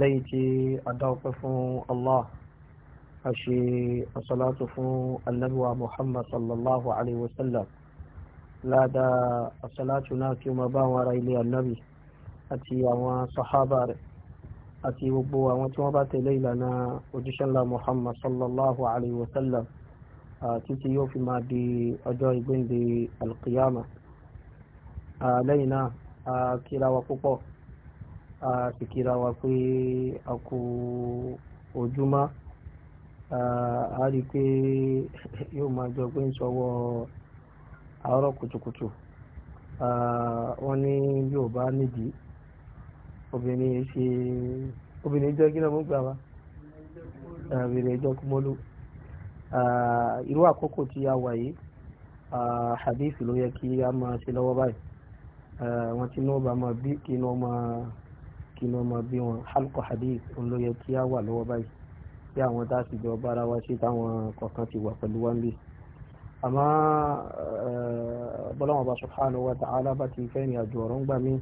lẹ́yìn tí adáwọ̀pẹ́ fún allah a ṣe asalatu fún anabiwa muhammad sallallahu alayhi wa sallam láda asalatu náà kí o máa bá àwọn ará ilé anabi àti àwọn sahaba rẹ̀ àti gbogbo àwọn tí wọ́n bá tẹ̀lé ìlànà òjíṣẹ́ ńlá muhammad sallallahu alayhi wa sallam títí yóò fi máa di ọjọ́ ìgbéǹde alqiyama lẹ́yìn náà kíra wa púpọ̀ a sì kíra wa pé a kú ojúmọ́ a rí i pé yóò máa jọ pé ń sọwọ́ àárọ̀ kùtùkùtù wọ́n ní bí ò bá nídìí obìnrin ṣe obìnrin jẹ́ kí náà mú gbà wá obìnrin jẹ́ kú mọ́lú irú àkókò tí a wà yìí hadith ló yẹ kí a máa ṣe lọ́wọ́ báyìí wọ́n ti ní ó bá máa bí kí inú ọmọ kí ni ọmọ bí wọn halqa hadith ń ló yẹ kí á wà lọ́wọ́ báyìí bí àwọn tá a sì jọ bára wa ṣe táwọn kọ̀ọ̀kan ti wà pẹ̀lú wọn bí. àmọ́ eh, bọ́lá wọn bá subhanahu wa ta'ala bá ti fẹ́ ní àjò ọ̀rọ̀ ń gbà mí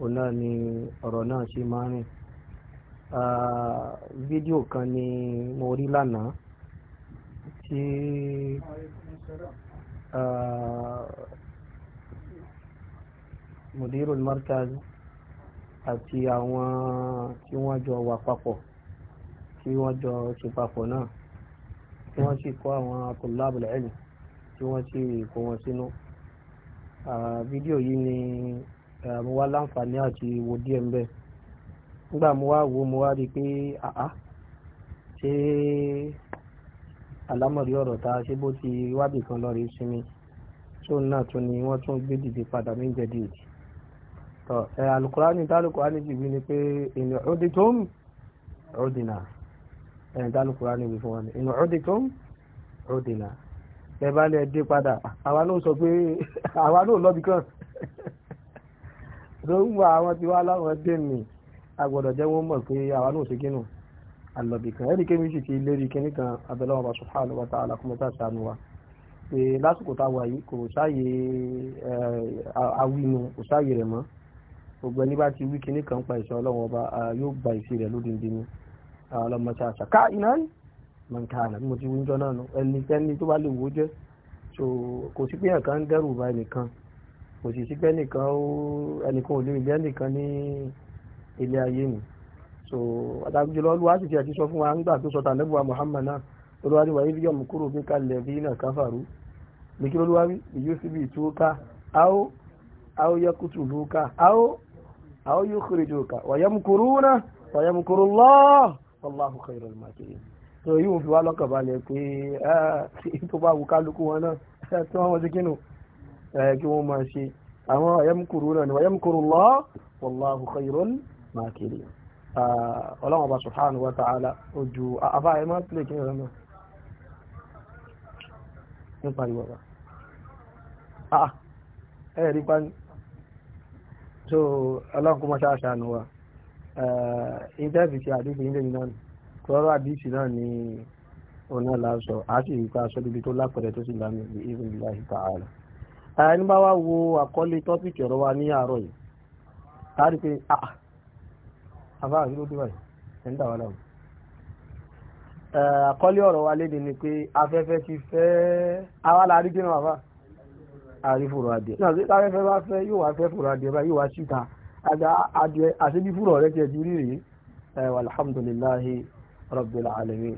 òun náà ni ọ̀rọ̀ náà ṣe máa rìn. Ah, fídíò kan ni mo rí lánàá tí ah, mudirul markaz àti àwọn tí wọ́n jọ wà papọ̀ tí wọ́n jọ ṣe papọ̀ náà tí wọ́n sì kọ́ àwọn tòlábùlẹ̀ ẹ̀lì tí wọ́n sì kó wọn sínú. fídíò yìí ni mo wá láǹfààní àti wo díẹ̀ ń bẹ̀. nígbà mo wá wo mo wá rí i pé àá ṣé àlámọ̀rí ọ̀rọ̀ ta ṣé bó ti wábì kan lọ rí sinmi tóun náà tún ni wọ́n tún gbé dìde padà ní ìjẹ́dì òjì tọ́ ẹ̀ alukurani tálùkùránì jù mí ni pé ìnì ọdí tó ń ọdínà ẹ̀ tálùkùránì wí fún wọn ìnì ọdí tó ń ọdínà ẹ bá lẹ dé padà àwa náà sọ pé àwa náà lọ́bi kan tó ń wà àwọn tí wá láwọn dé mi agbọ́dọ̀ jẹ́ wọ́n mọ̀ pé àwa náà ṣe kínú alọ́bi kan ẹ̀rí kémi sì ti lérí kíní kan abẹ́lẹ́wọ̀n bá subhanahu wa ta'ala kọ́mọ́tà sànù wa pé lásìkò táwa yìí kò sáàyè àwìnú gbogbo ẹni bá ti wí kíní kan pa ìṣọ́ ọlọ́run ọba yóò gba ìṣe rẹ̀ lódìndín ní ọlọ́mọṣẹ́ àṣà ká iná ni mọ̀nkánà bí mo ti wúńjọ náà nù ẹnikẹ́ni tó bá lè wó jẹ́ so kò sí pé ẹ̀kan ń dẹ́rù ba ẹnìkan kò sì sí pé ẹnìkan ó ẹnìkan ò lè rí ẹnìkan ní ilé ayé mi so àtàkùjọlọ olúwa sì ti àti sọ fún wa nígbà tó sọ tàlẹ́bùwà Muhammad náà olúwa ní wàá yíyọ̀ mú kúrò bí kalẹ̀ bí náà káfàrú ní kí أو يخرجوك ويمكرون ويمكر الله والله خير الماكرين so yíò fi wá lọ́kàn balẹ̀ pé ah, tó bá wù kálukú wọn náà tí wọ́n ti kínú kí wọ́n máa ṣe àwọn yamkuruna ni wayamkurullah wallahu khairul makirin ah, ọlọ́wọ́n bá subhanahu wa ta'ala ojú afáyẹ máa pílẹ̀ kí ẹ̀rọ náà ní pariwo bá ah, ẹ̀rí pani so ọlọ́run kó mọ́ṣáà ṣàánú wa ìtẹ́ẹ̀fì ti àdìsí ilé yìí náà kọ́rọ́ àdìsí náà ni òun náà a sì rí i aṣọ níbi tó lápẹ̀rẹ̀ tó sì na ní ìrìn ìlà ìta ààrẹ. ẹni wo àkọlé tọ́pìkì ọ̀rọ̀ wa ní àárọ̀ yìí a ah, eh, wa ni ti àrí fòrò adìẹ náà síta fẹ́fẹ́ bá fẹ́ yóò wá fẹ́ fòrò adìẹ báyìí yóò wá síta adìẹ àṣebí fòrò rẹ tiẹ̀ ti rí rèé alhamdulillahi rabbil alamin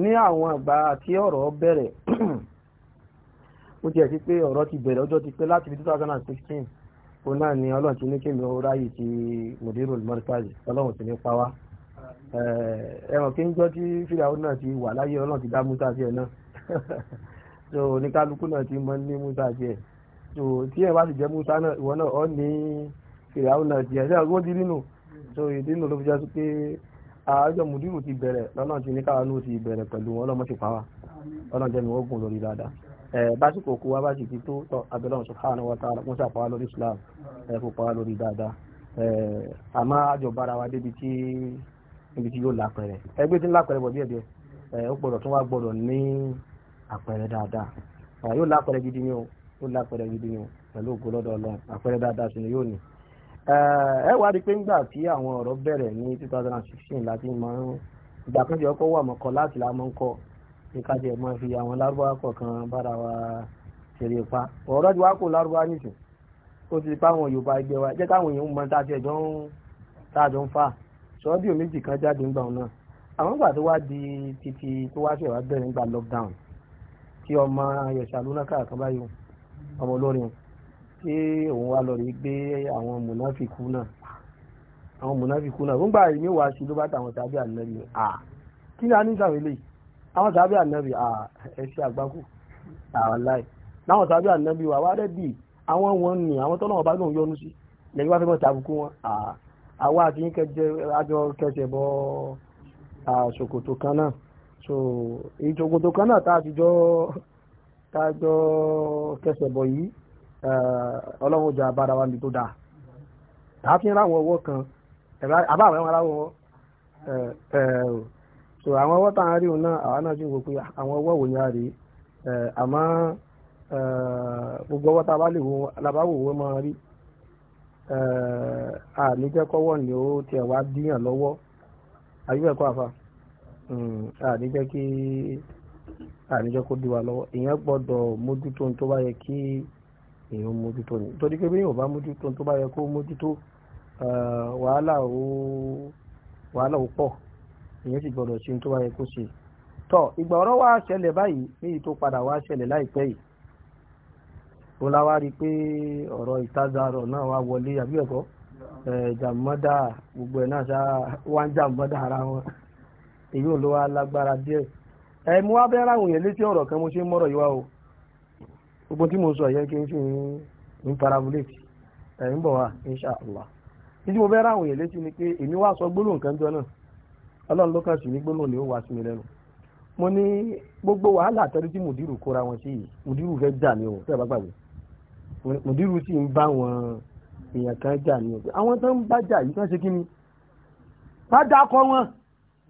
ní àwọn àgbà tí ọ̀rọ̀ bẹ̀rẹ̀ ó jẹ́ sí pé ọ̀rọ̀ ti bẹ̀rẹ̀ ọjọ́ ti pẹ́ láti fi 2016 òun náà ni ọlọ́run ti ní kí mi ráyè ti mòdérò mọ́ríkàzì ọlọ́run ti ní pa wá ẹ̀wọ̀n kí tí náà ti wà láyé ọlọ́run ti dá mú so oníkálukú náà ti mọ ní musa jẹ so tí ẹ bá sì jẹ musa náà ìwọ náà ọ ní fìyàwó náà jẹ ṣé àgbo ti nínú so ìdí nínú ló fi jẹ sí pé àjọ mùdírù ti bẹ̀rẹ̀ lọ́nà tí oníkàwá náà ti bẹ̀rẹ̀ pẹ̀lú wọn lọ́mọ ti pa wá lọ́nà jẹ́ mi ó gùn lórí dáadáa básìkò kú wá bá sì ti tó tọ abẹ́lọ́run subhanahu wa ta'ala musa pa lórí islam ẹ̀ fò pa wá lórí dáadáa àmọ́ àjọ bára wa débi tí ibi tí yóò lápẹ̀rẹ̀ ẹgbẹ́ tí ń lápẹ̀rẹ̀ bọ̀ díẹ̀díẹ̀ ó gbọ́dọ̀ tún wá gbọ́dọ̀ ní àpẹẹrẹ dáadáa ọ̀rọ̀ yóò lápẹẹrẹ gidi ni o yóò lápẹẹrẹ gidi ni o pẹ̀lú ògo lọ́dọ̀ ọlọ́run àpẹẹrẹ dáadáa sí ni yóò ní. ẹ wá rí i pé ńgbà tí àwọn ọ̀rọ̀ bẹ̀rẹ̀ ní two thousand láti máa ń ìgbà kan ọkọ̀ wà mọ́kọ láti la máa ń kọ́ ní ká jẹ́ fi àwọn lárúbáwá kọ̀ọ̀kan bára wa ṣeré pa ọ̀rọ̀ ti wá kó lárúbáwá nìsín ó ti pa àwọn Yorùbá ẹgbẹ́ wa jẹ́ káwọn èèyàn mọ tá a ti ń tá a jọ ń fà sọ́ọ́dì méjì kan jáde ńgbà náà àwọn ìgbà tó wá di títí tó wá ṣẹ̀wá bẹ̀rẹ̀ nígbà lockdown tí ọmọ ayọ̀ṣà lónàkà àkàbá yìí ọmọ olórin tí òun wá lọ rí gbé àwọn mùnáfìkú náà àwọn mùnáfìkú náà gbọ́ngbà yìí ní wàá sí ló bá tàwọn tàbí ànábì à kí ni a ní sàwọn eléyìí àwọn tàbí ànábì à ẹ ṣe àgbákò àwọn láì láwọn tàbí ànábì wà wá rẹ́bì àwọn wọn ni àwọn tọ́nà ọba náà yọnu sí lẹ́yìn wá fẹ́ mọ́ tàbùkù wọn à àwa àti yín kẹjẹ àjọ kẹsẹ̀ bọ́ ṣòkòtò kan náà so ìṣòkòtò kan náà tá a ti jọ tá a jọ kẹsẹ̀ bọ̀ yìí eh, ọlọ́run ọjà abára wa ní tó dáa tàá fi ń ráwọn ọwọ́ kan àbá àwọn aráwọ̀ eh, eh, so àwọn ọwọ́ tá à ń rí òun náà àwa náà sì ń wò pé àwọn ọwọ́ wò ní a rí àmọ́ gbogbo ọwọ́ tá a bá lè wo alábáwò wọ́n máa rí àníjẹ́kọ́wọ́ ni ó tiẹ̀ wá díyàn lọ́wọ́ àyíwẹ̀kọ́ àfa. àníjẹ́ hmm. kí àníjẹ́ kó di wa lọ́wọ́ èèyàn gbọ́dọ̀ mójútó tó bá yẹ kí èèyàn mójútó ni torí pé bíyàn bá mójútó tó bá yẹ kó mójútó wàhálà ó wàhálà ó pọ̀ èèyàn sì gbọ́dọ̀ ṣe tó bá yẹ kó ṣe tọ́ ìgbà ọ̀rọ̀ wa ṣẹlẹ̀ báyìí tó padà wá ṣẹlẹ̀ láìpẹ́ yìí ó láwá rí i pé ọ̀rọ̀ ìtajà ọ̀rọ̀ náà wá wọlé àbí ẹ̀kọ́ jàmọ́dà gbogbo ẹ̀ náà wá ń jàmọ́dà èyí ò ló wá lágbára díẹ̀ ẹ mú wá bẹ́ẹ̀ ráhùn yẹn létí ọ̀rọ̀ kan mo ṣe ń mọ́rọ̀ yìí o gbogbo tí mo sọ yẹn kí n ṣe ń parabolate ẹ̀ ń bọ̀ wá insha títí mo bẹ́ẹ̀ ráhùn yẹn létí ni pé èmi wá sọ gbólóhùn kan jọ náà ọlọ́run ló kàn sí ní gbólóhùn ni ó wá sí mi lẹ́nu mo ní gbogbo wàhálà àtẹ́rí tí mùdírù kóra wọn sí yìí mùdírù fẹ́ jà ní o tẹ́ ẹ bá gbàgbé mùdírù sì ń bá wọn èèyàn kan jà ní o àwọn tó ń bá jà yìí kàn ṣe kí ni bá dákọ wọn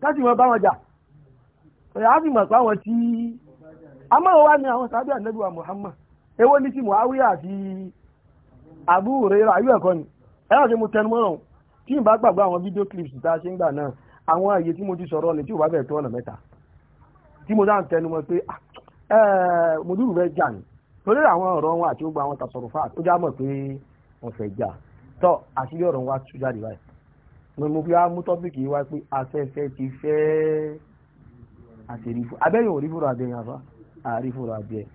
láti mọ̀ bá wọn jà ọ̀yà á sì mọ̀ pé àwọn tí amáwọ̀ wá ní àwọn sábẹ́ ànẹ́bíwà Muhammad èwo ní ti Muawiya àti Abu Hurairah ayú ẹ̀kọ́ ni ẹ̀rọ tí mo tẹnu mọ́ràn tí ìbá gbàgbọ́ àwọn fídíò clips tá a ṣe ń gbà náà àwọn àyè tí mo ti sọ̀rọ̀ ni tí ò bá bẹ̀rẹ̀ tó ọ̀nà mẹ́ta tí mo dáhùn tẹnu mọ́ pé ah, mo dúró fẹ́ jà ní torí àwọn ọ̀rọ̀ wọn àti ó gba àwọn tàṣọ̀rọ̀ fáà tó já mọ̀ pé wọ́n fẹ́ jà tọ́ àṣírí ọ̀rọ̀ wa tú jáde báyìí mo mo fi wá mú tọ́pìkì wá pé afẹ́fẹ́ ti fẹ́ àtẹ̀rífò abẹ́yìn òrífòrò àbẹ̀yìn àfá àrífòrò àbẹ̀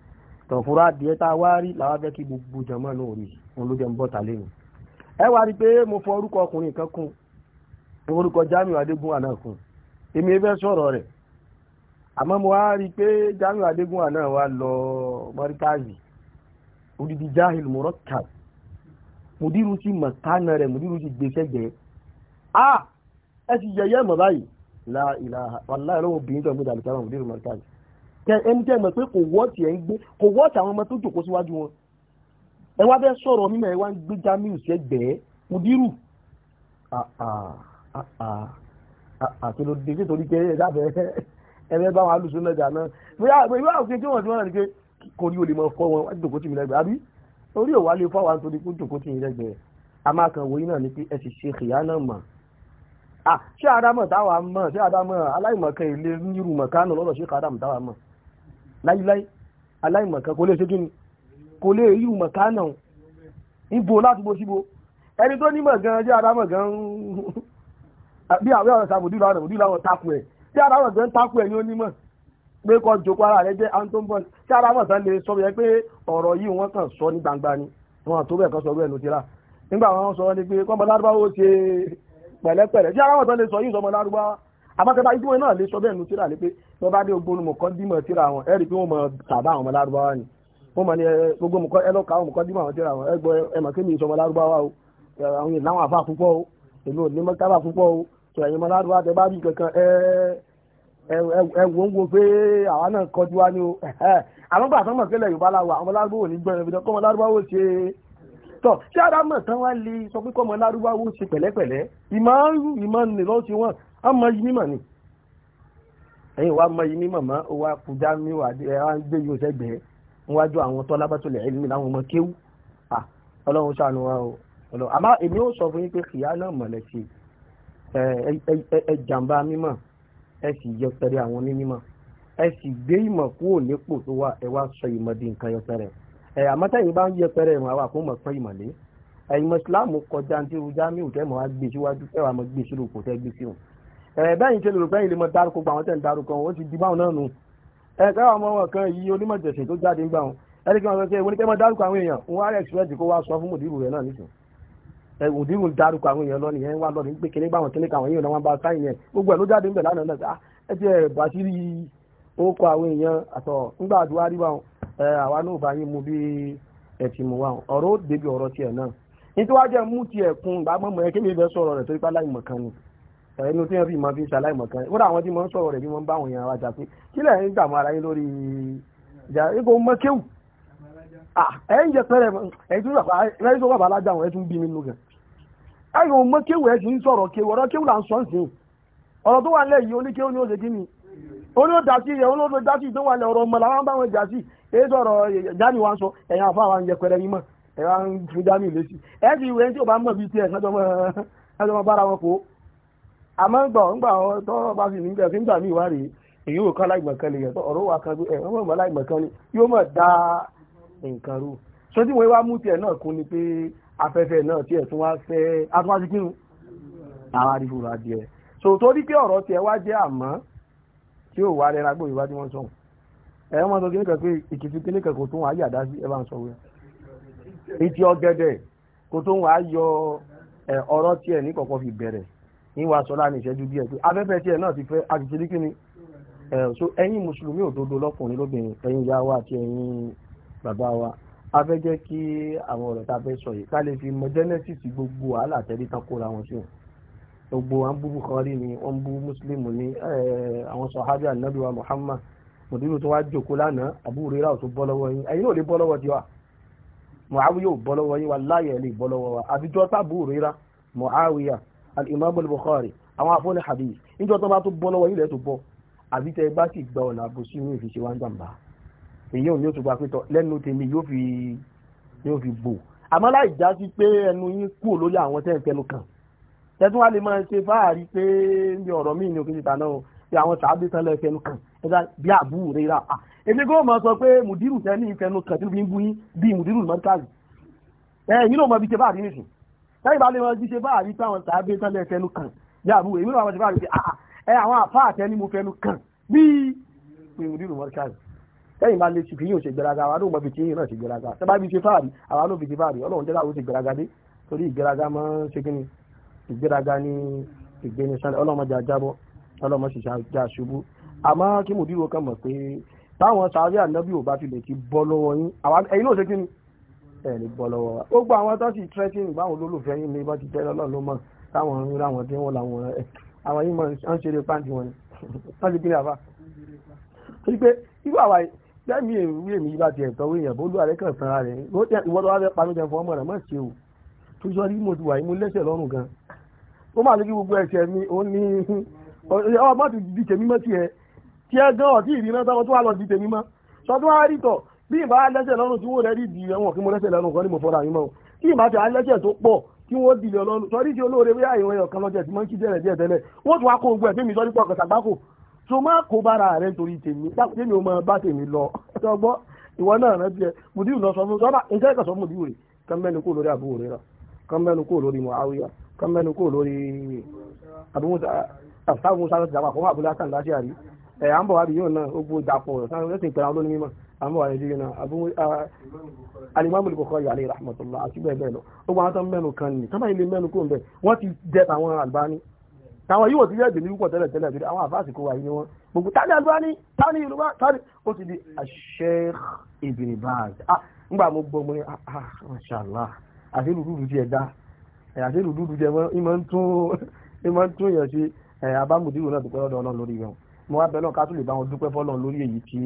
tọ̀fòrò àbẹ̀ tá a wá rí làwọn fẹ́ kí gbogbo náà rí wọn ló lẹ́nu. ẹ wá rí i pé mo fọ orúkọ Jamiu Adégún àná kún èmi fẹ́ sọ̀rọ̀ pé Jamiu Adégún àná lọ mọ́ríkàzì odidi jahil mọ̀tánà rẹ̀ ah ẹ ti yẹyẹ mọ̀ báyìí láìláha wàláì lọ́wọ́ obìnrin tó ń gbéjà lùkẹ́ àwọn òdìrí mọ̀tàlì kẹ ẹni tẹ́ mọ̀ pé kò wọ́ tí ẹ ń gbé kò wọ́ tí àwọn ọmọ tó jòkó síwájú wọn ẹ wá bẹ́ sọ̀rọ̀ mímọ̀ ẹ wá ń gbé jamiu sẹ́gbẹ̀ẹ́ òdìrú àti ló dé nítorí pé ẹ dábẹ́ ẹ̀rẹ́ bá wọn alùsùn náà jà náà ìwé àwọn òfin tí wọ́n ti wọ́n rẹ̀ ni pé kò rí olè mọ̀ fọ́ wọn wá jòkó tì mí lẹ́gbẹ̀ẹ́ àbí orí òwà lè fọ́ àwọn àtòrí kó jòkó tì mí lẹ́gbẹ̀ẹ́ a máa kàn wòye náà ni pé ẹ sì ṣe kìyà náà mà Ah, ṣé àdámọ̀ táwa mọ̀ ṣé àdámọ̀ aláìmọ̀kan ilé nírú mọ̀kánù lọ́dọ̀ ṣé àdámọ̀ táwa mọ̀ láíláí aláìmọ̀kan kò lè ṣe kíni kò lè rí mọ̀kánù ibo láti bo síbo ẹni tó nímọ̀ gan ṣé àdámọ̀ gan bí àwọn ọ̀rọ̀ sàmùdí láwọn ọ̀rọ̀ láwọn takù ẹ̀ ṣé àdámọ̀ gan takù ẹ̀ ní onímọ̀ pé kọ́ jòkó ara rẹ̀ jẹ́ antonbon ṣé àdámọ̀ sàn lè sọ yẹ pé ọ̀rọ̀ yìí wọ́n kàn sọ ní gbangba ni wọn àtúbẹ̀ kan sọ bẹ́ẹ̀ ló ti rà nígbà wọn sọ ni pé kọ́mọ lárúbáwó ṣe pẹ̀lẹ́pẹ̀lẹ́ tí aráwọ̀ tán lè sọ yìí sọmọ lárúbáwá àbátẹ́bá ìdíwọ̀ náà lè sọ bẹ́ẹ̀ tíra ní pé wọ́n bá dé ogbónú mọ̀kọ́ dímọ̀ tíra wọn ẹ̀rí pé wọ́n mọ̀ tàbá àwọn ọmọ lárúbáwá ni wọ́n mọ̀ ní gbogbo mọ̀kọ́ ẹlọ́ka àwọn mọ̀kọ́ dímọ̀ tíra wọn ẹgbọ́ ẹmọ̀ kémi sọmọ lárúbáwá o àwọn yìí àfa púpọ̀ o èmi ò ní mọ́ tábà púpọ̀ o sọ ẹ̀yin mọ́ lárúbáwá tẹ bá rí kankan ẹ ẹ wò ń wo pé àwa náà kọjú wa ni o àwọn gbà sọmọ sílẹ̀ Yorùbá láwọ àwọn lárúbáwá ò ní gbọ́ tọ̀ tí aramọ̀ tán wá lè sọ pé kọ́mọ lárúbáwó ṣe pẹ̀lẹ́pẹ̀lẹ́ ìmọ̀ àrùn ìmọ̀ nì lọ́ sí wọn á mọ yí mímọ̀ ni ẹ̀yìn wa mọ yí mímọ̀ mọ́ ó wá kú jámi wà ẹ̀ á ń gbé yóò sẹ́gbẹ̀ẹ́ níwájú àwọn tọ́lá bá tó lè ẹ̀ ní láwọn ọmọ kéwú à ọlọ́run ṣàánú wa o ọlọ́run àmọ́ èmi ó sọ fún yín pé kìyà náà mọ̀lẹ́ sí ẹ jàǹbá mímọ̀ ẹ sì yẹpẹrẹ àwọn onímọ̀ ẹ sì gbé ìmọ̀ kúrò nípò tó wà ẹ wá sọ ìmọ̀ ẹ̀ àmọ́tẹ́yìn bá ń yẹ pẹ́rẹ́ ìmọ̀ àwọn àkómọ̀ sọ ìmọ̀lé ẹ̀yìn mọ̀síláàmù kọjá tí irú jámíù tẹ́ mọ̀ wá gbé síwájú ẹwà mọ̀ gbé sílò kò tẹ́ gbé sí òun ẹ̀ẹ́dẹ́yìn tí olùrùpẹ́ yìí lè mọ dárúkọ gbà wọ́n tẹ̀ ń dárúkọ wọn ó ti di báwọn náà nù ẹ̀ẹ́dẹ́ àwọn ọmọ kan yìí onímọ̀ jẹ̀sìn tó jáde ń gbà wọn ẹni kí wọn sọ wọn ní kẹ́ mọ dárúkọ àwọn èèyàn wọn á rẹ̀ẹ́sì kó wá ń dárúkọ àwọn báwọn kíní káwọn èèyàn náà wọn bá sáyìn yẹn gbogbo ẹ̀ ló jáde ń bẹ̀ lánàá náà ah, ẹ ti ẹ̀ bàṣírí ó àwọn èèyàn àtọ̀ ńgbà àdúrà rí wọn àwa náà bá yín mu bí ẹ ti mú wa ọ̀rọ̀ ó débi ọ̀rọ̀ tiẹ̀ náà nítorí wájú ẹ̀ mú tiẹ̀ kún ìgbà mọ̀mọ́ ẹ kémi ìfẹ́ sọ̀rọ̀ rẹ̀ torí pé aláìmọ̀ kan ni ẹnu tí wọ́n fi máa fi ṣàláìmọ̀ kan kódà àwọn tí wọ́n sọ̀rọ̀ rẹ̀ bí wọ́n bá àwọn èèyàn wájà pé kílẹ̀ ń dààmú ara yín lórí ìjà ipò mọ́kéwù ẹ̀ ń jẹ pẹ́rẹ́ ẹ̀ tún bàbá ẹ̀ tún bàbá alájà wọn ẹ̀ tún bí mi nù gan ẹ̀ ń mọ́kéwù ẹ̀ sì ń sọ̀rọ̀ kéwù ọ̀rọ̀ kéwù là ń sọ ń sìn tó wà nílẹ̀ yìí oníkéwù ni ó ṣe kí ni ó ní ó dá sí ìyẹn ó ní dá sí ìdó wà lẹ̀ ọ̀rọ̀ ọmọ bá wọn jà sí èyí sọ̀rọ̀ jami wa ń sọ ẹ̀yàn àfáà wa ń ẹ̀yà fún jami lésì ẹ̀ ìwé tí ò mọ̀ bí tiẹ̀ kájọ bára wọn kó àmọ́ fi ń gbà mí èyí ò lè ọ̀rọ̀ kan bí ẹ̀ wọ́n mọ̀ ni yóò mọ̀ dá nǹkan náà ni pé afẹ́fẹ́ náà tiẹ̀ tún wá fẹ́ àwọn rà so torí pé ọ̀rọ̀ tiẹ̀ wá jẹ́ àmọ́ tí ò wá ẹ wọ́n sọ kíníkà pé ìkìtì kíníkà kò tún wà á yàdá sí ẹ bá ń sọ wẹ́ ìtì ọ̀gẹ̀dẹ̀ kò tún wà á yọ ọ̀rọ̀ tiẹ̀ ní kọ̀kọ́ fi bẹ̀rẹ̀ ìwà sọ́lá ní ìṣẹ́jú díẹ̀ pé afẹ́fẹ́ tiẹ̀ náà ti fẹ́ àtìtìrí kíni so ẹ̀yin mùsùlùmí òdodo lọ́kùnrin lóbìnrin ẹ̀yin ìyá wa àti ẹ̀yin bàbá wa a fẹ́ jẹ́ kí àwọn ọ̀rọ̀ tá a fẹ́ sọ yìí ká lè fi mọ genesis gbogbo wàhálà tẹ́lí tán kóra wọn sí wọn gbogbo wọn bú Bukhari ni wọn bú Muslim ni àwọn sọ̀hábíà nàbíwá Muhammad mùdírù tó wá jòkó lánàá àbúrò rírà ò tó bọ́ lọ́wọ́ yín ẹ̀yin náà lè bọ́ lọ́wọ́ tiwa muawiya ò bọ́ lọ́wọ́ yín wallahi ẹ̀ lè bọ́ wa àbíjọ́ sábúrò rírà muawiya al-imam al-bukhari àwọn afọ́nì hadith níjọ́ tó bá tó bọ́ lọ́wọ́ yín lẹ́ẹ̀ tó bọ́ àbí tẹ́ bá sì gba ọ̀nà àbòsí ní ìfiṣẹ́ wá ń jàǹbá èyí òun yóò tó gba pẹ́tọ̀ lẹ́nu tèmi yóò fi yóò fi bò àmọ́ láì já sí pé ẹnu yín kúrò lórí àwọn tẹ́ ń fẹnu kàn tẹ́tún wá lè máa ṣe ẹ̀dá bí àbú rẹ̀ rà à èmi kò mọ̀ sọ pé mùdírù tẹ́ ní ìfẹ́nu kan tí ó fi ń bú yín bí mùdírù mọ́tàlì ẹ̀yìn náà mọ̀ bí ṣe báàrí nìsín lẹ́yìn bá lè mọ̀ bí ṣe báàrí táwọn sàábé tán lẹ́ fẹ́nu kan bí àbú èmi náà mọ̀ ṣe báàrí pé àà ah, ah, ẹ àwọn àfá àtẹ́ ní mo fẹ́nu kan bí mùdírù mọ́tàlì lẹ́yìn bá lè ṣe fìyìn òṣè gbéraga àwa náà mọ̀ bí ṣe náà ṣe gbéraga tẹ́ bá bí ṣe fáàrí àwa náà fi ṣe fáàrí ọlọ́run tẹ́lá ó ṣe gbéraga dé torí ìgbéraga máa ṣe kí ni ìgbéraga ní ìgbéni sálẹ̀ ọlọ́mọdé ajábọ́ ọlọ́mọ ṣiṣẹ́ ajá ṣubú àmọ́ kí mo dúró kan mọ̀ pé táwọn sáré ànábì ò bá tilẹ̀ ti bọ́ lọ́wọ́ yín ẹ̀yin náà ṣe kí ni ẹ̀ ní bọ́ lọ́wọ́ wa ó gba àwọn tó sì tírẹ́tìn báwọn olólùfẹ́ yín ni bá ti tẹ́lẹ̀ náà ló mọ̀ táwọn ń ra wọn tí wọ́n làwọn ẹ̀ àwọn yìí máa ń ṣeré pàǹtí wọn ni wọ́n ti kí ni àfa. torí pé irú àwa lẹ́mí èmi èmi bá tiẹ̀ tọ́wọ́ èèyàn bó lù àrẹ kàn sanra rẹ̀ ìwọ́n tó wá fẹ́ pamí o tó sọ rí mo tí ẹ gan ọ̀tí ìrìnà tọ́kọ tó wà lọ di tèmi mọ́ sọdún àárítọ̀ bí ìbá lẹ́sẹ̀ lọ́rùn tí wọ́n rẹ̀ rí di ẹ̀wọ̀n kí mo lẹ́sẹ̀ lọ́rùn kan ní mo fọ́ra yín mọ́ kí ìbá ti alẹ́sẹ̀ tó pọ̀ kí wọ́n dìlẹ̀ lọ́rùn sọrí tí olóore bí àìwọ̀n ẹ̀yọ̀ kan lọ́jọ́ tí mo ń kí jẹ́rẹ̀ díẹ̀ tẹ́lẹ̀ wọ́n tún wá kó ogun ẹ̀fẹ́ mi sọ́rí pọ̀ kọ̀sàgbákò so má kó bára rẹ̀ nítorí tèmi tèmi ò máa bá tèmi lọ ọgbọ́ ìwọ náà rẹ tiẹ̀ mùdíù lọ sọ fún sọ́ba nǹkan ẹ̀kọ́ sọ mùdíù rẹ̀ kan mẹ́nu kó lórí àbúrò rẹ̀ kan mẹ́nu kó lórí Muawiya kan mẹ́nu kó lórí àbúrò àbúrò sáré ti dàgbà àbúrò àtàǹdá sí àrí Ee, à ń bọ̀ wá bí yóò náà ó gbó dàpọ̀ sáwọn ẹ̀sìn ìpẹ̀rẹ̀ olóní mímọ́ à ń bọ̀ wá bí yóò náà alimami Bukhari alayhi rahmatullah àti bẹ́ẹ̀ bẹ́ẹ̀ lọ ó mẹ́nu kan tábà mẹ́nu kó ti Albani táwọn yóò ti yẹ púpọ̀ tẹ́lẹ̀ tẹ́lẹ̀ àwọn àfáàsì kó wà yìí wọn gbogbo tani tani Yorùbá tani ó ti di Sheikh Ibn Baz ngbà mo gbọ́ mo ní ah, ah mashallah àti dá àti ìmọ̀ mo wá bẹ lọ́n ká tó lè bá wọn dúpẹ́ fọ́lọ́n lórí èyí tí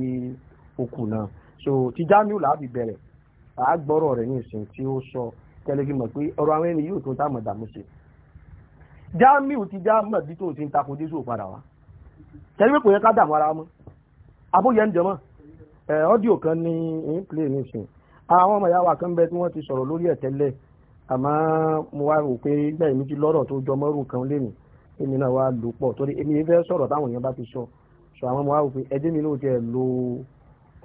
ó kù náà so ti Jamiu làábì bẹ̀rẹ̀ àá gbọ́rọ̀ rẹ̀ ní ìsìn tí ó sọ tẹ́lẹ̀kì mọ̀ pé ọ̀rọ̀ àwọn ẹni yóò tó tá mọ̀ dààmú ṣe Jamiu ti já mọ̀ bí tó ti ń takò Jésù padà wá tẹ́lẹ̀ kò yẹ ká dààmú ara mọ́ abóyẹ ń jẹmọ́ ẹ ọ́díò kan ní ń play ní ìsìn àwọn ọmọ ìyá wa kan bẹ tí wọ́n ti sọ̀rọ̀ lórí ẹ̀ tẹ́lẹ̀ àmọ́ mo wá rò pé gbẹ̀yìn mi ti lọ́rọ̀ tó jọmọ́rù kan lénìí èmi náà wá lò pọ̀ torí èmi yìí fẹ́ sọ̀rọ̀ táwọn èèyàn bá ti sọ sọ àwọn ọmọ wa òfin ẹjẹ́ mi náà tiẹ̀ lo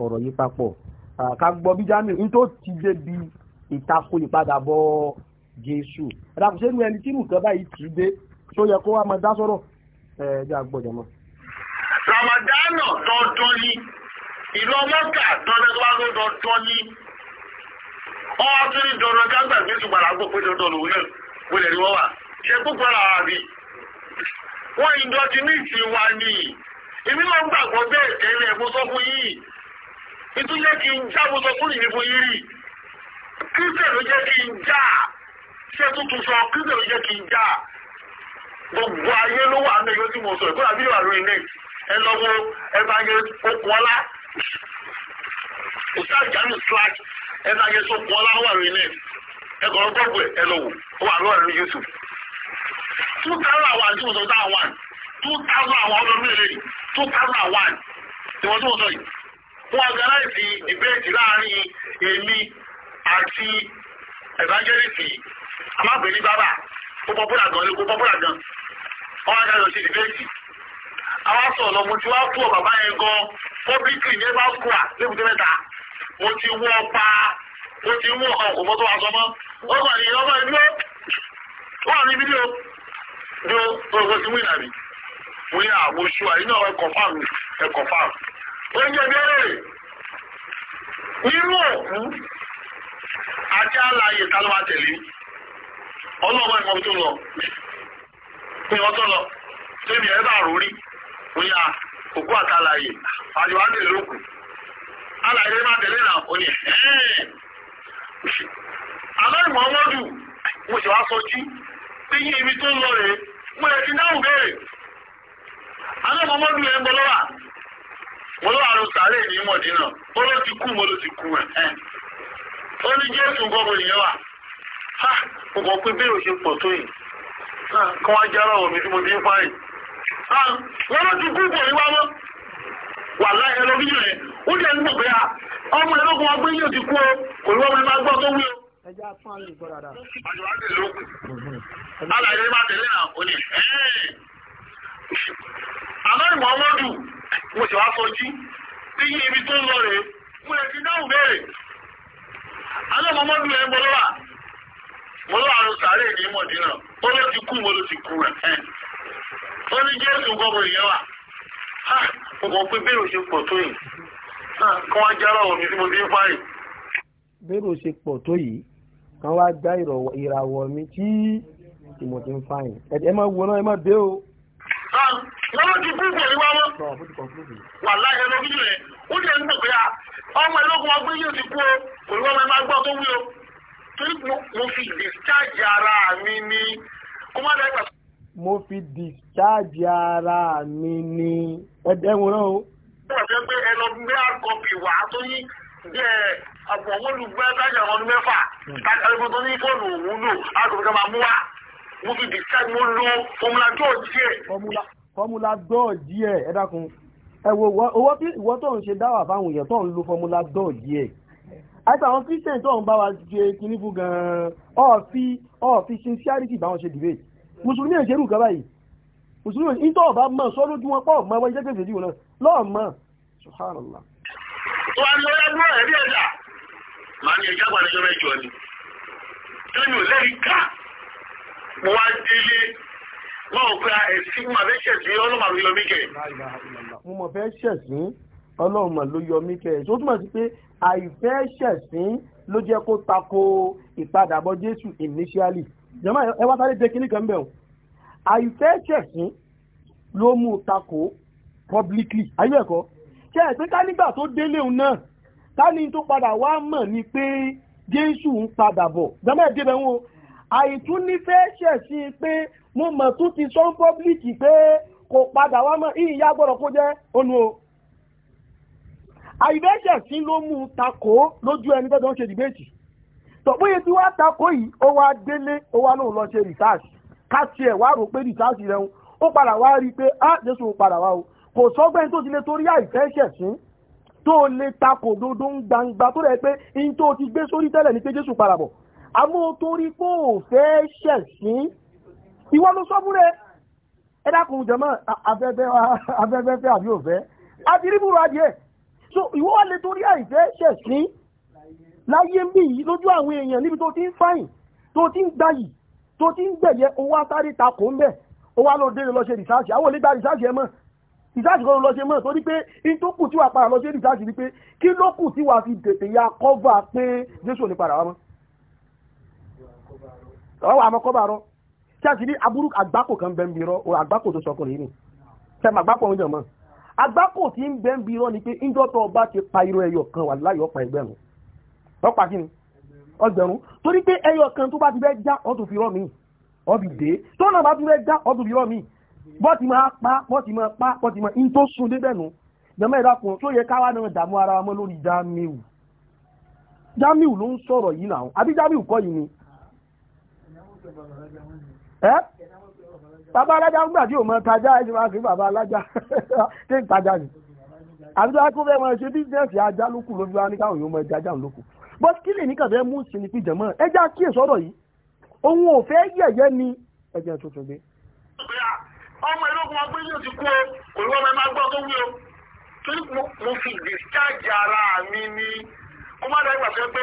ọ̀rọ̀ yìí papọ̀ ká gbọ́ bí jámi n tó ti dé bi ìtako ìpadàbọ̀ Jésù ẹ̀dàkùn sẹ́nu ẹni tí nǹkan báyìí tì í dé tó yẹ kó wá máa dá sọ̀rọ̀ ẹ̀ ẹ̀ jẹ́ àgbọ̀jọ̀ mọ́. ramadana tọ́jọ́ ni ìlú mọ́kà tọ́lẹ́gbàgbọ́ ni ọ̀ọ́ tún ní dandan kágbà gbèsè gbàrà gbọ́ pé dandan wọlé ni wọ́n wà ṣe gbogbo ara rí wọ́n indọ́jínìtì wa ní ibi máa ń gbàgbọ́ bẹ́ẹ̀ tẹ́lẹ̀ sọ fún yìí ìtúnjẹ́ kí n já mo sọ fún ìní yìí ló jẹ́ kí n já ṣé tuntun sọ kírísẹ̀ ló jẹ́ kí n já gbogbo ayé ló wà ní ẹgbẹ́ tí mo sọ lórí òṣìṣẹ́ àjálù two thousand and one tí mo sọ two thousand and one two thousand and one ọdún mélòó yìí two thousand and one tí wọ́n tó sọ yìí wọ́n organize debate láàrin wọ́n debate àwọn sọ̀rọ̀ lọ mo ti wá fún bàbá yẹn gan publicly ní ẹgbẹ́ àkúrà lébùté mẹ́ta mo ti wọ́ pa mo ti wọ́ ọkọ̀ mọ́tò wa sọmọ́ wọ́n kàn ní ọmọ ìlú wọ́n ní fídíò ló ọgbọ́n nwunye a rí mo ní àwọn oṣù àyínà ẹ̀kọ́ fáàmù ẹ̀kọ́ fáàmù oúnjẹ bẹ́ẹ̀rẹ̀ nínú òkú àti àlàyé ta ló wá tẹ̀lé ọlọ́ọ̀bá ìmọ̀ tó lọ ní ọjọ́ lọ tẹ́mi ẹ̀ bá rórí bóyá òkú àtàlàyé àjọ anyị ìlókù eyín ibi tó ń lọ rèé mo lè ti dáhùn béèrè alọ́mọmọ́dún ẹ̀ ń bọ́ lọ́wà mo lọ́wọ́ àrùn sàárè ní mọ̀dínà ó ló ti kú mo ló ti kú ẹ̀ ó ní ha mo kàn pé ṣe pọ̀ tó yìí jẹ́ ọ̀rọ̀ mi tí mo ti ń wọ́n ló ti kú wá mọ́ wà láyé ó jẹ́ ọmọ ọgbẹ́ yóò o kò ní wọ́n mi alàyè má tẹ̀lé na ó ní ẹ̀ẹ́ àmọ́rin Muhammadu mo sì wá fọjú tí yí ibi tó ń lọ rèé mo lè fi dáhùn béèrè alẹ́ Muhammadu ẹ̀ mo lọ́wà mo lọ́wà ló sàárè ní Mọ̀dínà ó ló ti kú mo ló ti kú rẹ̀ ó ní Jésù gbọ́mọ ìyẹn wà mo mọ̀ pé bẹ́ẹ̀ ò ṣe pọ̀ tó yìí kí wọ́n já lọ́wọ́ mi tí mo ti ń parí. bẹ́ẹ̀ ò ṣe pọ̀ tó yìí kí wá já ìràwọ̀ mi tí tí ń fáyìn ẹ má wo náà ẹ má dé o. lọ́wọ́ ti kú kò ní mọ́. wà láyé lórí rẹ̀ ó jẹ́ nígbà pé ah, ọmọ ẹlọ́gbọ́n wa gbé yóò ti kú o kò ní wọ́n máa gbọ́ tó wí torí mo fi discharge ara mi ni kó má dàgbà. mo fi discharge ara mi ni ẹ̀dẹ́wọ̀n náà o. ó jẹ́ pé ẹlọ́dún bí wà á tó yí jẹ́ àbọ̀ wọ́n lù gbẹ́ tájà ọdún mẹ́fà hmm. tájà tó ní fóònù òun lò á kò máa mú wa mo fi decide mo lo fọmúlà george díẹ̀. fọmúlà george díẹ̀ ẹ dákun ẹ wo owó tí ìwọ tó ń ṣe dáwà fáwọn èèyàn tó ń lo fọmúlà george díẹ̀ àtàwọn christian tó ń bá wa ṣe kinní fún gan-an ọ̀ọ́fí ọ̀ọ́fí sincerity báwọn ṣe debate mùsùlùmí ẹ̀ ṣerú kan báyìí mùsùlùmí ìtọ́ ọ̀bá mọ̀ sọ lójú wọn pọ̀ mọ́ wọ́n iṣẹ́ kẹfẹ́ wà á lọ ẹgbẹ́ ẹ̀rí ẹ̀dá ò lẹ́yìn ká mo wá délé wọn ò pé ẹ̀sìn mo fẹ́ ṣẹ̀sìn ọlọ́run mà ló yọ mí kẹ̀. mo mọ̀ fẹ́ ṣẹ̀sìn ọlọ́run ló yọ mí kẹ̀ tó túmọ̀ sí pé àìfẹ́ ṣẹ̀sìn ló jẹ́ kó tako ìpadàbọ̀ Jésù initially jẹ́mọ́ ẹ wá sáré dé kíní kan bẹ̀ o àìfẹ́ ṣẹ̀sìn ló mú tako publicly ayé ẹ̀kọ́ ṣe ẹ̀ pé ká nígbà tó délé òun náà ká ní tó padà wá mọ̀ ni pé Jésù ń padà bọ̀ jẹ́mọ́ ẹ̀ débẹ̀ wọn o àìtúnífẹ́ ṣẹ̀ sí i pé mo mọ̀ tún ti sọ́n pọ́blìkì pé kò padà wá mọ́ ìyá gbọ́dọ̀ kó jẹ́ onú o àìbẹ́ṣẹ̀ sí ló mú takò lójú ẹni tó ń ṣe dìbẹ́tì tọ̀pọ̀yẹ tí wàá takò yìí ó wá délé ó wá lóun lọ ṣe rìsáàsì ká tiẹ̀ wá rò pé rìsáàsì rẹ̀ ń ó padà wá rí i pé á jésù ó padà wá o kò sọ́gbẹ́ni tó ti lè torí àìfẹ́ṣẹ̀ sí tó lè takò dodo ń gbangba tó rẹ̀ pé in tó ti gbé sórí tẹ́lẹ̀ ní pé jésù padà bọ̀ àmọ́ torí pé ò fẹ́ ṣẹ̀sìn ìwọ ló sọ fúnrẹ́ ẹ dákun jẹ̀mọ́ afẹ́fẹ́ fẹ́ àbí òfẹ́ àti rí so ìwọ wà lè torí àìfẹ́ ṣẹ̀sìn láyé ń bì yìí lójú àwọn èèyàn níbi tó ti ń fàyìn tó ti ń gbayì tó ti ń gbẹ̀yẹ owó atáré takò ń bẹ̀ ó wá lọ délé lọ ṣe rìsáàsì àwọn olè gba rìsáàsì ẹ mọ́ rìsáàsì kan lọ ṣe mọ́ torí pé in tó kù tí wàá padà lọ ṣe rìsáàsì ni pé kí ló kù tí wàá fi tètè ya kọ́fà pé jésù ò ní padà wá mọ́ ọwọ́ àmọ́kọ́bà rọ tí a ti ní aburú àgbákò kan bẹ́ẹ̀ ń bi rọ àgbákò tó sọkùnrin yìí tẹ́mà àgbákò oúnjẹ mọ́ àgbákò tí ń bẹ́ẹ̀ ń bi rọ ni pé ìjọ́tọ̀ ọba ti pa irú ẹyọ kan wà láyọ̀ ọ̀pá ẹgbẹ̀rún ọ̀pá kí ni ọgbẹ̀rún torí pé ẹyọ kan tó bá ti fẹ́ já ọ̀tún fi rọ́ mi ọ̀bì dé tó náà bá ti fẹ́ já ọ̀tún fi rọ́ mi bọ́ ti máa pa bọ́ máa pa ẹ́ bàbá alájà ń gbà tí ò mọ tajà ẹ ṣe máa fi bàbá alájà tí ń tajà ni àbí tó bá kó fẹ́ mọ ṣe bíjẹ́sì ajá lókù lójú wa ní káwọn yóò mọ ẹja ajá lókù bọ́t kí lè ní kàfẹ́ mú sí ni pìjẹ́ mọ́ ẹja kíyè sọ́dọ̀ yìí òun ò fẹ́ yẹ̀yẹ́ ni ẹjẹ́ tuntun gbé. ọmọ ìlú ọkùnrin ọgbẹ́ yóò ti kú o kò ní ọmọ ẹ máa gbọ́ tó wí o torí mo fi discharge ara mi ni kó má dàgbà sọ pé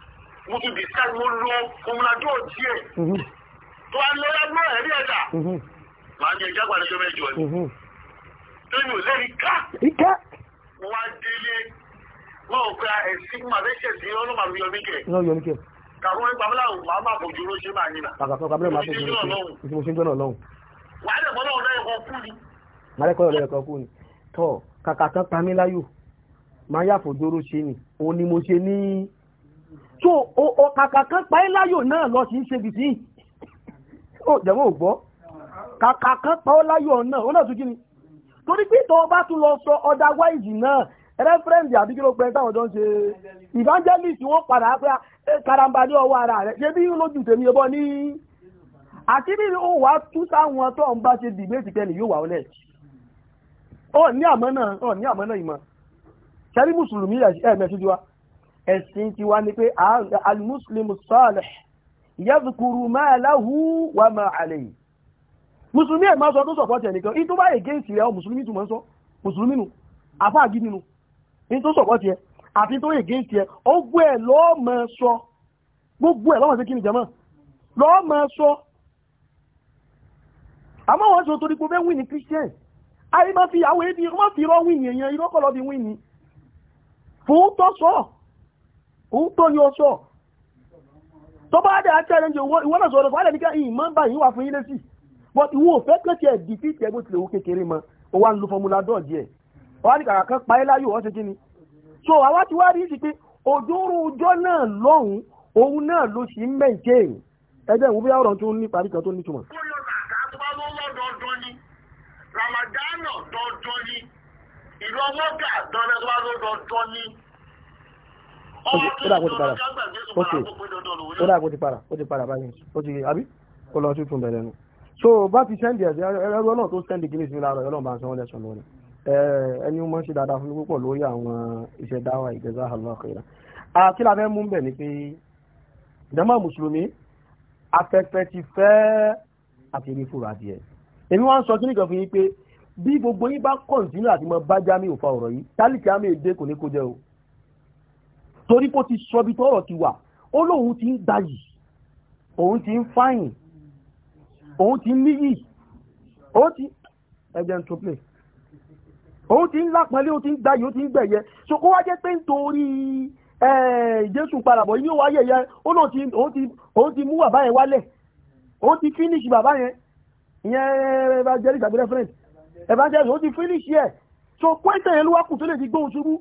mo tún di sẹ́yìn mo lo òmùnàjò díẹ̀ mhm. tó a lọ lọ́gbọ́n ẹ̀rí ẹ̀dà mhm. màá ní ẹja gbàdúgbò mẹ́jọ ẹ̀ lẹ́yìn ò lẹ́yìn ká wá délé wọn ò gba ẹ̀sìn mà bẹ́ẹ̀ ṣẹ̀sì ọlọ́run màá yọ mí kẹ̀ kàwọn ẹgbàá mọ́lá màá má bòjú ló ṣe máa yín nà. kàkàtọ́ kàbílẹ̀ máa bòjú ló ṣe mo ṣe ń gbọ́nà ọlọ́run. wàá lè kọ́ lọ́wọ́ lẹ́yìn kan kú ni. màá lè kọ́ lọ́wọ́ lẹ́yìn kan kú ni. tọ́ kàkàtọ́ pamíláyò máa yàfọ̀ dóró ṣe ni òun ni mo ṣe ní so o kan pa ẹ́ láyò náà lọ sí ṣe bìtì o jẹ̀wọ́ ò gbọ́ kàkà kan pa ọ́ láyò náà ó náà tún kí ni torí pé tó bá tún lọ sọ otherwise náà rẹ́fẹ́rẹ́ǹdì àbíkíró pẹ́ táwọn jọ ń ṣe evangelist wọ́n padà pé karamba ní ọwọ́ ara rẹ̀ ṣe bí lójú tèmi ẹbọ ní àti bí ó wà tú sáwọn tó ń bá ṣe dìbéètì pẹ́ni yóò wà ó lẹ̀ ọ ní àmọ́ náà ọ ní àmọ́ náà ìmọ̀ ṣẹ́rí mùsùlùmí ẹ̀mẹ́ṣíjú wa ẹ̀sìn ti wá ní pé alimuslimu salih yadhkuru ma lahu wa ma alayhi musulmi ẹ̀ máa sọ tó sọ̀pọ̀ tẹ̀ nìkan in tó bá against rẹ̀ ọ musulmi tún máa ń sọ musulmi nù àfáàgí nínú in tó sọ̀pọ̀ tẹ̀ àti tó against rẹ̀ ó gbọ́ ẹ̀ lọ́ọ́ máa sọ gbogbo ẹ̀ lọ́wọ́ sí kí ni jẹ́mọ́ lọ́ọ́ máa sọ àmọ́ wọ́n sọ torí pé fẹ́ win christian ayé máa fi àwọn èdè wọ́n fi rọ́ win èèyàn irọ́ lọ́ fi win ní fòótọ́ sọ́ọ̀ òótọ́ ni ó sọ tó bá dẹ̀ àtẹ́rẹ́jì ìwọ́n náà sọ̀rọ̀ wálẹ̀ níkà ìyìn máa ń bá yín wà fún ilé sí but ìwọ́n òfẹ́ kẹ́kẹ́ ẹ̀ dì fíìtì ẹgbẹ́ tilẹ̀ kékeré mọ́ ó wá ń lo formula dọ́ọ̀dì ẹ̀ wá ní kàkà kan pa ẹ́ láyò ni so ti wá rí ọjọ́ ni ó dà kó ti padà ok ó dà kó ti padà ó ti padà báyìí ó ti àbí kó lọ sí tún bẹ̀rẹ̀ nu. so bá ti sẹ́ndì ẹ̀sẹ̀ ẹ̀rọ náà tó sẹ́ndì kí ní ìsinmi láàárọ̀ ẹ̀rọ bá ń sanwó lẹ́sọ̀ lórí ẹni ó máa ń ṣe dáadáa fún púpọ̀ lórí àwọn iṣẹ́ dáwà ìjẹ́sà àlọ́kọ̀ọ́yà àti làbẹ́ mú bẹ̀ ni pé ìjọba mùsùlùmí afẹ́fẹ́ ti fẹ́ àti eré fúra adìẹ èmi wá ń sọ kíníkan fún yín pé bí gbogbo yín bá kọ̀ǹtínú àti mọ bá jámì òfa ọ̀rọ̀ yìí tálíkì àmì èdè kò ní kó jẹ́ o torí kó ti sọbi tọ́rọ̀ ti wà ó lóun ti ń gbayì òun ti ń fáyìn òun ti ń níyì ó ti ẹgbẹ́ ń tó play òun ti ń lápẹ́lẹ́ òun ti ń gbayì òun ti ń gbẹ̀yẹ so kó wá jẹ́ pé nítorí jésù parabọ̀ yóò wá yẹ̀yẹ òun ti mú bàbá yẹn wálẹ̀ òun ti finish bàbá yẹn ìyẹn evangelist àgbẹ̀rẹ̀ friend evangelist òun ti finish yẹ so kwẹ́ntẹ̀ yẹn ló wá kù tó lè ti gbóhùn ṣubú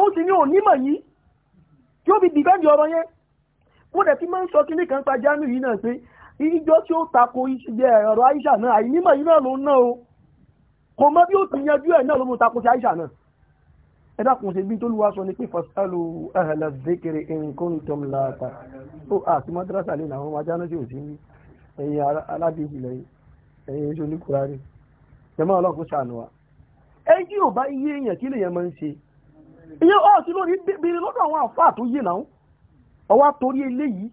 òun ti ní ònímọ̀ yìí tí ó fi dìbẹ́ndì ọ̀rọ̀ yẹn mo dẹ̀ ti máa ń sọ kíní kan pa Jamiu yìí náà pé ìjọ tí ó tako ọ̀rọ̀ Aisha náà àìnímọ̀ yìí náà ló ná o kò mọ bí ó ti yanjú ẹ̀ náà ló mú tako sí Aisha náà ẹ dákun ṣe bí tólúwa sọ ni pé fasalu ahla zikiri in kuntum la ta ó àti madrasa lè làwọn ọmọdé anáṣẹ òsì ń rí ẹ̀yin aládìsí lẹ́yìn ẹ̀yin iṣẹ́ oníkùrárì jẹ́mọ́ ọlọ́kùn ṣàánú wa ẹ̀yin ò bá iye èèyàn kí lèèyàn máa ń ṣe ìyẹn ọ̀ oh, sí lórí bèrè lọ́dọ̀ àwọn àfáà tó yé náà ọwá torí eléyìí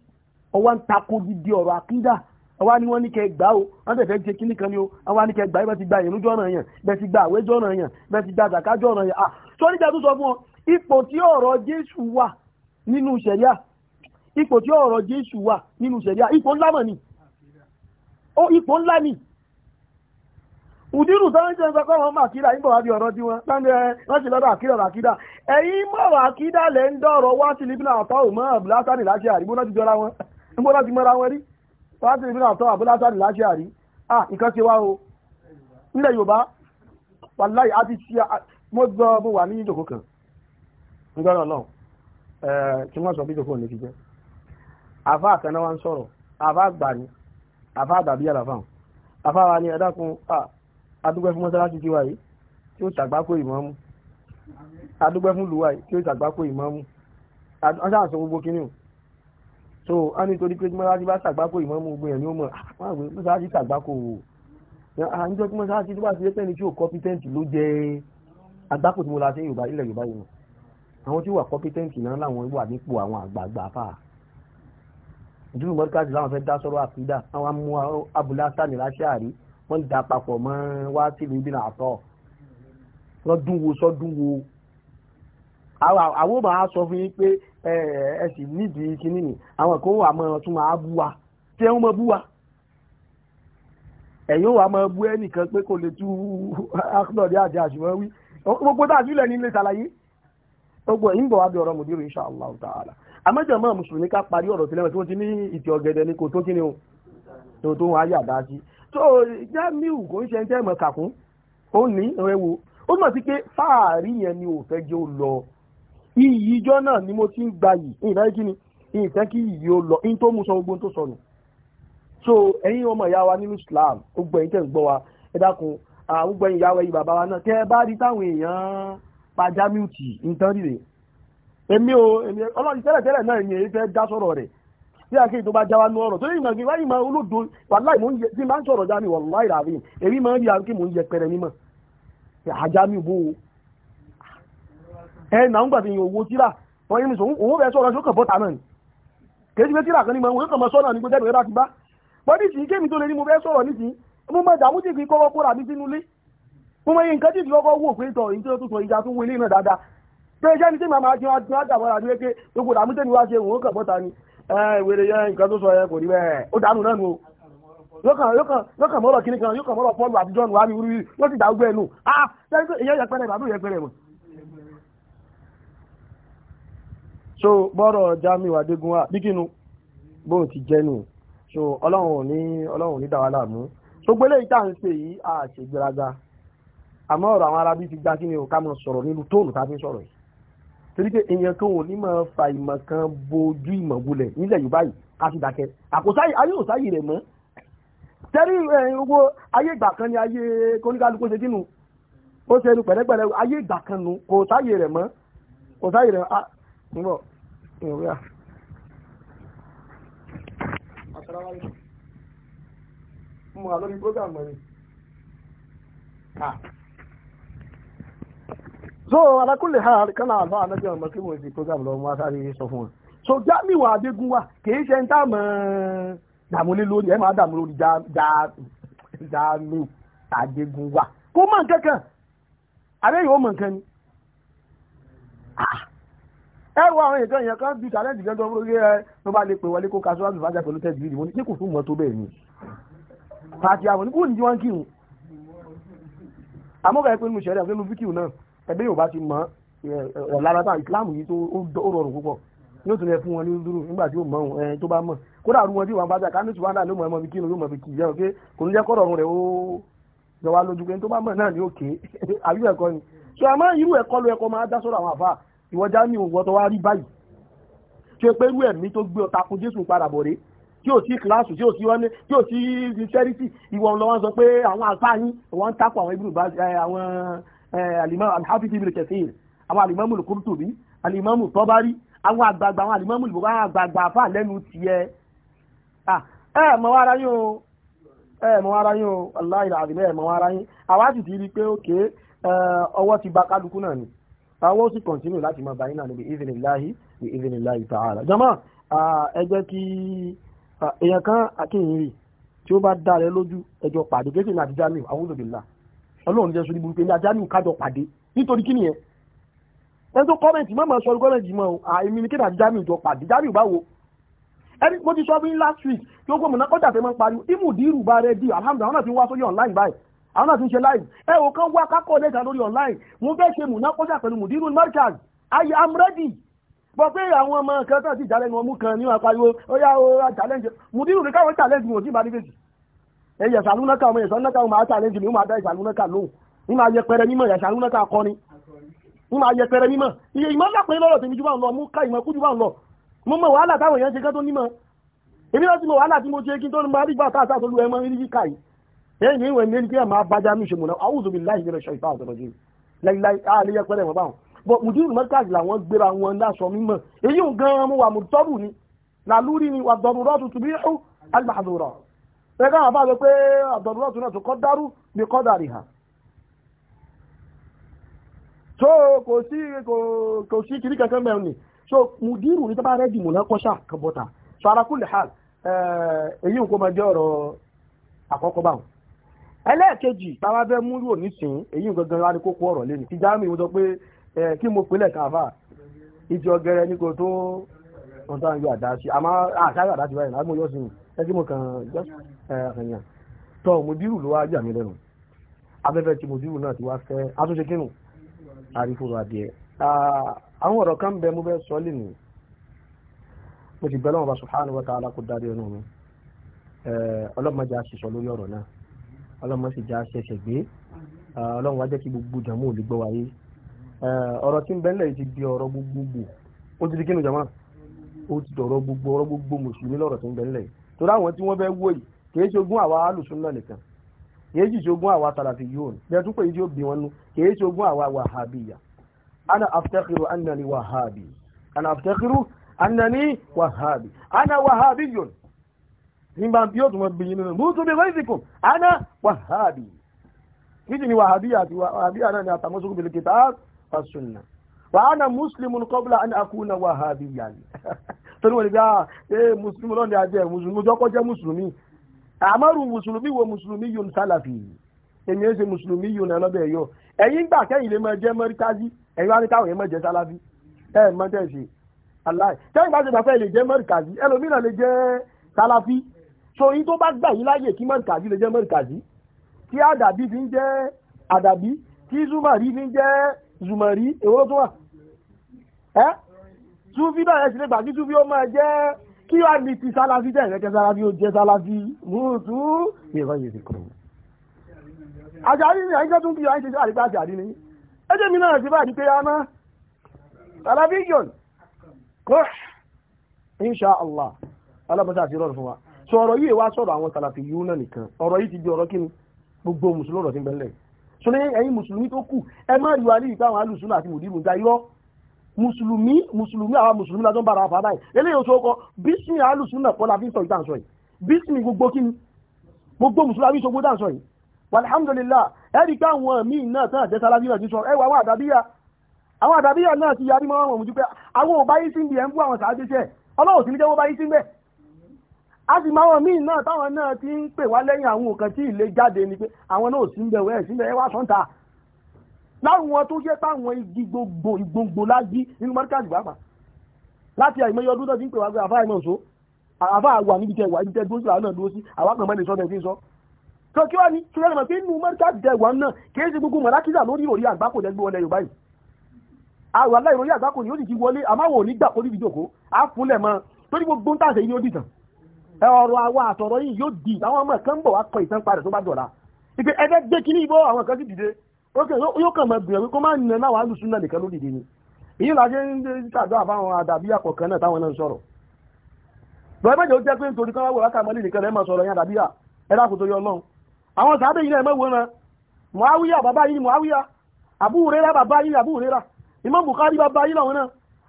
ọwá ń takò gidi ọ̀rọ̀ àkídà ọwá ni wọ́n ní kẹ gbà ó wọ́n tẹ̀fẹ́ jẹ kíní ni o ọwá ní kẹ gbà ibẹ̀ ti gba ìrún jọ́nà yẹn ibẹ̀ ti gba àwẹ̀ yẹn ti gba àzàká jọ́nà yẹn ah. tó sọ fún ọ ipò tí ọ̀rọ̀ Jésù wà nínú sẹ̀ríà ipò tí ọ̀rọ̀ Jésù ẹ̀yin mọ̀rọ̀ àkídàlẹ̀ ń dọ̀rọ̀ wá sí libina àtọ́ òmọ́ àbúlásàdì láṣẹ àrí bó láti jọra wọn níbo láti mọ́ra wọn rí wá sí libina àtọ́ àbúlásàdì láṣẹ àrí à nǹkan ṣe wá o nílẹ̀ Yorùbá wàláyé àti ṣe mo gbọ́ mo wà ní ìjòkó kan nígbàrán náà ẹ̀ tí wọ́n sọ bí ìjòkó ní ti jẹ́ àfa àkànná wa ń sọ̀rọ̀ àfa àgbà ni àfa àdàbí àlàfà àfa wa ni ẹ̀dá kun àdúgbò fún mọ́sálásí ti wáyé tí ó tàgbákò ìmọ̀ mú adúgbẹ́ fún lùwà tí ó ṣàgbákò ìmámù wọ́n gbogbo kínní o so a ní torí pé tí mọ́sáàtì bá ṣàgbákò ìmámù gbogbo èèyàn ni ó mọ̀ ah, wọ́n àgbẹ̀ mọ́sáàtì ṣàgbákò o àǹjọ́ tí mọ́sáàtì tó bá ti lẹ́sẹ̀ ní tí ò competent ló jẹ́ agbákò tí mo la ṣe Yorùbá ilẹ̀ Yorùbá yìí àwọn tí ó wà competent náà làwọn wà nípò àwọn àgbààgbà fáà júlù mọ́ríkàtì láwọn fẹ́ dá sọ́rọ̀ àfídà àwọn mú abúlé sáàmì láṣáàrí wọ́n dá papọ̀ mọ́ wá sílùú ibi náà àtọ̀ wọ́n dún àwọn ò máa sọ fún yín pé ẹ sì nídìí kíní nì àwọn kan wà máa tún máa bú wa tí ẹ ń mọ bú wa ẹ̀yin wà máa bú ẹnìkan pé kò lè tú akọ́dọ̀dé àti àṣìwọ́n wí gbogbo tá a sílẹ̀ ní ilé ṣàlàyé gbogbo ìyìnbọ̀ wa bí ọ̀rọ̀ mùdírù insha Allah ta'ala àmọ́jọ̀ máa mùsùlùmí ká parí ọ̀rọ̀ tí lẹ́wọ̀n tí wọ́n ti ní ìtì ọ̀gẹ̀dẹ̀ ni kò tó kí ni o tó tó wọn ayé àdájí tó Jamiu kò ń ṣe ń tẹ́ mọ̀ kàkún ó ní ẹ̀wọ̀ ó mọ̀ sí pé fáàrí yẹn ni ò fẹ́ jẹ́ ó lọ iyì ijọ́ náà ni mo ti ń gba yìí ìyìn fẹ́ kí ni ìyìn fẹ́ kí iyì ó lọ ìyìn tó mú sọ gbogbo tó sọnù so ẹ̀yin ọmọ ìyá wa nínú Islam gbogbo ẹ̀yin tẹ̀ ń gbọ́ wa ẹ dákun gbogbo ẹ̀yin ìyá wa yìí bàbá wa náà tẹ́ ẹ bá rí táwọn èèyàn pajámìtì nǹkan rírè èmi ò èmi ọlọ́run tẹ́lẹ̀ tẹ́lẹ̀ náà èmi èyí fẹ́ dá sọ̀rọ̀ rẹ̀ bí akéyì tó bá já wa nú ọ̀rọ̀ torí ìmọ̀ ìwáyìí máa olódo wàláì mò ń yẹ tí máa ń sọ̀rọ̀ jámi wàláì ràbí èmi máa ń rí àwọn kí mò ń yẹpẹrẹ mímọ̀ àjámi bò ó ẹ̀nà ń gbàtí yìí owó tíra wọ́n yìí sọ̀rọ̀ owó bẹ̀ẹ́ sọ̀rọ̀ ṣókàn bọ́ta náà ni kèsì pé tíra kan ní mọ̀ kàn mọ̀ sọ́nà ní gbẹ́dẹ̀ bá ti bá bọ́dí sì kémi tó lè ní mo fẹ́ sọ̀rọ̀ ní sí mo mọ̀ dàmú sì fi kọ́kọ́ kóra mi sínú ilé mo mọ̀ yìí nǹkan tí ìdílọ́kọ́ wò pé tọ̀ ìjọ tó sọ ìjà tó wọlé náà dáadáa pé iṣẹ́ ni tí màmá ti wọ́n á dàbọ̀ àdúrà pé gbogbo dàmú tẹ́ni wá ṣe òun kàn bọ́ta ni ìwèrè yẹn nǹkan tó sọ yẹn kò o yóò kàn mọ́rọ̀ kíní kan yóò kàn mọ́rọ̀ pọ́ọ̀lù àtijọ́ nù wá ní orí yóò ti dàgbẹ́ nù ah ìyẹn yẹpẹrẹ ìbàdàn yẹpẹrẹ mọ̀ so bọ́rọ̀ Jamiu Adégún wà bí kínú bóun ti jẹ́ so ọlọ́run ò ní ọlọ́run ò so gbélé yìí tá à ń ṣe yìí à ṣe gbéraga àmọ́ ọ̀rọ̀ àwọn arábí ti gbá kí ni ò ká mọ̀ sọ̀rọ̀ nínú tóònù tá a fi ń sọ̀rọ̀ yìí torí pé èèyàn kan ò ní máa fa ìmọ̀ kan bojú ìmọ̀ bulẹ̀ nílẹ̀ Yorùbá yìí ká sì dákẹ́ àkósáyì ayé ò sáyì rẹ̀ mọ́ tẹ́rí gbogbo ayé ìgbà kan ni ayé kóníkálukú ṣe kínú ó ṣe ẹnu pẹ̀lẹ́pẹ̀lẹ́ ayé ìgbà kan nu kò sáyè rẹ̀ mọ́ kò sáyè rẹ̀ mọ́ हो गया मालूम so alákùnlé ha kánà àlọ́ ànájú ọmọ kí mo ti program lọ wọn sáré sọ fún so jamiu adégúnwá kìí ṣe ń tá mọ dààmú lé lórí ẹ máa dààmú lórí jamiu Adegunwa. kó mọ nǹkan kan àbẹ́yẹ̀ ó mọ nǹkan ni. ẹ wọ àwọn èèyàn kan bí challenge gẹ́gẹ́ ọmọ orí ẹ tó bá lè pè wọlé kó kaṣọ àbí fàájà pẹ̀lú tẹ́jú ìdìbò ní kò fún mọ́ bẹ́ẹ̀ ni pàtì àwọn ní ní wọ́n kírun àmọ́kà ẹ̀pẹ́ nínú ìṣẹ̀lẹ̀ nínú fíkìú náà ẹgbẹ́ yóò bá ti mọ́ ọ̀lára tán ìsìláàmù yìí tó rọrùn púpọ̀ yóò tún lẹ fún wọn ní dúró nígbà tí ó mọ ohun tó bá mọ̀ kódà rú wọn tí wọn bá jà kánú ìṣúwádà ló mọ ẹmọ fi kírun mọ fi kì í kò ní jẹ́ kọ́rọ̀ ọ̀run rẹ̀ ó jọ wá lójú pé tó bá mọ̀ náà ni ó àbí ẹ̀kọ́ ni ṣe àmọ́ irú ẹ̀kọ́ ló ẹ̀kọ́ máa dá sọ́rọ̀ àwọn àfáà ìwọ́já ní òwò tó wá rí báyìí tí ó pé irú ẹ̀mí tó gbé ọ̀tá fún Jésù padà bọ̀ rèé tí ò sí kíláàsì tí ò sí ọ́nẹ́ tí ò sí sincerity ìwọ̀n lọ́wọ́ sọ pé àwọn àlùfáà yín wọ́n ń tako àwọn ibùdó bá eh, àwọn eh, alimọ́ alhafiz ibùdó kẹsìn àwọn alimọ́ mùlù kúrútùbí alimọ́ mùlù tọ́bárí àwọn àgbààgbà àwọn alimọ́ mùlù àgbààgbà àfà lẹ́nu tiẹ̀. ẹ mọ ara yín o ẹ mọ ara yín o aláìlà àbílẹ̀ ẹ mọ ara yín àwa ti rí i pé òkè eh, ọwọ́ ti ba kálukú náà ni àwọn ó sì continue láti máa báyìí náà níbi ìzìnláhi ní ìzìnláhi ta'ala jama ẹgbẹ́ kí èèyàn kan akéyìn rí tí ó bá dá rẹ lójú ẹjọ́ pàdé kéèké ní àdíjámì àwọn olùdókòlá ọlọ́run jẹ́ sórí burúkú ní àdíjámì kájọ pàdé nítorí kí nìyẹn ẹni tó kọ́mẹ̀ntì mọ́ mọ́ sọ gọ́mẹ̀ntì mọ́ àìmí ni kí ní àdíjámì jọ pàdé jámì báwo ẹni mo ti sọ fún last week tí ó kọ́ mọ̀ náà kọjá fẹ́ máa ń pariwo imudiru bá rẹ di alhamdulilayi wọn náà ti wá sórí online báyìí àwọn náà ti ń ṣe live ẹ wò kán wá kákọ̀ lẹ́ta lórí online mo fẹ́ ṣe mùnákọ́ṣà pẹ̀lú mùdírù markaz ayé am ready bọ́ pé àwọn ọmọ kan tó ti challenge wọn mú kan ní apariwo ó yá o challenge mùdírù ní káwọn challenge mi ò tí ì bá ní bèjì ẹ yẹ̀sàlúnáka ọmọ yẹ̀sàlúnáka ọmọ challenge mi ó máa dá yẹ̀sàlúnáka lóhùn ní máa yẹpẹrẹ mímọ̀ yẹ̀sàlúnáka akọni ní máa yẹpẹrẹ mímọ̀ iye ìmọ̀ lápẹ́ lọ́rọ̀ tèmi jù bá ń lọ mú ká ìmọ̀ kú jù bá ń nímọ̀ èmi yẹn yìí wẹ̀ ní kí ẹ̀ máa bájá mi ṣe mọ̀ náà àwùjọ bíi láì yẹrẹ ṣọ̀ìfà àtọ̀rọ̀ jù láìláì àlẹ́ yẹ pẹ́rẹ́ wọn báwọn bọ̀ mùdírù mẹ́ríkàjì làwọn gbéra wọn láṣọ mímọ̀ èyí ń gan mú wa mùtọ́bù ni làlúrí ni wà dọ̀rùrọ́ tuntun bí ó alàdùrọ̀ ẹ̀ka àwọn bá sọ pé àdọ̀rùrọ́ tuntun náà tó kọ́ dárú bí kọ́ dàrí hà so kò sí kò sí kiri kankan mẹ́rin ni so mùdírù ni tábà rẹ́dì mọ̀ lẹ́kọ́ṣà kan bọ́ta so alákùnlé hàn èyí ń kó máa jẹ́ ọ̀rọ̀ àkọ́kọ́ báwọn ẹlẹ́ẹ̀kejì táwa fẹ́ múlò nísìn èyí gangan wá ní kókó ọ̀rọ̀ lẹ́nu ti jáàmù ìwọ́n sọ pé kí mo pínlẹ̀ káfà ìjì ọgẹrẹ ní kò tó ọ̀tá yọ àdáṣe àmọ́ àṣàyọ̀ àdáṣe báyìí lágbó yọ sí ẹ kí mo kàn yàn tọ mòdìrú ló wá yà mí lẹ́nu afẹ́fẹ́ ti mòdìrú náà ti wá fẹ́ àtúnṣe kínú àrífòrò adìẹ àwọn ọ̀rọ̀ kan bẹ mo fẹ́ sọ lẹ́nu mo ti bẹ́ lọ́wọ́ bá subhanahu wa ta'ala kó dáadé ẹnu mi ọlọ́mọdé a sì sọ lórí ọ̀rọ̀ náà ọlọ́mọ sì já ṣẹ̀ṣẹ̀ gbé ọlọ́run wá jẹ́ kí gbogbo jàmú ò lè gbọ́ wáyé ọ̀rọ̀ tí ń bẹ́ńlẹ̀ yìí ti di ọ̀rọ̀ gbogbogbò ó ti di kínú jàmá ó ti dọ̀rọ̀ gbogbo ọ̀rọ̀ gbogbo mùsùlùmí lọ́rọ̀ tí ń bẹ́ńlẹ̀ yìí torí àwọn tí wọ́n fẹ́ wò yìí kì í ṣogún àwa alùsùnà nìkan kì í sì ṣogún àwa tàlàfì yóò ní bẹ́ẹ̀ túpọ̀ yìí ó bí wọn nú kì í ṣogún àwa wàhábìyà ana aftakiru annani wahabi ana aftakiru annani wahabi ana wahabi yóò nígbà bí ó tún mọ̀ bìyìn nínú mú tún bí wọ́n ìsìnkú aná wàhábì níjì ni wàhábì àti wàhábì àná ni àtàmọ́sókù bèlè kìtà fàṣùnà wà á na mùsùlùmù kọ́bùlà àni àkúnà wàhábì yàní torí wọ́n ni bí i ah, mùsùlùmù lọ́nà àjẹ́ mùsùlùmù jọ́kọ́ jẹ́ mùsùlùmí àmọ́rù mùsùlùmí wo mùsùlùmí yóò ń sálàfì èmi ẹ ṣe mùsùlùmí yóò náà lọ́bẹ̀ yọ ẹ̀yin gbà kẹ́yìn lè máa jẹ́ mọ́ríkází ẹ̀yin ní káwọn yẹn máa jẹ́ sálàfì ẹ̀ mọ́ tẹ̀ ṣe aláì kẹ́yìn bá ṣe gbà lè jẹ́ mọ́ríkází ẹlòmíràn lè jẹ́ sálàfì torí tó bá gbà yí láyè kí mọ̀nkàzí lè jẹ́ mọ̀nkàzí tí àdàbí fi ń jẹ́ àdàbí tí zumari fi ń jẹ́ zumari èwo tó wà ẹ́ túfí náà ẹ̀ sì lè gbà kí túfí ó máa jẹ́ kí wàá ní ti sáláfí jẹ́ ìrẹ́kẹ́ sáláfí ó jẹ́ sáláfí múùtú ìrọ̀ yìí ti kúrò. àṣàrí ni àyíṣẹ́ tún bí wàá ṣe àrígbá àṣàrí ni ẹ jẹ́ mi náà ti bá àdí pé a ná sáláfí yòn kó inṣàlá alábọ́sà ti rọrùn fún wa sọ ọ̀rọ̀ yìí wá sọ̀rọ̀ àwọn sàlàfì yìí náà nìkan ọ̀rọ̀ yìí ti di ọ̀rọ̀ kíni gbogbo mùsùlùmí ọ̀rọ̀ ti ń bẹ̀lẹ̀ sọ ní ẹ̀yin mùsùlùmí tó kù ẹ má rí wa ní ìgbà àwọn alùsùn àti mùdírù ń ga irọ́ mùsùlùmí mùsùlùmí àwọn mùsùlùmí lájọ́ ń bára wa fàdáì eléyìí oṣù ọkọ bísí alùsùn náà kọ́lá fi ń sọ ìtàn sọ yìí bísí gbogbo kíni gbogbo mùsùlùmí ṣogbó dàn sọ yìí walhamdulillah ẹ̀rí káwọn míì náà tán àjẹ́ sálábí náà ti sọ ẹwà àwọn àdàbíyà àwọn àdàbíyà náà ti yarí mọ́ àwọn òmùjú àwọn ò báyìí sí ibi ẹ̀ ń bú àwọn sàájẹ́sẹ̀ ọlọ́wọ́ sí ní jẹ́wọ́ báyìí sí bẹ́ẹ̀ a sì máa wọn míì náà táwọn náà ti ń pè wá lẹ́yìn àwọn nǹkan tí ilé jáde ni pé àwọn náà sí ń bẹ̀ wẹ́ẹ̀ sí ń bẹ̀ wá sọ́ńtà láwọn tó jẹ́ táwọn igi gbogbo ìgbòǹgbò lájí nínú mọ́ríkàjì pàápàá láti àìmọye ọdún náà ti ń pè wá pé àfáà ìmọ̀ òṣó àfáà wà níbi tẹwàá níbi tẹdúró sí àwọn náà dúró sí àwọn àpamọ́ ilé sọ́dẹ̀ tí ń sọ. tó kí wá ní tí wọ́n mọ̀ pé inú mọ́ríkàjì tẹwàá náà kì í ṣe gbogbo mọ̀lákìlá lórí òrí àgbákò lẹ́gbẹ́ wọlé Yorùbá yìí àwọn aláìròyìn àgbákò ni ó sì ti wọlé àmáwò ò ní gbà kó níbi jòkó á fúnlẹ̀ mọ́ torí gbogbo ń tàṣe yìí ó dìtàn ọ̀rọ̀ awa àtọ̀rọ̀ yìí yóò di àwọn ọmọ kan ń bọ̀ wá kọ ìtàn padà tó bá dọ̀la ipe ẹgbẹ́ gbé kí ní ibọ́ àwọn kan sì dìde yóò kàn máa gbìyànjú kó má nà náà wàá lùsùn náà nìkan ló dìde ni èyí là ṣe ń ṣàdó àbáwọn àdàbí náà táwọn náà sọ̀rọ̀ jẹ́ pé nítorí kan wọ́n nìkan sọ̀rọ̀ yẹn àdàbí à tó yọ ọlọ́run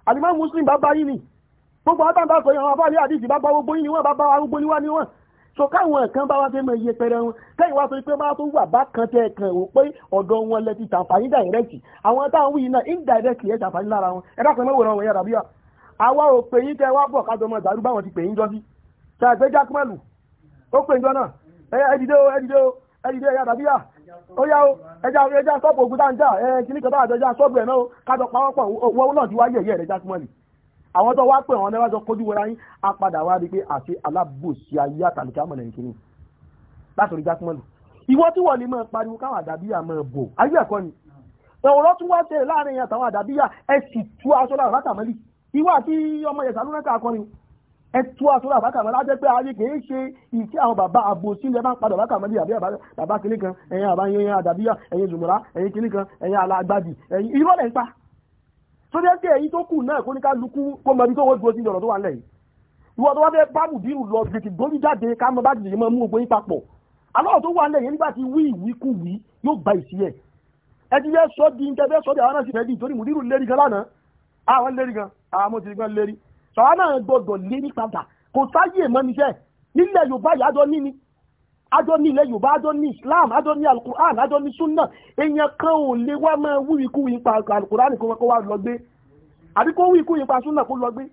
àwọn gbogbo àwọn bá sọ yẹn àwọn afáàlẹ́ àdìsí bá bá gbogbo yín ni wọ́n bá bá arúgbó níwá ni wọ́n so káwọn kan bá wá fẹ́ mọ iye pẹrẹ wọn kẹ́yìn wá sọ pé bá tó wà bá kan tẹ kan ò pé ọ̀dọ̀ wọn lẹ ti tàǹfààní direct àwọn táwọn wíyìn náà indirect yẹ tàǹfààní lára wọn ẹ dákun mọ́ wòran wọn yẹn ràbíyà àwa ò pè yín tẹ wá bọ̀ kájọ mọ dàrú báwọn ti pè yín jọ sí ṣàgbé jákúmẹ́lù ó pè yín jọ náà ẹ dìde o ẹ dìde o ẹ dìde ẹ̀yà ràbíyà ó yá o ẹja ẹja sọ́ọ̀bù ògùn táǹjà ẹ kìnnìkan bá àjọ ẹja sọ́ọ̀bù ẹ̀ náà kájọ pawọ́pọ̀ wọ́n náà ti wáyé ẹ̀yẹ rẹ̀ jákúmẹ́lù àwọn tó wá pè wọn lẹ́wọ́n tó kojú wọra yín á padà wá rí pé àti alábòsí ayé àtàlùkì àmọ̀lẹ̀ ìkíni látòrí jákúmọ́lù ìwọ tí wọ́n lè máa pariwo káwọn àdàbíyà máa bò ayé ẹ̀kọ́ ni ọ̀rọ̀ tún wá ṣe láàrin yẹn àtàwọn àdàbíyà ẹ sì tú aṣọ láàrin látàmọ́lì ìwọ àti ọmọ yẹn sàlúrẹ́ ká akọrin ẹ tú aṣọ láàrin látàmọ́lì á tó jẹ́ pé èyí tó kù náà kó ní ká lukú kó mọ ibi tó wọ́n dúró sí ọ̀rọ̀ tó wà nílẹ̀ yìí ìwọ́n tó wá fẹ́ bábù dírù lọ gbèsè gbórí jáde ká mọ bá jìyẹ mọ mú ogbó yín papọ̀ aláwọ̀ tó wà nílẹ̀ yìí nígbà tí wí ìwí kú wí yóò gba ìsí ẹ̀ ẹ ti fẹ́ sọ di nǹkan fẹ́ sọ di àwọn náà sì fẹ́ di ìtorí mùdírù lérí gan lánàá àwọn ah, lérí gan àwọn ah, mo ti rí gan lérí sọ̀rọ̀ náà gbọdọ̀ lérí padà kò sáyè mọ́ níṣẹ́ nílẹ̀ Yorùbá yàtọ̀ ní ni Adoni ní ilẹ̀ yorùbá ajọ́ islam adoni ní alukur'an adoni sunna èèyàn kan ò lè wá máa wúwi kú ipa alukur'an kó wá lọ gbé àbí kó wúwi kú ipa sunna kó lọ gbé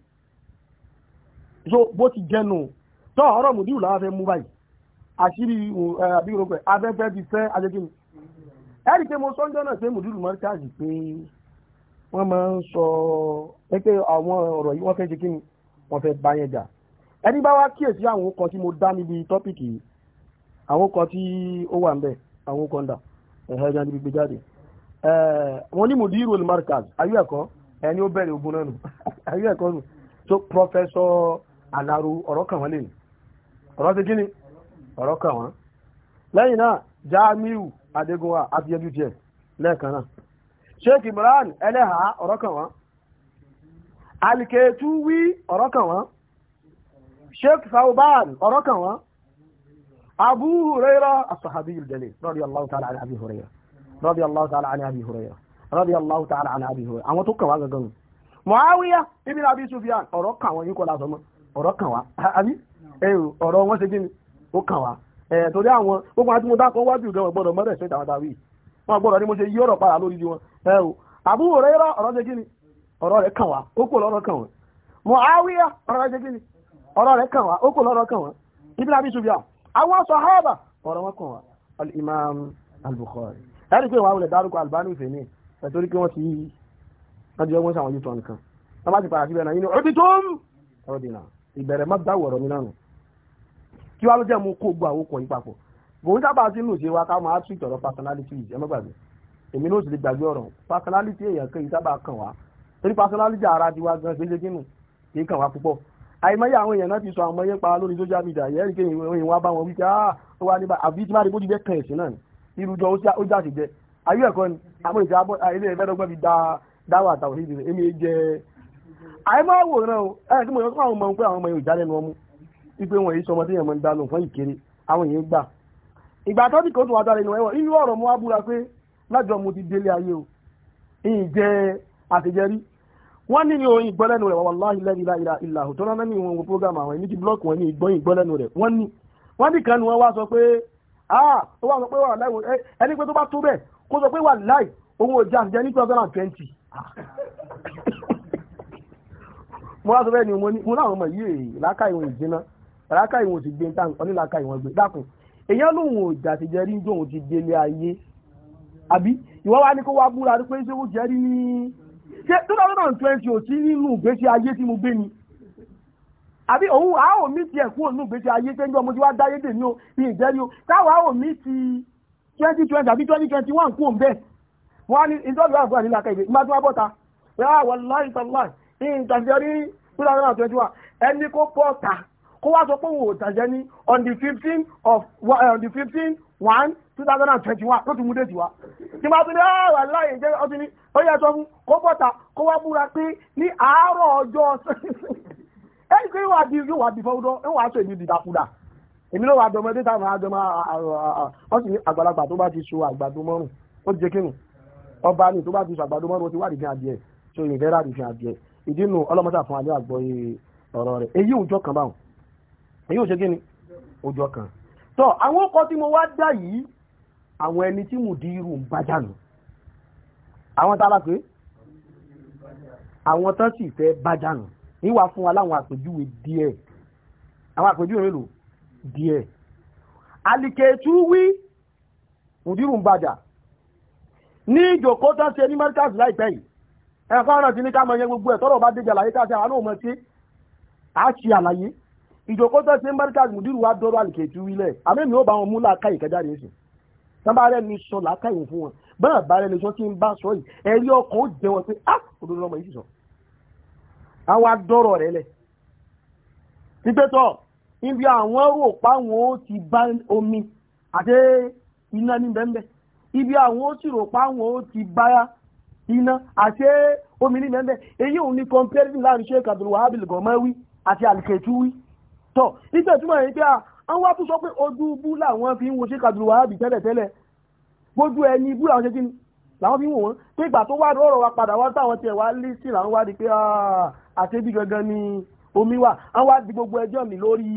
so bó ti jẹnu tọ́ ọ̀rọ̀ mùdíù làwọn fẹ́ mú báyìí àṣírí àbí rògbò afẹ́fẹ́ ti fẹ́ adékìní ẹ̀rí pé mo sọ́njọ́ náà pé mùdíù mọ́ríkàzì pé wọ́n máa ń sọ pé àwọn ọ̀rọ̀ yìí wọ́n fẹ́ ṣe kí ni wọ́n fẹ́ bá yẹn jà ẹni bá wá kíyèsí àwọn kan tí mo dá níbi tọ́pìkì yìí àwọn kan tí ó wà ń bẹ̀ àwọn kan dà ẹ̀hẹ́ níbi gbé jáde wọ́n ní mudiru markaz ayé ẹ̀kọ́ ẹni ó bẹ̀rẹ̀ ogun náà nù ayé ẹ̀kọ́ nù professor alaru ọ̀rọ̀ kan wọ́n lè ní ọ̀rọ̀ ti kíni ọ̀rọ̀ kan wọ́n lẹ́yìn náà jamiu adegunwa abiyanju tiẹ̀ lẹ́ẹ̀kan náà sheikh imran ọ̀rọ̀ kan wọ́n aliketuwi ọ̀rọ̀ kan wọ́n sheikh أبو هريرة الصحابي الجليل رضي الله تعالى عن أبي هريرة رضي الله تعالى عن أبي هريرة رضي الله تعالى عن أبي هريرة Abi mo ni mo Abu àwọn sàhábà ọ̀rọ̀ wọn kàn wá al-imam al-bukhari láti pé wọn àwọn ilẹ̀ dárúkọ albani fèmí ẹ̀tọ́rí pé wọ́n ti wọ́n ti ọgbọ́n sàwọn yóò tọ́ nìkan wọ́n bá ti padà síbẹ̀ náà ọdún tó ń ọ̀rọ̀ ìbẹ̀rẹ̀ má dáwọ̀ ọ̀rọ̀ kí wàá jẹ́ mú kó gbọ́ àwọn okùn papọ̀ àìmọye àwọn èèyàn náà ti sọ àmọye pa lórí social media yẹ́rì kí ìròyìn wa bá wọn wípé ah ó wá nípa àbí tí má rí bójú jẹ́ kàn ẹ̀sìn náà irújọ ó jáde jẹ ayé ẹ̀kọ́ ni àwọn ìjà ilé ẹ̀fẹ́ dọ́gbọ́n fi da dáwà àtàwọn ìdí rẹ̀ èmi jẹ àìmọ́ àwòrán o ẹ̀ tí mo yọ fún àwọn ọmọ pé àwọn ọmọ ìjà lẹ́nu ọmú wípé wọn èyí sọmọ tí èèyàn mọ ń dalò fún ìkéré àwọn èèyàn gbà ìgbà tó ti wọ́n ní ìròyìn ìgbọ́lẹ́nu rẹ̀ wallahi la ilaha illa hu tó rán ní ìwọ̀n program àwọn ẹni tí blọ́ọ̀kì wọn ní ìgbọ́yìn ìgbọ́lẹ́nu rẹ̀ wọ́n ní wọ́n ní kan wọ́n wá sọ pé ah ó wà sọ pé wà láì ẹni pé tó bá tó bẹ́ẹ̀ kó sọ pé wà láì òun ò já jẹ ní 2020 mo wá sọ bẹ́ẹ̀ ni mo láwọn ọmọ yìí làákà ìwọ̀n ìjìnà làákà ìwọ̀n ti gbé ń tàn ọ́ní làákà ìwọ̀n gbé dákun èèyàn lòun ò jà ti jẹ rí ń jóun ti délé ayé àbí ìwọ́n wá ní kó wá búra rí pé ṣé ó jẹ́ rí ní ṣé two thousand si twenty ò sí nínú ìgbésí ayé tí mo gbé ni àbí òun a ò ti tiẹ̀ kúrò nínú ìgbésí ayé pé njọ́ mo ti n'o dáyé dè ní o ní ìjẹ́rí o táwa a ò mí ti twenty twenty àbí twenty twenty one kúrò bẹ́ẹ̀ wọ́n á ní ìtọ́jú àgbà nílà kẹ́gbẹ́ ìgbà tí wọ́n bọ́ta yàrá wà láì tàbí ìtàjẹ́rí two thousand and twenty one ẹni kó pọ̀ ta kó wá sọ pé òun ò tàjẹ́ ní on the fifteen of eh, on the fifteen one two thousand and twenty one ló ti mú déètì wá tí máa tún ní ọ̀rọ̀ ah, aláyè jẹ́ ọtí ni ó yẹ sọ fún kó bọ́ta kó wá búra pé ní àárọ̀ ọjọ́ ẹni pé wà bí yóò wà bí fọwọ́dọ́ ó wà sọ èmi dìdàkudà èmi ló wà dọmọdé táwọn àdọmọ wọn sì ní àgbàlagbà tó bá ti so àgbàdo mọ́rùn ó ti jẹ kínú ọba ni tó bá ti so àgbàdo mọ́rùn ó ti wá dìgbìn adìẹ so ìrìnlẹ́rà dìgbìn adìẹ ìdí nu ọlọ́mọdé àfọwọ́n àdé àgbọ̀ ọ̀rọ̀ rẹ̀ èyí òjọ́ kan báwọn èyí òjọ́ kí ni òjọ́ kan tọ́ àwọn ọkọ̀ tí mo wá dá yìí àwọn ẹni tí mò di irú ń bá jànù àwọn tààlà pé àwọn tán sì fẹ́ bá jànù níwà fún wa láwọn àpèjúwe díẹ̀ àwọn àpèjúwe mélòó díẹ̀ àlìkèétú wí mùdírù ń bàjà ní ìjòkó tán ṣe ní mẹ́ríkàsì láìpẹ́ yìí ẹ̀kọ́ ọ̀rọ̀ sí ní ká mọ̀ yẹn gbogbo ẹ̀ tọ́rọ̀ bá déjà láyé ká àwọn náà sí àá ṣe àlàyé ìjòkó tó ṣe ń báríkà mùdírù wa dọ́rọ̀ àlùkètù wílẹ̀ àmẹ́mi ó bá wọn mú làákà ìkẹjáde sí sábàárẹ̀ ni sọ làákà ìwò fún wọn bẹ́ẹ̀ bá rẹ̀ ni sọ tí ń bá sọ yìí ẹ̀rí ọkàn ó jẹ wọn pé á òdodo ọmọ yìí sì sọ. àwa dọ́rọ̀ rẹ̀ lẹ̀ títẹ́tọ̀ níbi àwọn rò wọn ó ti bá omi àti iná ní bẹ́ńbẹ́ ibi àwọn ó sì rò wọn ó ti bá iná àti omi ní bẹ́ńbẹ́ èyí òun ni comparison láàrin sheikh abdulwahab al àti àlùkètù tọ̀ nígbà tí wọ́n yẹn pé àwọn wá tún sọ pé ojú bú làwọn fi ń wo ṣe kàdùrù wàhábì tẹ́lẹ̀tẹ́lẹ̀ gbójú ẹni bú làwọn ṣe kí ni làwọn fi ń wò wọ́n pé ìgbà tó wá rọrọ̀ wa padà wá táwọn tiẹ̀ wá lé sí làwọn wá di pé àtẹ́bí gangan ni omi wà àwọn wá di gbogbo ẹjọ́ mi lórí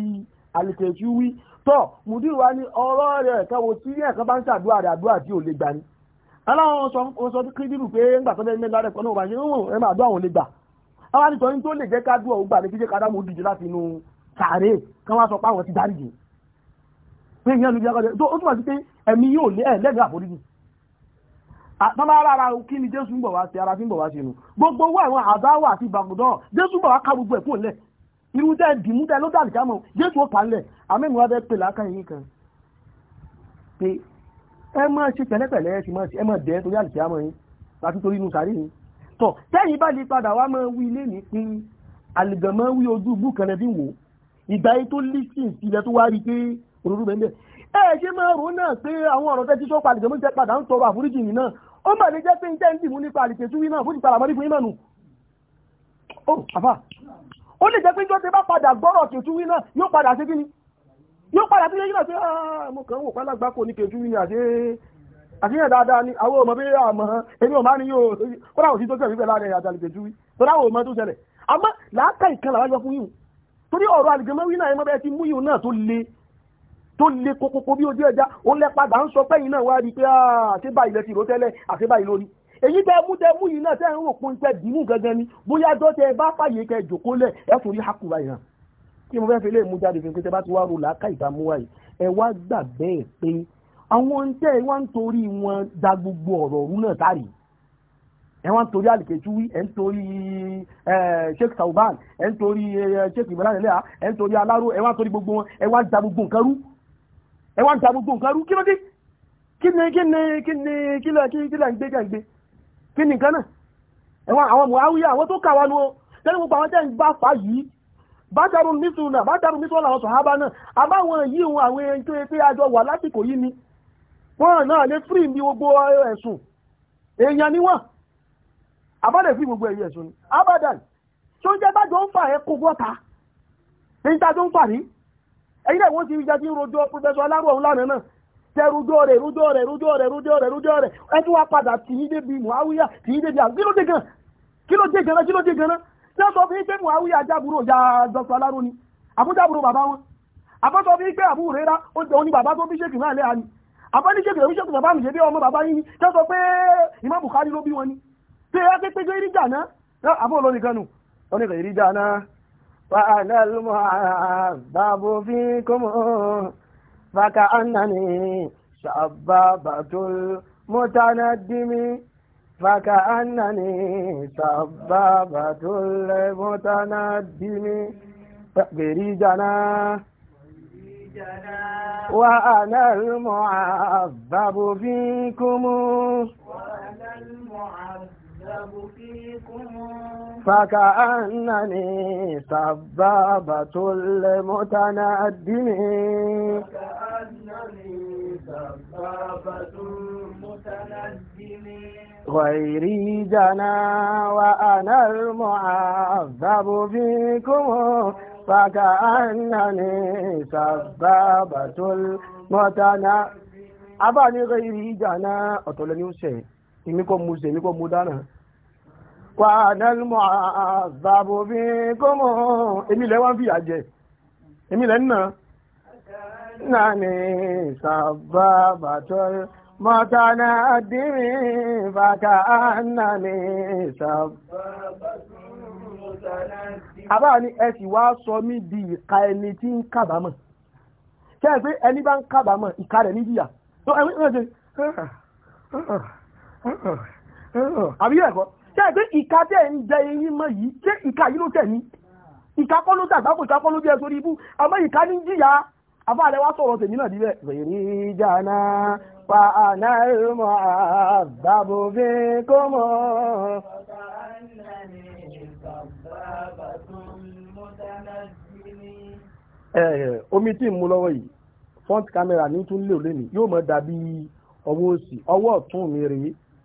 àlìkẹ̀jú wí tọ́ mùdírù wa ní ọ̀rọ̀ rẹ̀ kẹwọ́ tí ẹ̀kan bá ń ṣàdúrà rẹ̀ àdúrà tí ò lè gbà ni aláwọn sọ kídìrù pé ńgbà tó lẹ́yìn mẹ́lá rẹ̀ kan sàárè kan wá sọ pé àwọn ti dáríjì pé ìyẹn olùjẹ́ ọkọ̀ tó ó túnmọ̀ sí pé ẹ̀mí yóò lé ẹ̀ lẹ́gbẹ̀ẹ́ àforíjì tọ́lá ara kí ni jésù ń bọ̀ wá sí ara tí ń bọ̀ wá sí inú gbogbo owó àwọn àdáwà àti ìbàgùdọ́ jésù ń bọ̀ wá ká gbogbo ẹ̀kún lẹ̀ irú tẹ́ dìmú tẹ́ ló dàbí ká mọ̀ jésù ó palẹ̀ àmẹ́nu wa fẹ́ pè láká yìí kan pé ẹ máa ṣe pẹ̀lẹ́pẹ̀lẹ́ ẹ sì máa ṣe ẹ máa dẹ́ torí àlùkí àmọ́ yín láti torí inú sàárè yín tọ̀ tẹ́yìn bá lè padà wá máa wí ilé ní pín àlìgànmọ́ wí ojú bú kan lẹ́bí wò ìgbà yìí tó lísìn sí ilẹ̀ tó wá rí pé òróró bẹ́ẹ̀ ẹ ṣe máa rò náà pé àwọn ọ̀rọ̀ tẹ́ ti sọ palẹ̀ tẹ́mú jẹ́ padà ń tọrọ àforíjì yìí náà ó mà ní jẹ́ pé ń tẹ́ ń dìmú nípa àlìkè túwí náà fún ìpàlà mọ́rí fún iná nù ó lè jẹ́ pé jọ́ tẹ bá padà gbọ́rọ̀ kètúwí náà yóò padà sí kíni yóò padà sí kíni pé ah, mo kàn ń wò pálágbá kò ní kètúwí ni àṣíyàn dáadáa ni àwọn ọmọ bí àmọ́ ẹni ọmọ ní yóò kọ́ra òsì tó tẹ̀lé pẹ̀lú àrẹ àjàlì kètúwí tó dáwọ̀ ọmọ tó ṣẹlẹ̀ àmọ́ làákà ìkan làwọn yọ fún yìí torí ọ̀rọ̀ àlìjẹmọ́wí náà ẹmọ́ bẹ́ẹ̀ ti mú ìhun náà tó le tó le kókókó bí ojú ẹja o lẹ padà ń sọ pẹ́yìn náà wá rí pé ah, àṣebá ilẹ̀ ti rò tẹ́lẹ̀ àṣebá ìlò ni èyí tẹ mú tẹ mú yìí náà tẹ ń rò pin tẹ dìímù gangan ni bóyá jọ tẹ bá fàyè kẹ jòkó lẹ ẹ sòrí hakùrà ìhàn kí mo fẹ́ fi lè mú jáde fún pé tẹ bá ti wá ro làákà ìdààmú wáyé ẹ wá gbà bẹ́ẹ̀ pé àwọn tẹ wá ń torí wọn da gbogbo ọ̀rọ̀ ọ̀rú náà tárìí ẹ̀wọ̀n torí alìkẹ̀túwí ẹ̀ ń torí sheikh sauban ẹ̀ ń torí sheikh ibrahim ẹlẹ́à ẹ̀ ń torí aláró ẹ̀wọ̀n torí gbogbo wọn ẹ̀wọ̀n da gbogbo nǹkan rú ẹ̀wọ̀n da gbogbo nǹkan rú kí ló dé kí ni kí ni kí ni kí ló kí ló ń gbé kí ló ń gbé kí ni nǹkan náà ẹ̀wọ̀n àwọn muhawiya àwọn tó kà wá nu o tẹ́lẹ̀ gbogbo àwọn tẹ́ ń bá fà yìí bájárù mísù náà bájárù mísù ọ̀là àwọn sọ̀hábà náà àbáwọn yìí wọn àwọn ẹni tó yẹ pé àjọ wà lásìkò yìí ni wọn náà lè fírì ní gbogbo ẹ̀sùn èèyàn ni wọn abọ́dẹ̀ sí gbogbo ẹ̀yẹ ẹ̀sùn ni abadan tí ó jẹ́ bájọ́ ń fà ẹ́ kó bọ́ta ní ta tó ń fà rí ẹ̀yìn ẹ̀wọ́n ti ìjà tí ń rojọ́ pẹ̀fẹ́sọ alárùn ọ̀hún lánàá náà tẹ rújọ́ rẹ̀ rújọ́ rẹ̀ rújọ́ rẹ̀ rújọ́ rẹ̀ rújọ́ rẹ̀ ẹ tún wá padà tì í débi Muawiya tì í débi àwọn kí ló dé gan kí ló dé gan kí ló dé gan tí wọ́n sọ fún pé Muawiya jábúrò ya dọ́sọ alárùn ni àbújábúrò bàbá wọn àbọ́sọ fún pé àbúrò rẹ̀ rá ó jẹ́ òní bàbá tó bí ṣèkì náà lẹ́hà ni àbọ́níṣèkì òní ṣèkì bàbá mi ṣe bí ọmọ bàbá yín ni tí wọ́n sọ pé Imam Bukhari ló bí wọn ni pé wá pé pé ìrìjà náà àbọ̀ olórí kan nù ìrìjà náà wà àbábò fi kọ́mọ́ fàkà ánàní sàbàbàtò mọ́tánádìmí fàkà ánàní sàbàbàtò mọ́tánádìmí ìrìjà náà. وأنا المعذب فيكم وأنا المعذب فكأنني سبابة المتندم فكأنني سبابة المتندم غيري جنا وأنا المعذب فيكم فكأنني سبابة المتندم أبا غيري جنا أطول نيوسي èmi kọ́ mo ṣe èmi kọ́ mo dáná. wàdàlú mọ́ àzàbò bí kọ́mọ́ èmi lẹ́ wá ń fìyà jẹ èmi lẹ́ ń nà. nani sábàbàtọ́ mọ́tànà dìmí bàtà nani sábàbàtọ́ àbá ni ẹ sì wá sọ mí di ìka ẹni tí ń kábàámọ̀ ṣe é pé ẹni bá ń kábàámọ̀ ìka rẹ̀ níjìyà tó ẹni náà ṣe àbí ẹ̀kọ́ ṣe é pé ìka tẹ̀ ń jẹ eyín mọ́ yìí ṣé ìka yìí ló tẹ̀ ìka kọ́ ló tàgbákò ìka kọ́ ló jẹ́ sórí ibú àmọ́ ìka ní jìyà àbá rẹ̀ wá sọ̀rọ̀ tèmi náà díbẹ̀. jana pa àná àbábò bí omi tí ń mu lọ́wọ́ yìí front camera ní tún lè lónìí yóò mọ̀ dàbí ọwọ́ òsì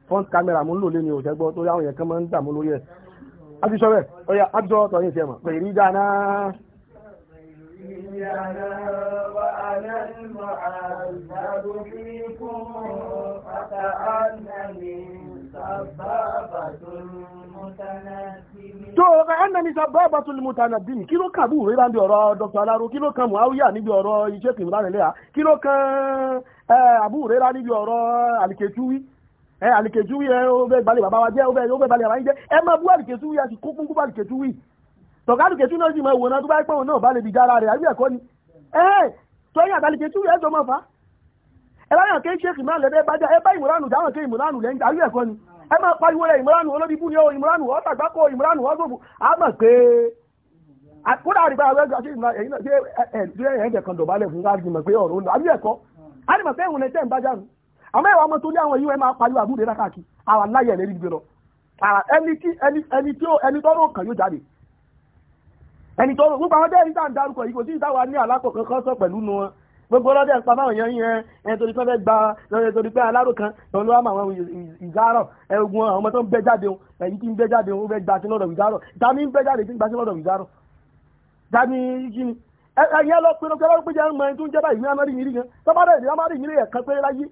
front camera mú lò lé ní òṣẹ́ gbọ́ torí àwọn èèyàn kan máa ń dààmú lórí ẹ̀ abisọ bẹ́ẹ̀ ọya abisọ ọ̀tọ̀ yìí ti ẹ̀mọ̀ pé rí dáná tó ọ̀rẹ́ ẹnẹ́ni sábà tó lè mú tànà bí kí ló kàbù rí láti ọ̀rọ̀ Dr. Alaro kí ló kàn Muawiya níbi ọ̀rọ̀ iṣẹ́ kìmìlá kí ló kàn eh, Abu Hurairah níbi ọ̀rọ̀ àlìkẹ́túwí ẹ àlìkèjú yẹ ó bẹ balẹ̀ bàbá wa jẹ́ ó bẹ ó bẹ balẹ̀ bàbá yín jẹ́ ẹ máa bú àlìkèjú yẹ àti kókún kúbà àlìkèjú wì tọ̀ka àlìkèjú náà sì máa wò náà tó bá pẹ́ òun náà bá lè di jára rẹ̀ àbí ẹ̀kọ́ ni ẹ tọ́yìn àtàlìkèjú yẹ ẹjọ́ máa fa ẹ bá yàn kéé ṣéèkì máa lẹ́dẹ́ bá já ẹ bá ìmúránù dáhùn kéé ìmúránù lẹ́yìn àbí ẹ̀kọ́ ni ẹ máa pariwo rẹ̀ ìmúránù olóbi bú ni ó ìmúránù ó tàgbákò ìmúránù ó sòfò á mọ̀ pé kódà àdìgbà àwọn ẹgbẹ́ àti ìmúra ẹ̀yìn náà ṣé ẹ̀ẹ́dẹ̀kan dọ̀bálẹ̀ fún ká mọ̀ pé ọ̀rọ̀ ó lọ àbí ẹ̀kọ́ á ní mọ̀ pé ìwọ̀n ẹ̀ tẹ́ ń àmọ́ ìwà ọmọ tó ní àwọn yìí wọ́n máa pariwo àbúrò rẹ̀ káàkiri àwọn aláyẹ̀ ẹ̀rẹ́ níbi lọ ẹni tí ẹni tí ẹni tọ́rọ̀ kàn yóò jáde ẹni tọ́rọ̀ gbogbo àwọn jẹ́rìí sáà ń darúkọ yìí kò sí ìtawà ní àlápọ̀ kankan sọ pẹ̀lú nu wọn gbogbo ọlọ́dẹ̀ ń pa báwọn yẹn yẹn ẹni torí pé fẹ́ gba ẹni torí pé alárò kan lọ ló wà máa wọn ìzárọ̀ ẹ̀gùn àwọn ọmọ tó ń bẹ́ jáde òun ẹ̀yìn tí ń bẹ́ jáde òun fẹ́ gba sí lọ́dọ̀ ìzárọ̀ dání ẹ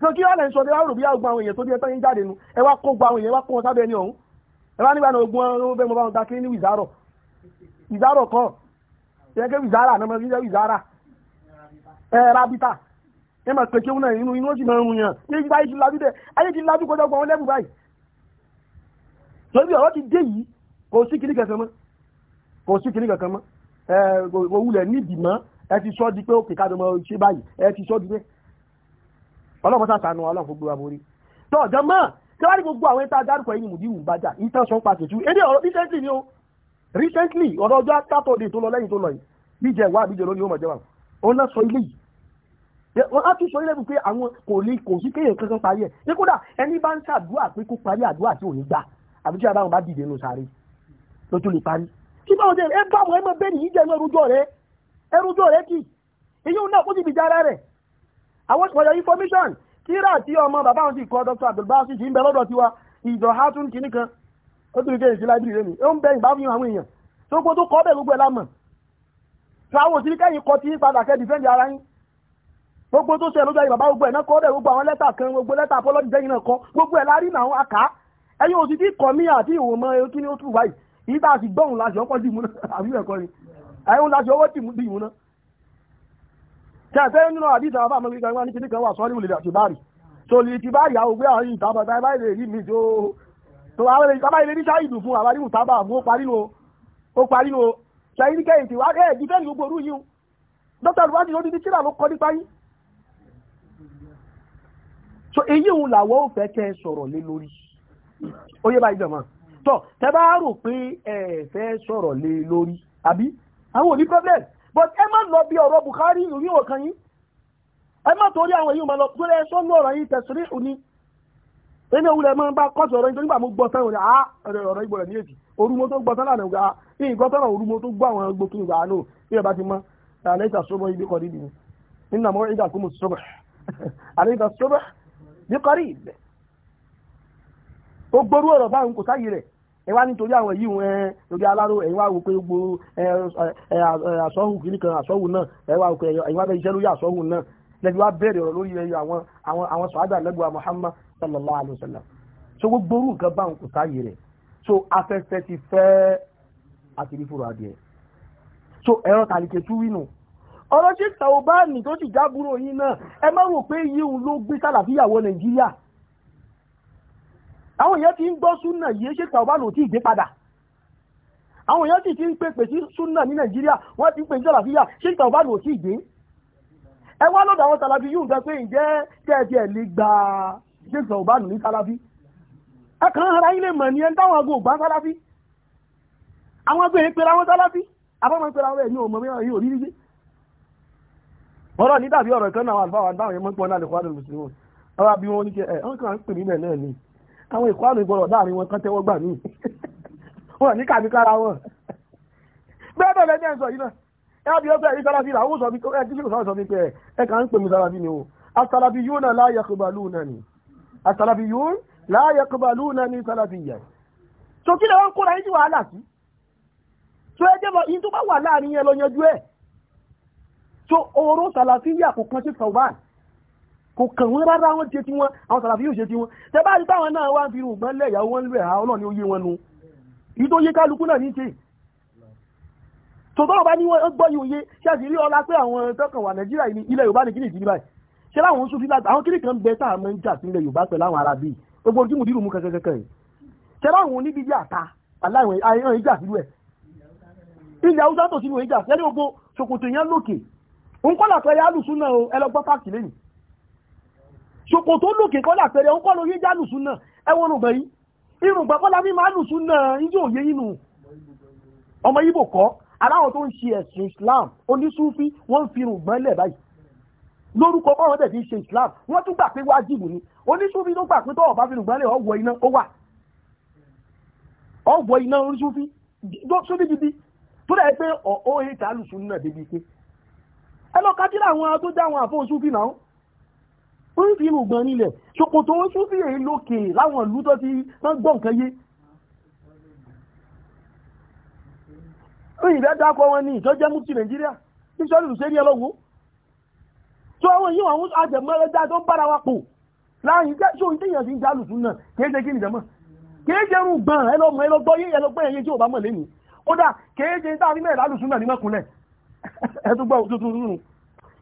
so kí wọ́n lè sọ déwà rògbé àwọn àwọn èèyàn tó díẹ̀ tán jáde nu ẹ wá kó gba àwọn èèyàn wá kó wọn sábẹ́ ẹni ọ̀hún ẹ wá nígbà náà ogun ọ̀rọ̀ bẹ́ẹ̀ mo bá wọn ta kí ní wìzárọ̀ wìzárọ̀ kan ìyẹn kí wìzárà náà mo fi jẹ́ wìzárà ẹ rabita ẹ mà pé kéwù náà inú inú ó sì máa ń rùn yàn ní ibi báyìí ti lajú dẹ ayé ti lajú kọjá gbọ́n lẹ́bù báyìí torí ọ̀rọ̀ ti dé yìí kò sí kiri kankan mọ́ kò sí kiri kankan mọ́ ẹ kò wulẹ̀ nídìí mọ́ ẹ ti sọ́ di pé ó kìkadọ̀ mọ́ ọlọ́pàá sàtànù ọlọ́pàá gbogbo aborí tó ọjọ́ mọ́ tí wọ́n rí gbogbo àwọn ẹ̀ta dárúkọ ẹ̀yìn mùdíwù bájà intention package èdè ọ̀rọ̀ recently ni ó recently ọ̀rọ̀ ọjọ́ sátọ̀dẹ̀ tó lọ lẹ́yìn tó lọ yìí bíjẹ̀ wá bíjẹ̀ lónìí ó mọ̀ jẹ́wà ó ná sọ ilé yìí wọ́n á tún sọ ilé pé àwọn kò ní kò sí kéèyàn kankan parí ẹ̀ ní kódà ẹni bá ń ṣàdúrà pé kó parí àdúrà tí ò ní gbà kí èyí ò náà kó sì fi rẹ̀ àwọn for your information tíra tí ọmọ bàbá wọn ti kọ Dr. Abdulbasi ti ń bẹ lọ́dọ̀ tiwa ìjọ hatun kìíní kan ó tún kéde sí láìbírì lónìí ó ń bẹ ìbá fihàn àwọn èèyàn tó kó tó kọ́ bẹ̀ gbogbo ẹ̀ lámọ̀ tó àwọn òsì kẹ́yìn kọ tí padà kẹ́ dìfẹ́ǹdì ara yín gbogbo tó ṣe lójú ayé bàbá gbogbo ẹ̀ náà kọ́ bẹ̀ gbogbo àwọn lẹ́tà kan gbogbo lẹ́tà apọ́lọ́dì jẹ́yìn náà kọ́ gbogbo ẹ̀ lárí náà àká ẹ̀yin òsì tí kọ́ mí àti ìwò mọ kí ni ó tù wáyì yìí tá a sì gbọ́hùn láṣọ ọkọ̀ dìmú náà àbí ẹ̀kọ́ ni ẹ̀yin láṣọ ọwọ́ dìmú náà tí nínú àdìsá àbá àmọ́ gbígbà ní kíní kan wà sọ́ọ́lì wùlẹ̀ àti bárì so lè ti bárì àwọn ògbé àwọn ìtàbà tá ibà rí mi tó tó àwọn ìtàbà ilé ní ṣáìdù fún àwọn àríwù fún ó parí nu ó parí but ẹ má lọ bí ọ̀rọ̀ Bukhari ìròyìn ọ̀kan yìí ẹ má torí àwọn èyí máa lọ tó lẹ́ sọ́nù ọ̀rọ̀ yìí tẹ̀sírí òní ẹni òwúrẹ̀ máa ń bá kọ́sì ọ̀rọ̀ yìí nígbà mo gbọ́ sẹ́wọ̀n ní ah, ọ̀rọ̀ ìgbọ̀rẹ̀ ní èjì mo tó gbọ́ sẹ́wọ̀n lánàá ìgbà yìí ah, gbọ́ sẹ́wọ̀n tó gbọ́ àwọn gbòkè ìgbà àánú bí ẹ bá ti mọ àlẹ́ ìta sọ́bọ̀ ibi kọ́ níbi nínú àwọn kó mo sọ́bọ̀ àlẹ́ ìta ẹ wá nítorí àwọn èyí wọn lórí aláró ẹ̀yin wá wò pé gbogbo àsọ́hùn kìíní kan àsọ́hùn náà ẹ̀yin wá wò pé ẹ̀yin wá bẹ iṣẹ́ lórí àsọ́hùn náà lẹ́bi wá bẹ̀rẹ̀ ọ̀rọ̀ lórí ẹ̀yọ àwọn àwọn sọ̀hádà lẹ́gbẹ̀ẹ́ Muhammad sallallahu alayhi wa so gbogbo orú nǹkan báwọn kò sáàyè rẹ̀ so afẹ́fẹ́ ti fẹ́ àti nífòrò adìẹ so ẹ̀rọ tàlìkẹ́ tú wínú ọ̀rọ̀ ṣe tàwọn báàmì tó ti jábúrò yín náà ẹ má rò pé yíhun ló gbé sálàfíyàwó Nàìjíríà àwọn èèyàn ti ń gbọ́ súnà yìí ṣe tàbá lò tí ìgbé padà àwọn èèyàn ti ti ń pèpè sí súnà ní nàìjíríà wọ́n ti ń pè ní sàlàfíà ṣe tàbá lò tí ìgbé ẹ wá lọ́dọ̀ àwọn sàlàfí yóò gbẹ pé ǹjẹ́ tẹ́ẹ̀tì ẹ̀ lè gba ṣe tàbá lò ní sàlàfí ẹ kàn ara yín lè mọ̀ ní ẹni táwọn ago ògbà sàlàfí àwọn ago èèyàn pera wọn sàlàfí àbámọ́ ọ̀rọ̀ ní dàbí ọ̀rọ̀ kan náà àwọn àlùfáà àwọn àlùfáà yẹn náà lè kọ́ àdùn ọ̀rọ̀ àbí wọn ní kí ẹ̀ ọ̀kan ń pè nílẹ̀ náà ni àwọn ìkọ́ àrùn ìgbọ̀rọ̀ láàrin wọn kán tẹ́wọ́ gbà mí wọn ní kàbí kára wọn bẹ́ẹ̀ bẹ́ẹ̀ bẹ́ẹ̀ ń sọ yìí náà ẹ bí ó fẹ́ rí sálábí rà ó sọ mi ẹ kíkì sọ mi pé ẹ kà ń pè mí sálábí ni o asalabi yóò náà láàyè kọbalú náà ni asalabi yóò láàyè kọbalú náà ni sálábí yẹn so kí lè wọn kóra yín kò kan sí sọ̀báàlì kò kàn wọ́n rárá wọ́n ṣe ti wọn àwọn sàràfí yóò ṣe ti wọn tẹ bá rí táwọn náà wá ń fi rùgbọ́n lẹ̀ ìyàwó wọn lù ẹ̀ ọlọ́run ni ó yé wọn nu ìyí tó yé kálukú náà ní ṣe tòtọ́ ọba ní wọ́n gbọ́ yóò yé ṣe àti rí ọlá pé àwọn tọkàn wà nàìjíríà ní ilẹ̀ yorùbá ní kíni ìdí báyìí ṣe láwọn ń sún fílà àwọn kíni kan bẹ tá a máa ń jà sí ilẹ̀ yorùbá pẹ̀lú àwọn arábí gbogbo ojú mùdírù mú kankan kankan yìí ṣe láwọn oníbi bí àta aláìwọ̀n ayéhàn ìjà sílú ẹ̀ ilẹ̀ haúsá tó sínú ìjà sẹ́ni ogbó ṣòkòtò yẹn lókè òǹkọ́lá tó yá lùsùn náà ẹ lọ gbọ́ fáàkì lẹ́yìn ṣòkòtò lókè kọ́ làpẹẹrẹ ó kọ́ lórí já lùsùn náà ẹwọ́n rùgbọ̀n yìí irùngbọ̀n kọ́ lábí máa lùsùn náà yíyí òye inú ọmọ yíbò kọ́ aláwọ̀ tó ń ṣe ẹ̀sìn Islam onísúfí wọ́n ń fi irùngbọ̀n lẹ̀ báyìí lórúkọ kọ́ tẹ̀sí ṣe Islam wọ́n tún gbà pé wájìbù ni onísúfí tó gbà pé tọ́ ọ̀bá fi irùngbọ̀n lẹ̀ ọ̀wọ̀ iná ó wà ọ̀wọ̀ iná onísúfí sóbí gidi tó dẹ̀ pé ọ̀ọ́ ètà lùsùn náà débi pé ẹ lọ kájí làwọn tó àwọn àfọ̀ oṣù náà wọ́n ń fi irun gan nílẹ̀ ṣòkòtò wọn sún sí èyí lókè láwọn ìlú tó ti tán gbọ́ nǹkan yé ìyìn bẹ́ẹ̀ dákọ̀ wọn ní ìjọ jẹ́ mú ti nàìjíríà ní sọ́ọ̀lù ṣe ní ẹlọ́wọ́ tó àwọn yìí àwọn àjẹmọ́lẹ́dá tó ń bára wa pọ̀ láàrin jẹ́ ṣó ń tíyàn sí ń jálù fún náà kìí ṣe kí ni jẹ́mọ́ kìí ṣe rú gbọ́n ẹlọ́mọ ẹlọ́gbọ́ yé ẹlọ́gbọ́ ẹ̀yẹ tí ò bá mọ̀ lé ní kódà kìí ṣe tàbí mẹ́rin lálùsùn náà ní mọ́kúnlẹ̀ ẹ̀túgbọ́ òtútù rúrùn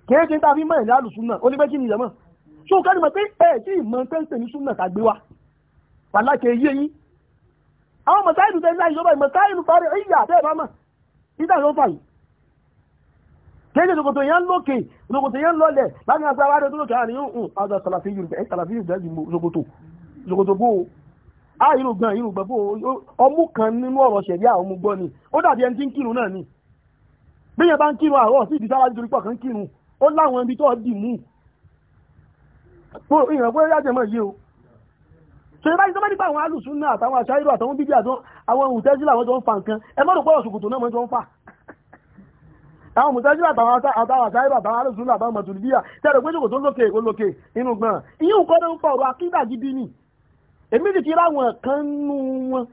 kìí ṣe tàbí mẹ́rin lálùsùn náà ó ní bẹ́ kí ni jẹ́mọ́ so kẹ́ni mọ̀ pé ẹ̀ tí ìmọ̀ tẹ́ǹtẹ̀ ní súnmọ̀ tàgbé wa wà láti eyé yín àwọn mọ̀sáìlú tẹ́ ní ìjọba ìmọ̀sáìlú parí ìyà àtẹ́ ìbá mọ̀ títà ló fà yìí kéde tòkòtò yẹn lókè tòkòtò yẹn lọlẹ̀ láti àti àwọn àdẹ́tò lókè àárín yóò àdà sàlàfí yorùbá ẹ̀ sàlàfí yorùbá yìí lòkòtò lòkòtò bó a yìí rògbọ̀n yìí rògbọ̀n ni ó dàbí ẹni tí ń kírun náà ni bí yẹn bá ń kírun àárọ̀ láwọn ibi tó dì mú tó ìyàn pé yájẹ̀ mọ̀ yé o so ìbá ìsọ́bá nípa àwọn alùsùn náà àtàwọn àṣáírò àtàwọn bíbí àtàwọn àwọn òtẹ́sílà àwọn tó ń fa nǹkan ẹ mọ́rùn pọ́lọ̀ ṣùkùtù náà mọ́ tó ń fa àwọn òtẹ́sílà àtàwọn àṣáírò àtàwọn alùsùn náà àtàwọn mọ̀tòlùbíyà tẹ́rọ pé ṣùkùtù lókè olókè inú gbọ́n ìyí nǹkan tó ń fa ọ̀rọ̀ akídà gidi ni èmi sì ti ráwọn kan nú wọn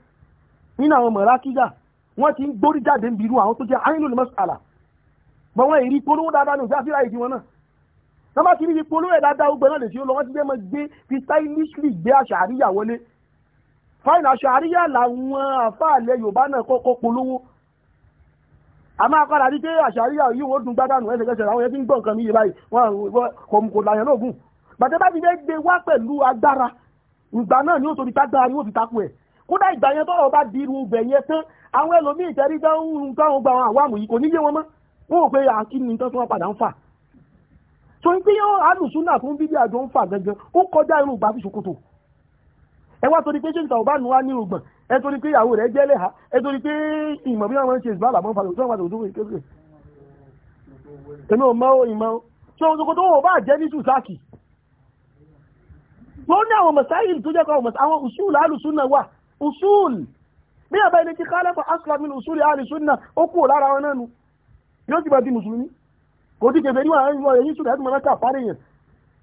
nínú àwọn mọ̀rá kídà wọ́n ti ń gbórí jáde ń birú àwọn tó jẹ́ àyínlò wọ́n bá ti rí ipò olóyè dáadáa ó gbẹ náà lè ṣe lọ wọ́n ti fẹ́ mọ gbé fi stylishly gbé àṣà àríyá wọlé fáìlì àṣà àríyá làwọn àfáàlẹ̀ Yorùbá náà kọ́kọ́ polówó àmọ́ akọ́ra ní pé àṣà àríyá yìí wọ́n dùn gbádànù ẹsẹ̀kẹsẹ̀ àwọn yẹn ti ń gbọ́ nǹkan míye báyìí wọn kò làyàn lóògùn bàtẹ́ bá ti fẹ́ gbé wá pẹ̀lú agbára ìgbà náà ni ó tóbi tágbára ni ó fi takú ẹ̀ kódà ìgbà yẹn tọ́rọ̀ bá di irú ibẹ̀ yẹn tán àwọn ẹlòmíì tẹ́rí dáhùn táwọn gba àwọn àwàmù kò ní yé wọn mọ́ wọn ò pé àkíní tó tún wọn padà ń fà tó ń pín yóò alùsúnà fún bíbí àjọ ń fà gangan ó kọjá irun ìgbà fi ṣòkòtò ẹ wá torí pé ṣé ìtàn ọba nùwá ní irùngbọ̀n ẹ torí pé ìyàwó rẹ̀ jẹ́ lẹ́ha ẹ torí pé ìmọ̀ bí wọ́n ṣe ìsìláàbà mọ́ fàlọ́ wà tó wọ́n kékeré usul alùsúnà wà usul bí àbá ẹni tí kálẹ́fà usul alùsúnà ó kúrò lára wọn náà yóò ti bá di mùsùlùmí kò tí kèfèrí wà ń lọ èyí ṣùgbọ́n ẹ̀dùnmọ́ náà kàfàrà èèyàn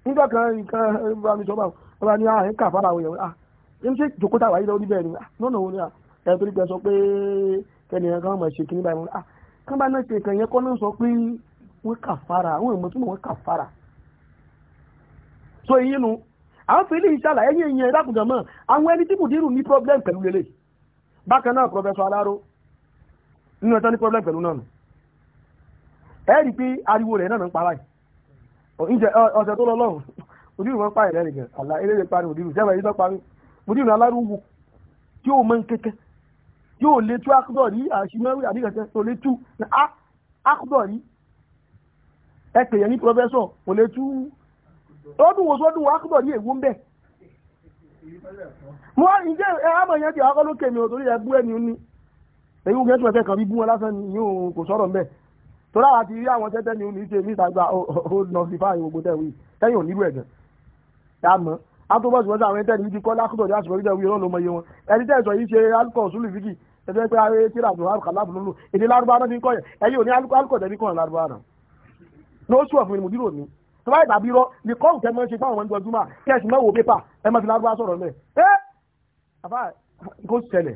nígbà kan nǹkan bá mi sọ́bà ọba ní àárín ah, kàfàrà àwọn èèyàn ah ń ṣe jòkóta wáyé lọ níbẹ̀ ni lọ́nà òun ni ẹ̀ torí pé sọ pé kẹ́ni ẹ̀ kan mọ̀ ṣe kíní báyìí ah kán bá náà ṣe kàn yẹn kọ́ náà sọ pé wọ́n kàfàrà àwọn èèyàn túnbọ̀ wọ́n kàfàrà so èyí nu àwọn fi ilé ìṣàlà ẹ̀yìn èèyàn ẹ̀dàkùnjọ mọ́ àwọn ẹni tí kò dírù ní problem pẹ̀lú lélẹ̀ bákan náà Professor Alaro nínú ẹ̀tọ́ ní problem pẹ̀lú náà ẹ rí i pé ariwo rẹ̀ náà ń pa báyìí ọ̀sẹ̀ tó lọ lọ́hùn mùdírù máa ń pààyàn lẹ́nu gan àlà eléyìí parí mùdírù sẹ́fẹ̀ yìí tó parí mùdírù alárùwò tí yóò mọ nkẹ́kẹ́ yóò lè tú akúdọ̀ rí àṣìmọ́rí àdìgàtẹ́ tó lè tú akúdọ̀ rí ẹ pè yẹn ní pọfẹ́sọ̀ kò lè tú ọdún wo sọdún wo akúdọ̀ rí èwo ń bẹ̀. mo wá ní jẹ́ ẹ àmọ̀ yẹn ti akọ́ lókè mi ò torí ẹ bú ẹni ní èyí wọ́n kẹ́ tó láwa ti rí àwọn tẹ́tẹ́ ni omi ṣe níta gba ó lọ sí fáyìn gbogbo tẹ̀wé tẹ́yìn onílù ẹ̀gàn tá a mọ̀ atúbọ̀ sí wọ́n sáwọn tẹ́ni mi ti kọ́ lákòtò ní àsìkò ìjẹ́wé ọlọ́run lọ́mọ iye wọn ẹni tẹ́ sọ yìí ṣe alukọ̀ sùlù fìkì ẹgbẹ́ pé ayé tí ra àbúrò kàláàbù lólu èdè lárúbáwá náà ti ń kọ́ yẹn ẹ̀yìn òní alukọ̀ tẹ́ni kọ́ lárúbáwá náà ní oṣù ọ̀fun ni mùdírò ní tó bá ìdàbí rọ ní kọ́ òkè mọ́ ṣe fún àwọn ọmọ jùmọ̀ kí ẹ̀sìn mẹ́wò pépà ẹ má fi lárúbáwá sọ̀rọ̀ mẹ́ ẹ́ àfà kó ṣẹlẹ̀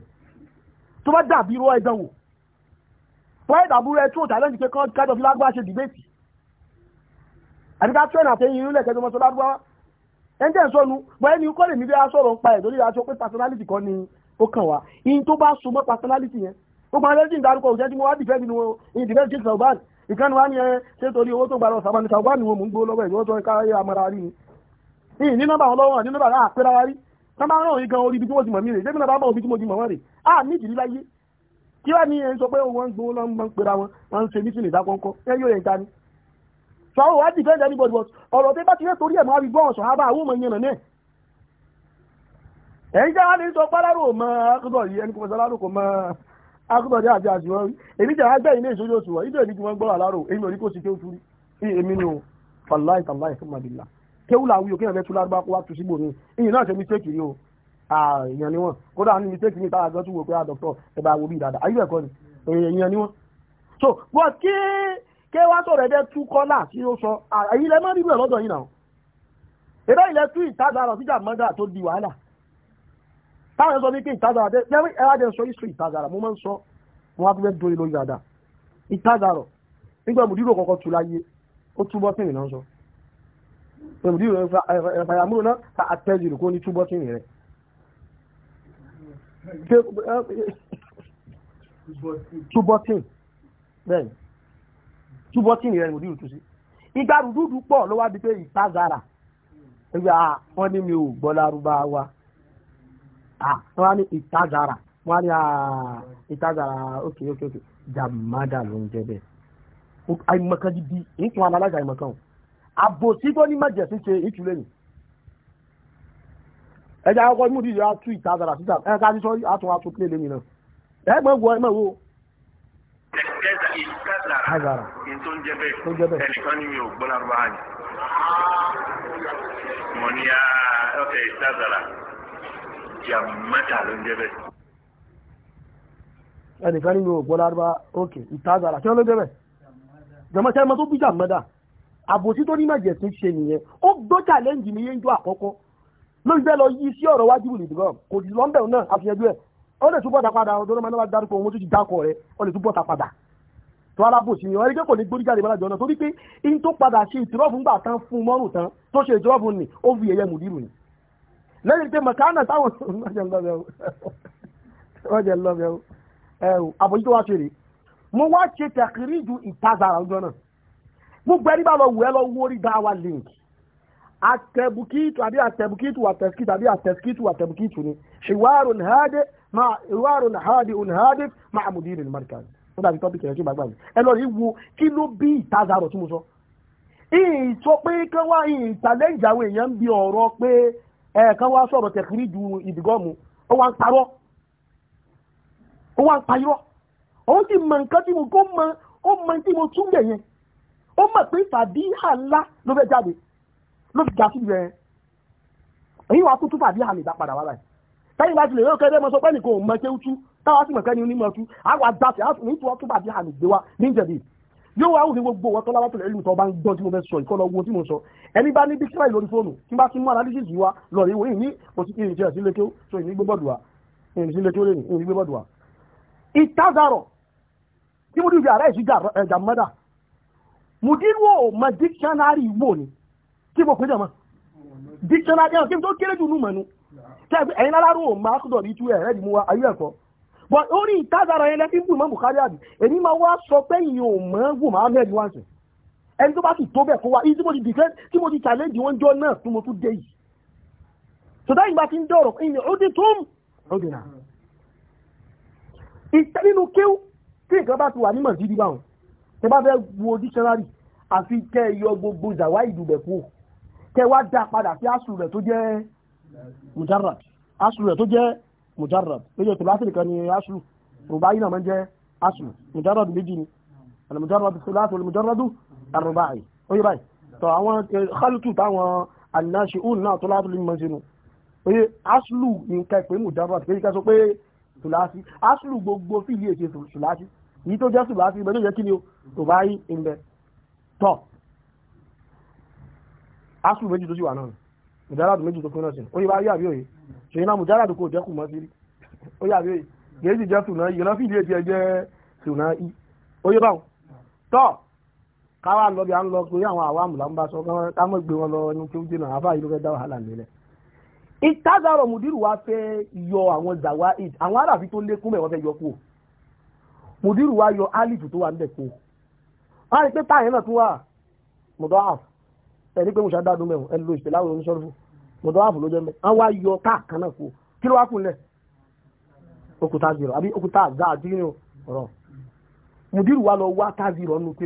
tó bá dàbí rọ Floyd Abure tún challenge pé kind of lágbá ṣe debate. Àbíká train àtẹ̀yìn irúlẹ̀ kẹjọ mọ́tò lágbá. Ẹni tẹ̀ ń sọnu, bọ́ ẹni kọ́ lèmi bí a sọ̀rọ̀ ń pa ẹ̀ lórí personality ni ó kàn wá. Iyin tó bá sùn mọ́ personality yẹn. Ó ni ẹ ṣe torí owó tó gbàdọ̀ Sauban ni Sauban ni wọn mò ń gbó lọ́wọ́ ìwọ́n tó ká ayé amara rí ni. Ìyìn ní nọ́mbà wọn lọ́wọ́ ní nọ́mbà náà àpẹẹrẹ wa rí. Tọ́ bá rán òyìn gan orí ibi tí wọ́n ti mọ̀ mí rè kí wá ní ẹni sọ pé wọ́n ń gbowó lọ́n gbọ́n pera wọn wọ́n ń ṣe mítìnì ìdákọ́ńkọ́ ẹ yóò yẹn ta ni. sọ àwọn wájú ìfẹ́ ìjẹ́ níbọ̀dì bọ̀t ọ̀rọ̀ tó bá ti rẹ́ torí ẹ̀ máa fi gbọ́n ọ̀sán ábà àwọn ọmọ yẹn náà ẹ̀yìn jẹ́ wá ní sọ pálárò mọ́ akúdọ̀ yìí ẹni kò fẹsẹ̀ alárò kò mọ́ akúdọ̀ yìí àti àti wọn èmi jẹ́ agbẹ́ ilé ìṣojú oṣù wọn ìjọ èmi tí wọ́n gbọ́ àlárò èmi ò ní kó sì kéwù turi èmi ni o fàlàyé tàlàyé fún màdìlá kéwù làwùyò kéwù lẹ́tú èèyàn ni wọ́n kódà ní mistake ní tára gan tún wò pé ah doctor ẹ bá wo bí dáadáa ayé ẹ̀kọ́ ni èèyàn ni wọ́n. so but kí kí wá sọ̀rọ̀ ẹ̀dẹ́ tú kọ́là tí ó sọ àyè ilẹ̀ mọ́ nínú ẹ̀ lọ́dọ̀ yìí náà ẹ̀dá ilẹ̀ tú ìtajà rọ̀ síjà mọ́dà tó di wàhálà táwọn sọ wípé ìtajà rẹ̀ ẹ wá jẹ́ sọ ìṣó ìtajà rẹ̀ mo máa ń sọ wọn á fi fẹ́ dórí lórí dáadáa ìtajà rọ̀ nígbà mùdírò kọ̀ọ̀kan tu láyé ó túbọ̀ sí ìrìnà sọ mùdírò ẹ̀fàyàmúrò náà àtẹ́jìrì kó ní túbọ̀ sí ìrìn rẹ̀ Eh, túbọ́tìn bẹ́ẹ̀ túbọ́tìn rẹ̀ mòdìrú tó sí ìgbà rúdúdú pọ̀ ló wá di pé ìtazara ẹgbẹ́ à ah, wọ́n ní mi ò gbọ́ lárúbáwá à ah, wọ́n ní ìtazara wọ́n ní ah, ìtazara ok ok ok jàmádà ló ń jẹ́ àìmọ̀kan gidi ìtún alájà àìmọ̀kan àbòsí tó ní májẹ̀sí ṣe ìtúlẹ̀ ẹja akọ́kọ́ mú dìde atú ìta dára síta ẹ ká ní sọ àtún atún pé lèmi náà ẹ gbọ́n gbọ́ ẹ mọ̀ wo. Hazara tó ń jẹ bẹ́ẹ̀ ẹnìkan ní mi ò gbọ́n lárúbá àyè mọ̀ ní ọ̀fẹ́ ah, ìtazara jàmátà ló ń jẹ bẹ́ẹ̀. ẹnìkan ní mi ò gbọ́n lárúbá òkè ìtazara kí wọ́n ló jẹ bẹ́ẹ̀ jàmátà ẹ mọ tó bí jàmátà àbòsí tó ní màjẹ̀sìn ṣe nìyẹn ó gbọ́ challenge mi yé ń jó àkọ́kọ́ ló ń bẹ́ lọ yí sí ọ̀rọ̀ wájú ìlú ìdìbò kò sí lọ́ńbẹ̀ náà àfihànjú ẹ̀ ó lè tún bọ́ta padà ọ̀dọ́ náà máa dárúkọ ohun tó ti dákọ̀ rẹ̀ ó lè tún bọ́ta padà tó alábòsí ni ọ̀rẹ́gẹ́ kò ní gbórí jáde bọ́lájọ náà torí pé in tó padà ṣe ìtìrọ́fù ńgbà tán fún mọ́rùn tán tó ṣe ìtìrọ́fù ni ó fi yẹ̀yẹ́ mùdírù ni lẹ́yìn pé mọ̀kánà táwọn ọjọ́ lọ́bẹ̀ àbójútó wá ṣe rè mo wá ṣe tẹ̀kìrí ju ìtajà àwùjọ náà gbogbo ẹni bá lọ wù ẹ lọ wórí dáwà link atebukitu àbí atebukitu àtẹ̀síkítù àbí àtẹ̀síkítù ni ṣìwárùn háàdì ma ìwárùn háàdì unháàdì máa mudiril markaz wọ́n dàbí tọ́pìkì ẹ̀rọ gbàgbà mi ẹ lọ wo kí ló bí ìtazarọ̀ tí mo sọ. ìyìn sọ pé kán wá èèyàn ń bi ọ̀rọ̀ pé ẹ̀ kán wá sọ̀rọ̀ tẹ̀kírí ju ìdìgọ́mu ó wá ń parọ́ ó wá ń pa irọ́ sì mọ nǹkan tí mo mo ló fi ga sí rẹ̀ èyí wàá kú túfà bí àmì ìdápadà wà báyìí tẹ́yìn láti lè yóò kẹ́rẹ́ mọ́ sọ pé nìkan ò mọ ṣé ó tú táwa sì mọ̀ kẹ́ni onímọ̀ tú àwọn àgbàfẹ́ àwọn ní tí wọ́n túbà bí àmì ìgbé wa ní ìjẹ̀bi yóò wá òfin gbogbo wọn tọ́lá látọ̀lẹ́ ìlú tó bá ń gbọ́ tí mo fẹ́ sọ ìkọlọ wo tí mo sọ ẹni bá ní bíkíra ìlórí fóònù tí bá ti mú analysis yìí wá lọ rí wòye ní òsì ìrìn jẹ́ sílé tó so ìní gbé bọ́dùwà ìrìn sílé tó lè ní ìrìn gbé bọ́dùwà. ìtazarọ̀ tí mo dìbò ààrẹ ìsìjà mọ́dà mùdírù ò mọ dictionary wò ni kí mo pè jọmọ dictionary ẹ̀hàn kí n tó kéré jù númọ̀ nu tẹ́gbẹ́ ẹ̀yin aláró ò máa kúdọ̀ ní tú ẹ̀rẹ́ ìmú ayé ẹ̀kọ́ but ó rí ìtazara yẹn lẹ́fí bù mọ́ Bukhari àbí èmi máa wá sọ pé ìyẹn ò mọ́ wò mo ti defend tí mo ti challenge wọn jọ náà so dáyìí bá ti ń dọ̀rọ̀ ìyẹn ó dé tó ó dè náà ìtẹ́ nínú kéwú tí fẹ́ wo dictionary àfi kẹ́ ẹ yọ gbogbo ìdàwá ìdùbẹ̀kú kẹ wá dá padà sí asùn rẹ̀ tó jẹ́ mujarrad asùn rẹ̀ tó jẹ́ mujarrad méjì tó láti nìkan ni asùn rùbáyì náà máa ń jẹ́ asùn mujarrad méjì ni al-mujarrad thulath wal-mujarrad ar-ruba'i ó yẹ báyìí tọ àwọn khaltu táwọn an-nashi'un náà tó láti lè mọ̀ sínú oye asùlù nǹkan ìpè mujarrad kéjì ká sọ pé thulathi asùlù gbogbo fìlì èsì thulathi yìí tó jẹ́ thulathi ìbẹ̀ ló yẹ kí ni o rùbáyì ń bẹ asùn méjì tó sì wà náà mùjáládù méjì tó pín náà sí ó yẹ bá rí àbí òye ṣèyí náà mùjáládù kò jẹ́kù mọ́ sí rí ó yẹ àbí òye gèéjì jẹ́ tùnà yìí náà fìdí èdè ẹjẹ́ tùnà yìí ó yẹ báwọn tọ́ káwá lọ bí a ń lọ pé àwọn àwa àmùlà ń bá sọ ká mọ̀ gbé wọn lọ ẹnu tó dènà àbá yìí ló fẹ́ dá wàhálà nílẹ̀ ìtázàrọ̀ mùdírù wa fẹ́ yọ àwọn zàwa id àwọn aráàfin tó lékún mẹ́wọ́n fẹ́ yọ kú mùdírù wa yọ alifu tó wà ń bẹ̀ kú wọ́n á rí pé táyẹ̀ náà tún wà mọ̀dọ́ àfọ̀ ẹni pé mo ṣe adádùn mẹ́wọ̀n ẹni lo ìpìlẹ̀ àwọn oníṣọ́rùfù mọ̀tò wà fún ló jẹ́ mẹ́ àwọn wá yọ káàkan náà kú kí ló wá kú lẹ̀ òkúta zero àbí òkúta àzá àti yìí ọ̀rọ̀ mùdírù wa lọ wá tá zero nù pé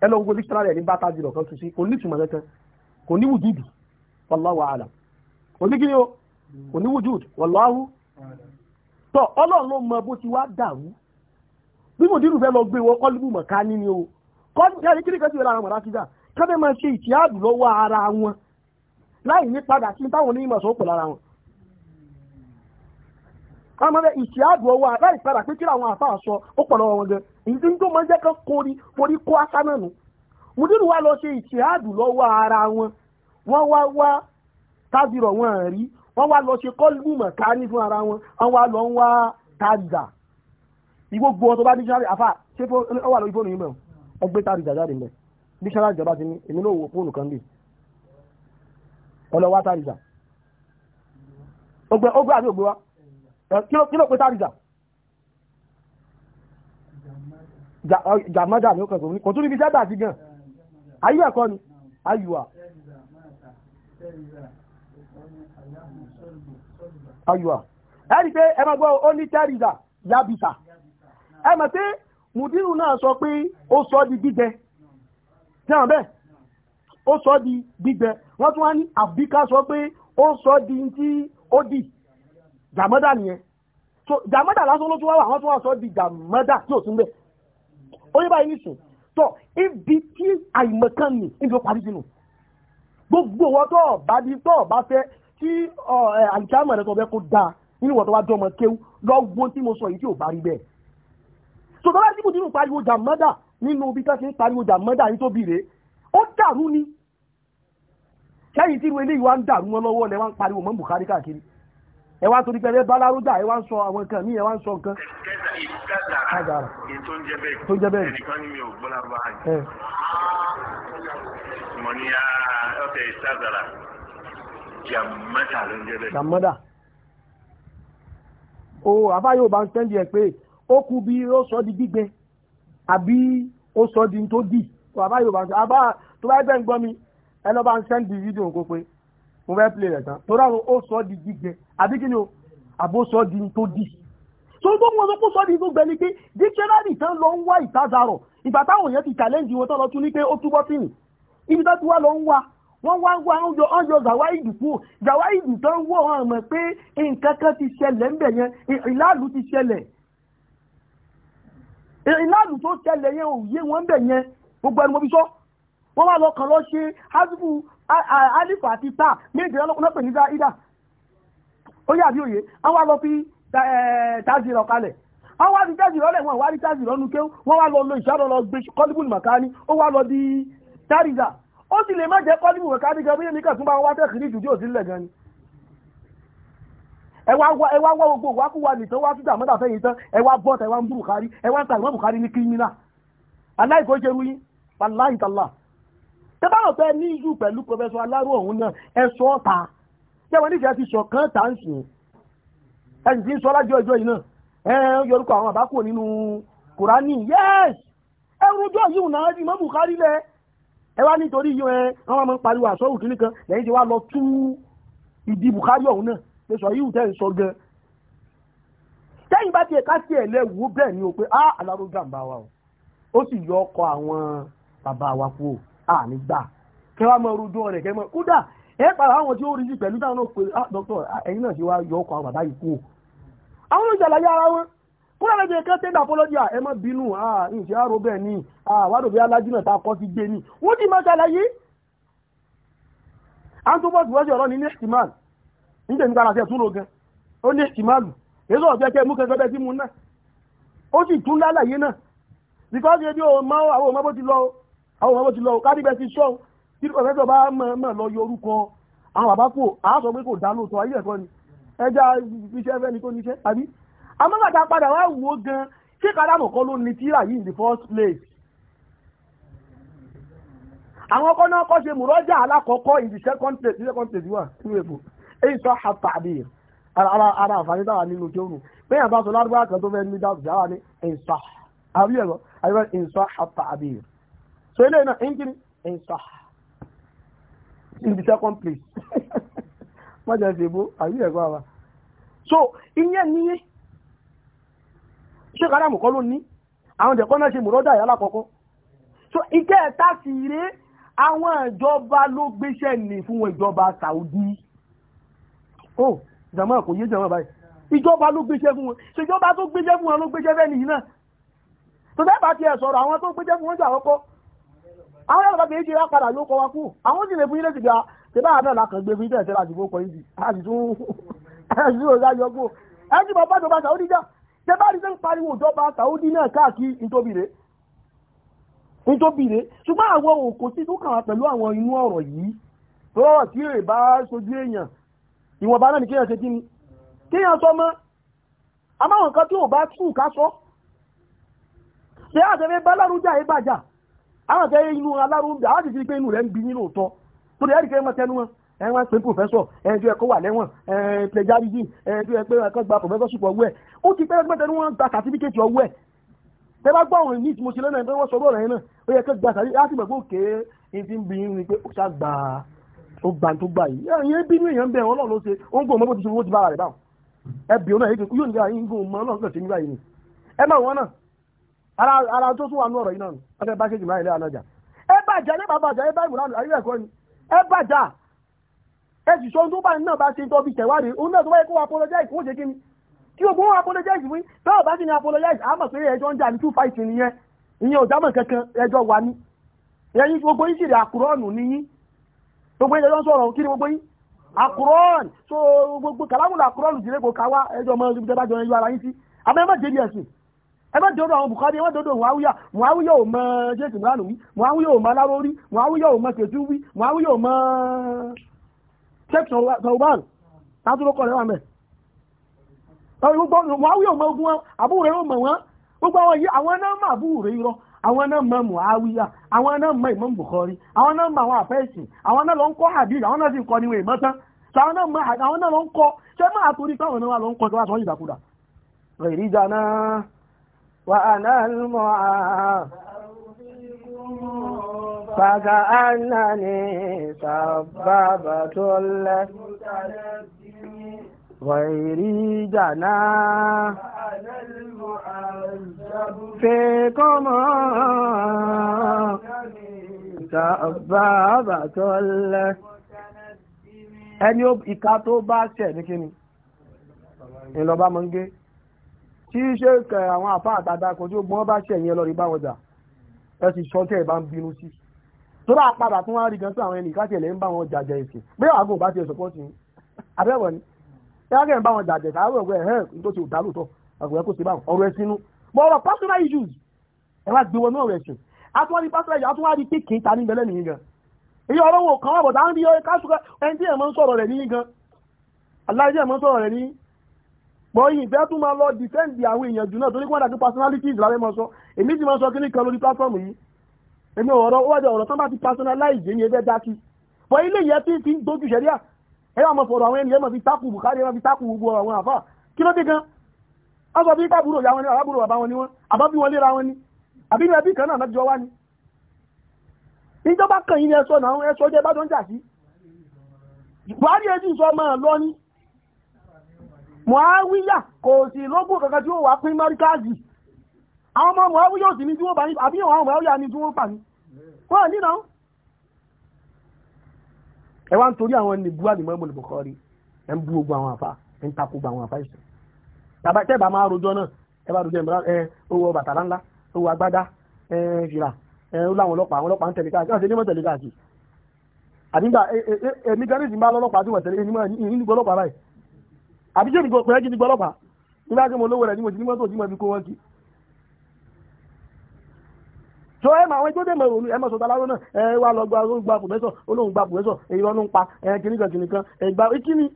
ẹ lọ gbogbo dictionary ẹni bá tá zero kan tù sí kò ní ìtumọ̀ kankan kò ní wùjúdù wallahu a'lam kò ní kíni o kò ní wùjúdù wallahu tọ ọlọ́run ló mọ bó ti wá dàrú bí mùdírù fẹ́ lọ gbé wọ kọ́ kọ́dẹ̀ máa ṣe ìtìyàdù lọ́wọ́ ara wọn láì ní padà sí táwọn onímọ̀ sọ pẹ̀lú ara wọn ọmọdé ìtìyàdù ọwọ́ láì padà pé kí wọn gan tó máa jẹ́ nù wa lọ ṣe ara wọn wọ́n wá wá tábìrọ̀ wọn rí wọ́n wá lọ ṣe kọ́lù wọn wọ́n wá lọ ń wá ìgbógbó bá ní sáré wà bí ṣára ìjọba ti ní èmi náà fóònù kan ogbe ogbe àbí ògbé kí ló pé tàríjà jàmájà ni ó kàn kò tún níbi sẹ́gbà sí gan ayé ẹ̀kọ́ ni ayùwà ayùwà ẹ̀rí pé ẹ gbọ́ ó ní pé náà sọ pé ó di gbígbẹ́ jẹ́wọ̀n bẹ́ẹ̀ ó sọ di gbígbẹ wọ́n tún wá ní àbíká sọ pé ó sọ di tí ó di jàmọ́dà nìyẹn so jàmọ́dà lásán ló tún wá wà wọ́n tún wá sọ di jàmọ́dà tí ò tún bẹ́ẹ̀ ó yẹ báyìí nìsín tọ́ ibi tí àìmọ̀kan nì ibi ó parí sínú gbogbo wọn tó bá di tó bá fẹ́ tí àìsàmọ̀ rẹ̀ tó fẹ́ kó dáa nínú wọn tó wá jọmọ kéwú lọ́gbọ́n tí mo sọ yìí tí ò bá bẹ́ẹ̀ so tọ́lá tí mo ti ń pariwo jàmọ́dà nínú ibi tó ti ń pariwo jà mọ́dà yìí tó bì rèé ó dàrú ni lẹ́yìn tí irú eléyìí wá ń dàrú wọn lọ́wọ́ lẹ́wọ́n ń pariwo mọ́ Buhari káàkiri ẹ wá torí pẹ̀lẹ́ balaruda ẹ wá ń sọ àwọn nǹkan mi ẹ wá ń sọ nǹkan. kẹsàn-án tó ń jẹ bẹ́ẹ̀ ẹnìkan ni mi ò mo ní ọ̀tẹ̀ ìsàzàrà jàmọ́dà ló ń jẹ bẹ́ẹ̀. o bá ń ó sọ di tó dì bàbá yorùbá ń sọ àbá tó bá gbẹ̀ ń gbọ́ mi ẹ lọ́ bá ń sẹ́ndì fídíò nǹkan pé mo fẹ́ play rẹ̀ tán torí àwọn ó sọ di jíjẹ àbí kí ni o àbó sọ di tó dì tó tó mú ọdún kó sọ di tó gbẹ ni pé dictionary tán lọ ń wá ìtajarọ̀ ìgbà táwọn èèyàn ti challenge wọn tán lọ tún ní pé ó túbọ̀ sí ni ibi tó ti wá lọ ń wá wọ́n wá wá ọjọ́ ọjọ́ zawaidi kú zawaidi tó ń wọ́ ọ̀hún mọ̀ pé nǹkan kan ti ṣẹlẹ̀ ń bẹ̀ yẹn ìlàlú ti ṣẹlẹ̀ ìlànà tó tẹ̀lé yẹn ò yé wọn bẹ̀ yẹn gbogbo ẹnu mọ́bí sọ wọ́n wá lọ lọ ṣe hasibu alifa àti ta méjì lọ́pẹ̀ ní ida ó yà bí òye àwọn wá lọ fi táàzì rọ kalẹ̀ àwọn wá di táàzì rọlẹ̀ wọn wá di táàzì rọnu kéw wọ́n wá lọ lo ìṣàrọ̀ lọ gbé kọ́líbùn màkání ó wá lọ di táàrìzà ó sì lè má jẹ́ kọ́líbùn màkání gan bí èmi kà tún bá wá tẹ̀kìrì ìdùjú òsínlẹ̀ gan ni ẹwà wá gbogbo wa nìtàn wá fíjà mọ́tà fẹ́yìn tán ẹwà bọ́ọ̀tà ẹwà ń bú Buhari ẹwà ń ta ìwọ́n Buhari ní kírímínà aláìkó ṣerú yín wàláhì tàlà tẹ bá ọ̀fẹ́ ní ìṣù pẹ̀lú pọfẹsọ aláró ọ̀hún náà ẹ sọ ta ṣé wọn nífẹ̀ẹ́ ti sọ̀kan tà ń sìn ẹ sì ti ń sọ lájọ ìjọ yìí náà ẹ ń yorùkọ àwọn àbákò nínú Kùránì yẹ́s ẹrújọ yìí náà rí mọ́ Buhari lẹ ẹ wá nítorí yìí wọn máa ń pariwo àsọ̀rù kìnnìkan lẹ́yìn tí wàá lọ tú ìdí Buhari ọ̀hún náà pé sọ yíwù tẹ́ ń sọ gan tẹ́yìn bá tiẹ̀ ká tiẹ̀ lẹ́wọ́ bẹ́ẹ̀ ni o pé á ah, aláró jàǹbá wa o ó sì yọ ọkọ àwọn bàbá wa kú o á ní gbà kẹ wàá mọ rojú ọ̀rẹ́ kẹ mọ kódà ẹ pàrọ̀ àwọn tí ó rí sí pẹ̀lú táwọn náà pé ah, dókítà ah, ẹ̀yin náà ṣe wá yọ ọkọ àwọn bàbá yìí kú o àwọn olùjàlàyé ara wọn kúrò lẹ́jọ́ ìkẹ́ tẹ́lẹ̀ apọ́lọ́jà ẹ má bínú ǹṣẹ́ àrò bẹ́ẹ̀ ni àwádòbí alájìnà tá a kọ́ sí gbé ni wọ́n ti máa ṣàlàyé. anthropos wọ́n ṣe ọ̀rọ̀ ní next man níjẹ̀ nígbà àti ẹ̀tún rogan ó ní ìmáàlù èso ọ̀jẹ́ kẹ́ mú kẹ́kẹ́ bẹ́ẹ̀ tí mu náà ó sì tún lálàyé náà because ebi o mọ àwọn ọmọ bó ti lọ àwọn ọmọ bó ti lọ kárí bẹ́ẹ̀ ti sọ tí pẹ̀fẹ́sọ̀ bá mọ̀ àásọ pé kò dánú tọ ayé ẹ̀kọ́ ni ẹja iṣẹ́ fẹ́ ni tó níṣẹ́ àbí amọ́gbàtà padà wá wò gan ṣé kádàmọ̀ kọ́ ló ní tíra yìí in the first place àwọn ọkọ̀ náà kọ́ ṣe mùrọ́jà alákọ̀ọ́kọ́ in the second place wà nínú èkó èyí sọ ha tàbí ara ara àǹfààní táwa nínú kí ó nù pé yàtọ̀ sọ lárúbá kan tó fẹ́ ní dáàbò sí àwọn ní ìsọ àbí ẹ̀rọ àyẹ̀wò ìsọ ha so ilé náà ìnkiri ìsọ in the second place wọ́n jẹ́ ìṣèbó àbí ẹ̀rọ àwa so ìyẹn níye ṣé kàdámù kọ́ ló ní àwọn ìjẹ̀kọ́ náà ṣe mùrọ́dà ìyá lákọ̀ọ́kọ́ so ìkẹta sì rèé àwọn ìjọba ló gbéṣẹ́ ní fún ìjọba Saudi ó oh, jàmá kò yé jàmá báyìí ìjọba ló gbéṣẹ́ fún wọn ṣèjọba tó gbéṣẹ́ fún wọn ló gbéṣẹ́ fẹ́ nìyí náà tó dẹ́bà ti ẹ̀ sọ̀rọ̀ àwọn tó gbéṣẹ́ fún wọn jà ọkọ́ àwọn yàrá bèé jẹ́ padà yóò kọ wa kú àwọn sì lè fún ilé ti gbà tí bá àdá làkàn gbé fún ìtẹ̀ẹ̀tẹ̀ láti fó kọ ìdí láti tún ẹ̀sùn òjá yọ kú ẹ̀sì bàbá ìjọba Saudi jà tẹ bá rí sẹ́ ń ìwọ̀nba náà ni kéèyàn ṣe kíni kéèyàn sọ mọ́ amáwọn nǹkan tí ò bá tún ká sọ ṣe àtẹ̀fẹ́ bá lárújà ìbàjà àwọn àtẹ̀fẹ́ inú alárújà àwọn àtẹ̀fẹ́ pé inú rẹ̀ ń bí nínú òótọ́ tó lè rí kẹ́ mọ́ tẹnu wọn ẹ̀wọ̀n pé pòfẹ́sọ̀ ẹ̀yìn tó yẹ kó wà lẹ́wọ̀n ẹ̀yìn plẹjáríjì ẹ̀yìn tó yẹ pé ẹ̀kọ́ gba pòfẹ́sọ̀ṣìp ọwọ́ ẹ̀ ó ti pẹ́ lọ́gbọ́n tẹnu wọn gba sàtífíkẹ́tì ọwọ́ ẹ̀ tẹ bá gbọ́ àwọn ìní tí mo ṣe lọ́nà ẹ̀ pé wọ́n sọ bọ́ọ̀rọ̀ yẹn náà ó yẹ kó gba sàtífíkẹ́tì ó gbà tó gbà yìí ẹ̀yìn bínú èèyàn bẹ́ẹ̀ ọlọ́run ló ṣe ó ń gbọ́ ọmọ bó ti ṣe owó ti bára rẹ̀ báwọn ẹbí ọ̀nà yìí yóò ní àyín gún ọmọ ọlọ́run kẹsì nígbà yìí ni ẹ máa wọn náà ara ara tó tún wà ní ọ̀rọ̀ yìí náà ni wọ́n fẹ́ bá ṣe jùmọ̀ ilé anájà ẹ bàjá ẹ bàbá àjà ẹ bá ìmúra ayé ẹ̀kọ́ ni ẹ bàjá ẹ sì sọ ohun tó bá náà bá ṣe ń tọ́bi tẹ̀wádìí òun náà tó bá yẹ kó apologize kó ṣe kí ni kí ogun wọn apologize fún bẹ́ẹ̀ ọba sì ni apologize àmọ̀ pé ẹjọ́ ń jà ní two fight nìyẹn ìyẹn ò dámọ̀ kankan ẹjọ́ wà ní ẹ̀yin gbogbo yìí sì rẹ̀ àkùrọ̀ ọ̀nù nìyí gbogbo ìjọ sọ̀rọ̀ kí ni gbogbo yìí akùrọ́ọ̀nì so gbogbo kàlámùlà akùrọ́ọ̀nì jìlẹ̀ kò káwá ẹjọ́ ọmọ ìjọba jọ ẹyọ ara yín sí àmọ́ ẹ má débi ẹ̀sìn ẹ má dọ́dọ̀ àwọn bùkárí ẹ má dọ́dọ̀ muhawiya muhawiya ò mọ jésù mìíràn wí muhawiya ò mọ aláró rí muhawiya ò mọ kẹtù wí muhawiya ò mọ sẹ́kṣọ̀n sọ̀rọ̀bán látúrò kọ̀ lẹ́wà mẹ́ muhawiya ò mọ ogun wọn àbúrò rẹ̀ ò mọ̀ wọn gbogbo àwọn yìí àwọn náà má àbúrò rẹ̀ irọ́ àwọn náà mọ Muawiya àwọn náà mọ Imam Bukhari àwọn náà mọ àwọn àfẹ́sìn àwọn náà lọ ń kọ́ hadith àwọn náà sì ń kọ́ níwèé mọ́tán àwọn náà lọ ń kọ́ ṣé máa torí táwọn náà lọ ń kọ́ tó wà sọ ìdàkudà. rèrí غير جناح فيكما سبابة الله ẹni ìka tó bá ṣẹ̀ ní kíni ìlọba mọ́ ń gé tí ṣe kẹ àwọn àfá àtàdá kan tí ó gbọ́n bá ṣẹ̀ yẹn lọ rí báwọn jà ẹ sì sọ tẹ́ ẹ bá ń bínú sí tó bá padà tún wá rí gan sí àwọn ẹnì ìkásẹ̀lẹ̀ ń bá wọn jàjẹ ìsìn bí àwọn bá ti ẹ̀ sọ́pọ́ọ̀tì abẹ́wọ̀ ni tẹ́wàgẹ̀ ń bá wọn dàjẹ̀ sáwọ́ ẹ̀wẹ̀ ẹ̀hẹ́ tó ti dàlù tọ́ àgbẹ̀ kó ṣe bá wọn ọ̀rọ̀ ẹ̀sìn nu mọ ọ̀rọ̀ personal issues ẹ wá gbé wọn ní ọ̀rọ̀ ẹ̀sìn àtúwárí personal issues àtúwárí pé kìí ta ní bẹ̀lẹ̀ nìyí gan èyí ọ̀rọ̀ wo kàn wọ́n bọ̀ táwọn bí káṣùkọ ẹni tí ẹ̀ mọ́ ń sọ̀rọ̀ rẹ̀ nìyí gan aláìsí ẹ̀ mọ́ ń sọ̀rọ̀ rẹ̀ nìyí bọ́yì ìfẹ́ tún máa lọ dìfẹ́ǹdì àwọn èèyàn jù náà torí kí wọ́n dàgbé personalities lábẹ́ mọ́ sọ èmi ti máa sọ kíní kan lórí platform yìí èmi ọ̀rọ̀ ó wájà ọ̀rọ̀ tán bá ti personalize èmi ẹgbẹ́ dákì bọ́ ilé yẹn tí ń dojú ṣẹ̀ríà ẹ̀yọ́ mọ̀ fọ̀rọ̀ àwọn ènìyàn mọ̀ fi tákù bùkárí mọ̀ fi tákù gbogbo àwọn àfà kí ló dé gan a sọ bí pàbúrò ìyá wọn ni àbábúrò bàbá wọn ni wọn àbá bí wọn léra wọn ni àbí ní ẹbí kan náà mẹ́jọ wá ni ìjọba kan yìí ni ẹsọ náà ẹsọ jẹ bájọ ń jà sí buhari ẹjú sọ máa lọ ní muawiya kò sí lógún kankan tí ó wà pín mọ́ríkáàzì àwọn ọmọ muawiya ò sì ní tí wọ́n bá ní àbí àwọn muawiya ni tí wọ́n pa ní wọ́n ní náà ẹ wá ń torí àwọn nìbú àlìmọ́mù Bukhari ẹ ń bú gbogbo àwọn àfa ẹ ń takò gbogbo àwọn àfa ìsìn tàbá tẹ́ bá máa rojọ́ náà ẹ bá rojọ́ ìmọ̀ràn ẹ owó bàtàlá ńlá owó agbádá ẹ fìlà ẹ ó láwọn ọlọ́pàá àwọn ọlọ́pàá ń tẹ̀lé káàkiri àti onímọ̀ tẹ̀lé káàkiri àbígbà èmi gan nísìnyí bá lọ́lọ́pàá tí wọ́n tẹ̀lé So ẹ máa wọn tó dé mọ̀rọ̀ ẹ máa sọ̀tà láró náà ẹ wà lọ gba gba pòfẹ́sọ̀ olóhùn gba pòfẹ́sọ̀ èyí lọ́nu ń pa ẹ kìnnìkan kìnnìkan ẹ gba kíni.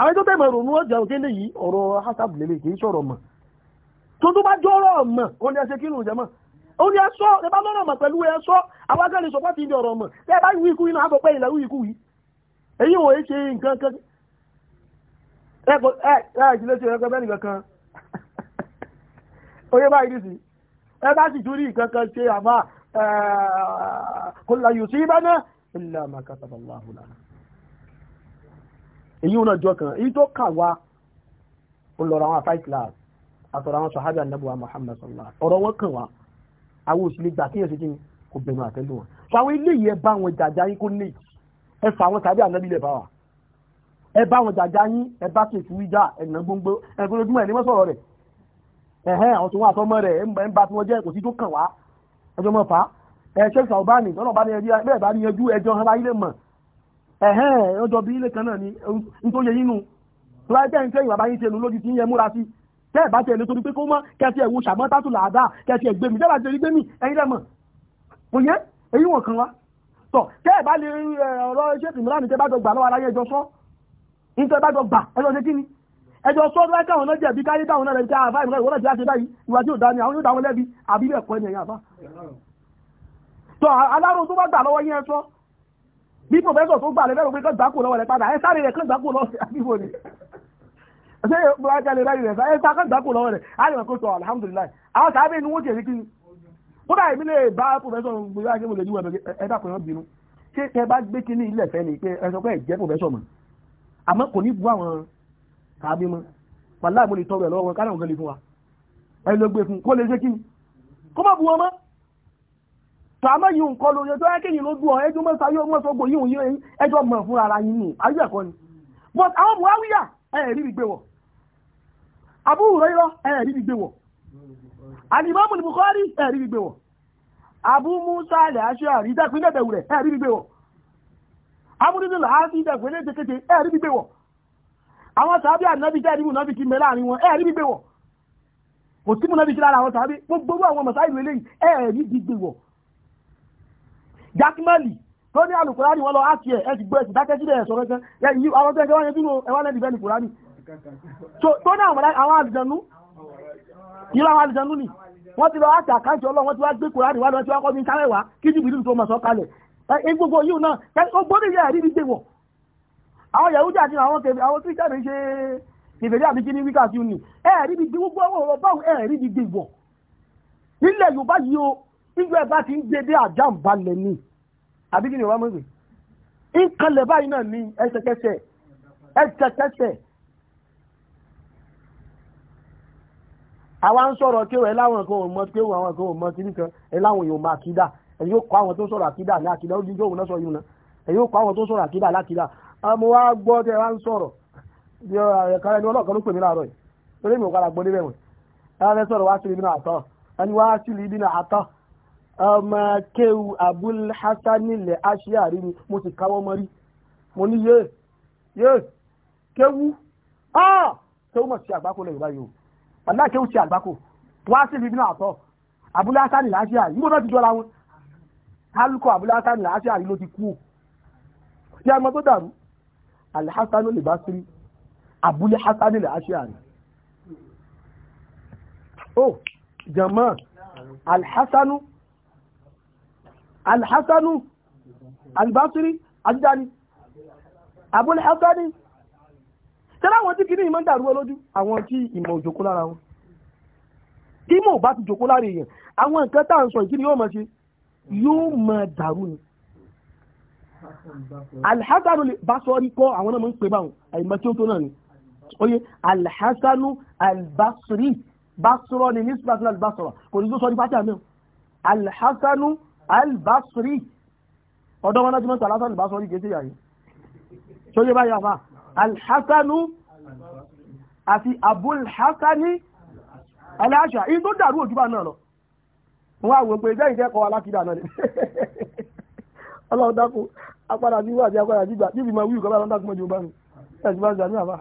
àwọn tó dé mọ̀rọ̀ ní ọjà òkè lè yí ọ̀rọ̀ hasabu lè kì í sọ̀rọ̀ mọ̀ tó tó bá jọ́rọ̀ mọ̀ ó ní kírun ó ní ẹ bá àwọn ti ẹ bá sì tún rí nǹkan kan ṣe àbá kò la yòó sí ìbáná ilé àmà kàtàkà láhùlà èyí wọn jọ kan èyí tó kà wá ó lọ́ra àwọn five class àtọ̀rọ̀ àwọn sọ̀hábì ànábùwà Muhammad sallallahu ọ̀rọ̀ wọn kàn wá àwọn òsì lè gbà kí èsì kí ni kò bẹ̀rù àtẹ́lù wọn fún àwọn ilé yẹn bá wọn jàjà yín kó ní ẹ fà wọn tàbí ànábì lè bá wa ẹ bá wọn jàjà yín ẹ bá kèsì wíjà ẹ̀nà gbogbo ẹ̀ ẹ̀hẹ́ àwọn tó wà sọmọ rẹ̀ ń bá tí wọ́n jẹ́ kò sí tó kàn wá ẹjọ́ mọ̀ fà á ẹ̀ṣẹ́ sàbáàní tọ́nà bá ní ẹbí bẹ́ẹ̀ bá ní ẹjú ẹjọ́ ara ilé mọ̀ ẹ̀hẹ́ ọjọ́ bí ilé kan náà ni n tó yẹ yínú láìpẹ́ ń tẹ́yìn bàbá yín ṣe nù lójú tí ń yẹ múra sí tẹ́ ẹ̀ bá tẹ̀ lé torí pé kó mọ́ kẹsì ẹ̀wò ṣàmọ́tàtù làádá kẹsì ẹ̀gbẹ́ mi dábàá torí gbé mi ẹ̀yin lẹ́mọ̀ kò yẹ èyí wọ̀n kan wá tọ̀ tẹ́ ẹ̀ bá lè ọ̀rọ̀ ṣèkìmílánì tẹ́ bá jọ gbà ni ẹjọ́ sọ ọdún káwọn náà jẹ̀bi káyé táwọn náà rẹ̀ ká àfáà ìmúlẹ̀ ìwọ́n ti láti báyìí ìwà tí ò dá ní àwọn yóò dáwọn lẹ́bi àbí bẹ́ẹ̀ kọ́ ẹ̀yìn àfá. tọ́ aláró tó bá gbà lọ́wọ́ yẹn sọ bí pòfẹ́sọ̀ tó gbà lẹ́bẹ̀rún pé kán gbàkú lọ́wọ́ rẹ̀ padà ẹ sáré rẹ̀ kán gbàkú lọ́wọ́ rẹ̀ àbí wò ni ṣé ìpòlájálẹ̀ rárí rẹ̀ ẹ sá kán gbàkú àmọ́ kò ní bu àwọn tàbí mọ́ pàlá mo lè tọrọ ẹ̀ lọ́wọ́ wọn káàkiri lè fún wa ẹ ló gbé fún kó lè ṣe kí ni kó má bu wọn mọ́ tààmọ́ yìí ń kọ́ lórí ẹjọ́ ẹkẹ́yìn ló dùn ọ ẹjọ́ mọ́ sáyé ọmọ sọgbọ yìí òun ẹjọ́ mọ̀ fún ara yìí nù ayé ẹ̀kọ́ ni but àwọn buhariya ẹ̀ rí mi wọ̀ Abu Hurairah ẹ̀ rí mi gbé wọ̀ alimami Bukhari ẹ̀ rí mi wọ̀ Abu Musa alẹ́ aṣọ àrí dẹ́kun ilé ẹ̀dẹ̀wù rẹ̀ ẹ̀ rí mi wọ̀ amúnídìlá àwọn sàábí ànábí jẹ́ ìrìbù náà fi kí mẹ́lá àrin wọn ẹ̀rí gbígbé wọ̀ kò sí mú náà fi kí lára àwọn sàábí gbogbo àwọn mọ̀sá ìlú eléyìí ẹ̀rí gbígbé wọ̀ jákímẹ́lì tó ní alùkùránì wọn lọ áti ẹ̀ ẹ̀sì gbọ́ ẹ̀sì dákẹ́ sílẹ̀ ẹ̀sọ̀ rẹ̀ ẹ̀yìn àwọn tó ẹgbẹ́ wọn yẹn dúró ẹwà lẹ́dì bẹ́ẹ̀ nìkùránì tó ní àwọn àlìjẹnú ìlú àwọn àlìjẹnú ni wọ́n ti lọ áti àkáǹtì ọlọ́ wọ́n ti wá gbé kùránì wá lọ sí ọkọ̀ ní kálẹ̀wá kí jìbìrì tó mọ̀ sọ kalẹ̀ gbogbo yìí náà ó gbọ́dọ̀ yẹ ẹ̀rí gbígbé wọ̀ àwọn yahudi àti àwọn kèfè àwọn kírísítẹ́nì ṣe kèfèrí àti kíní wíkà tí ó ní ẹ̀ẹ́rí bí gbogbo ọwọ́ ọ̀rọ̀ báwọn ẹ̀ẹ́rí bí gbogbo nílẹ̀ yorùbá yìí o nígbà ẹ̀bá ti ń gbé dé àjàǹbalẹ̀ ni àbí kí ni ọba ìkànlẹ̀ báyìí náà ní ẹsẹ̀kẹsẹ̀ ẹsẹ̀kẹsẹ̀ àwa ń sọ̀rọ̀ kéwọ̀ ẹ kọ́ àwọn tó sọ̀rọ̀ àkídà ní àkídà ó díjọ́ òun náà sọ yìí náà ẹ kọ́ àwọn tó sọ̀rọ̀ àkídà lákídà àmọ́ wá gbọ́ tẹ́ wá ń sọ̀rọ̀ bí ẹ̀ka ẹni ọlọ́ọ̀kan ló pè mí láàárọ̀ yìí torí mi ò kára gbọ́ níbẹ̀ wọ̀n ẹni sọ̀rọ̀ wá sílì bí náà àtọ́ ẹni wá sílì bí náà àtọ́ ọmọ kéwu Abul Hasan ilẹ̀ aṣíàrí ni mo sì káwọ́ mọ́ rí mo ní yé yé kéwu ah kéwu mọ̀ sí àgbákò lẹ́yìn báyìí o ọ̀dà kéwu sí àgbákò wá sílì bí náà àtọ́ Abul Hasan mo náà ti jọra wọn alukọ Abul Hasan ló ti kú o yẹ ọmọ tó dàrú alhassanu lè bá sírí abúlé hassanu lè aṣíàrí oh jama alhassanu alhassanu albasiri ajídáni abúlé hassanu tẹ́lá àwọn tí kì ní ìmọ̀ ń dàrú olójú àwọn tí ìmọ̀ òjòkó lára wọn tí mọ̀ bá ti jòkó lára èèyàn àwọn nǹkan tá à ń sọ ìkíni yóò mọ̀ sí yóò mọ̀ dàrú ni alhassanu basori kọ́ àwọn náà mọ́ ń pè báwọn àìmọ́ tí ó tó náà ni oye alhassanu albasri basro ni nisbatan albasra kò ní tó sọ ní pátá mẹ́wọ̀n alhassanu albasri ọ̀dọ́ wọn láti mọ́ta alhassanu albasri kìí sí yàrí tó yé báyìí àfà alhassanu àti abulhassani aláṣà in tó dàrú òjúbà náà lọ wọ́n àwọn òpè jẹ́ ìjẹ́kọ̀ọ́ alákìdá náà ọlọ́run dákú apára bí wà àti apára bí gbà níbi máa wí ìkọ́ bá lọ́dá kúmọ́jú bá mi ẹ̀sùn bá ń sàmì àbá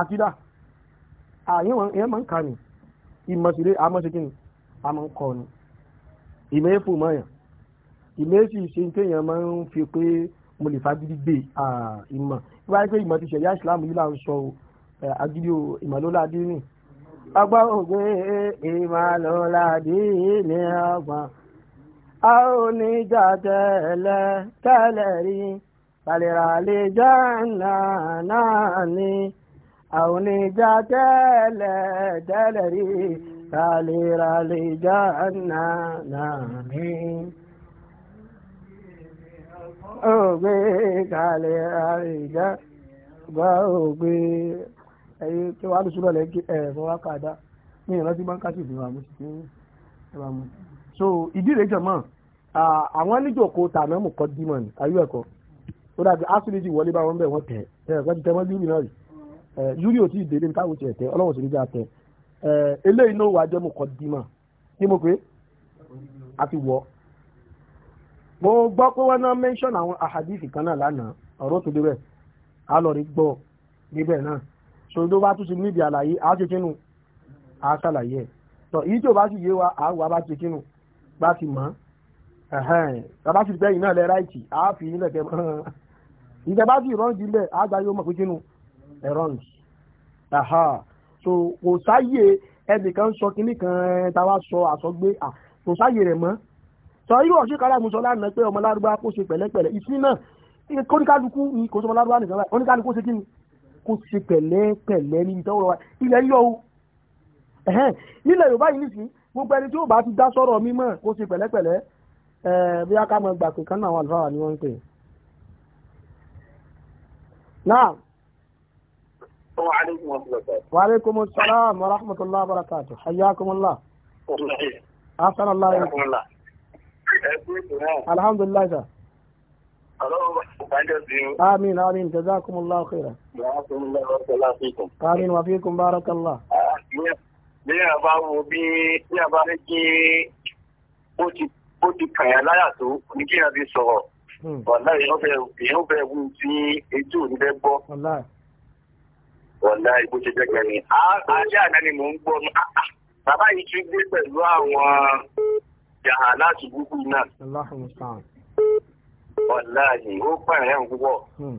àkídà èèyàn máa ń kà ní ìmọ̀sílẹ̀ àmọ́síkí ni a máa ń kọ́ ni ìmọ̀ èfò mọ́yàn ìmọ̀ èsì ṣe ń téèyàn máa ń fi pé mo lè fagídí gbé ìmọ̀ ìwà pé ìmọ̀ ti ṣẹ̀yà ìsìlámù yìí là ń sọ agídí ìmọ̀lólá dín ní ọgbọ́n ògbé ìmọ̀lólá dín ní ọgbọ́n a ò ní jà tẹ́lẹ̀ tẹ́lẹ̀ rí kàlẹ́rà lè jẹ́ nàánà ni a ò ní jà tẹ́lẹ̀ tẹ́lẹ̀ rí kàlẹ́rà lè jẹ́ nàánà ni. ògbé kàlẹ́rà lè jẹ́ gbọ́ ògbé ẹ̀yìn tí wàá lùsùlọ̀ lẹ́kì ẹ̀ fọwọ́ kàdá ìrántí bá ń kásìkò àwọn amúṣiṣẹ́ ẹ̀ bá so ìdí rẹ̀ jọ̀mọ́ àwọn níjòkó tàná mú kọ́ dímọ̀ ní ayé ẹ̀kọ́ ó dàbí asúnìjì wọlé bá wọn bẹ̀ wọ́n tẹ̀ ẹ̀ wọ́n ti tẹ́ wọ́n yúrì náà rí yúrì ò tí ì délé táwọn ti ẹ̀tẹ́ ọlọ́wọ́n sì ní já tẹ eléyìí náà wàá jẹ́ mú kọ́ dímọ̀ kí mo pé a ti wọ̀ mo gbọ́ pé wọ́n náà mention àwọn ahadith kan náà lánàá ọ̀rọ̀ tó dé bẹ́ẹ̀ a lọ rí gbọ́ níbẹ̀ náà so tó bá tún ti níbi àlàyé a ti kínú a ṣàlàyé ẹ̀ tọ̀ èyí tí ò bá sì yé wa àá wà bá ti bá ti mọ̀ bàbá sì gbẹ̀yìn náà lẹ ráìtì á fi ilẹ̀ kẹ mọ́ ìjẹ bá sì rọ́ǹdì ilẹ̀ àgbà yóò mọ̀ pé kínú ẹ̀ rọ́ǹdì so kò sáyè ẹnìkan sọ kínní kan táwa sọ àsọgbé kò sáyè rẹ̀ mọ́ sọ irú ọ̀ṣẹ́ kára mú sọ lánàá pé ọmọ lárúbá kó ṣe pẹ̀lẹ́pẹ̀lẹ́ ìsìn náà kóníkálukú ni kò sọmọ lárúbá nìkan báyìí kóníkálukú ṣe kí ni kó ṣe pẹ̀lẹ́pẹ̀lẹ́ níbi tọ́wọ́ wa ilẹ̀ yọ o nílẹ̀ Yorùbá yìí nìsín gbogbo ẹni tí ó bá ti dá sọ̀rọ̀ mímọ́ kó ṣe pẹ̀lẹ́pẹ̀lẹ́ bí a ká mọ gbà pé kánú àwọn àlùfáà ni wọ́n ń pè. náà. wa aleykum salaam wa rahmatulah barakatu hayyakumullah. asanallah yẹn. alhamdulilah sir. آمين آمين جزاكم الله خيرا آمين وفيكم بارك الله bí a bá wo bí bí a bá fẹ́ kí ó ti ó ti kàn yàn láyà tó ní kí a fi sọ̀rọ̀ hmm. wàlá èèyàn fẹ́ èèyàn fẹ́ wù tí etí ò ní fẹ́ gbọ́ wàlá ìbò ṣe jẹ́ kẹ́ni ajé àná ni mò ń gbọ́ bàbá yìí ti gbé pẹ̀lú àwọn yàrá láti gúgú náà wàlá yìí ó pààyàn púpọ̀. Hmm.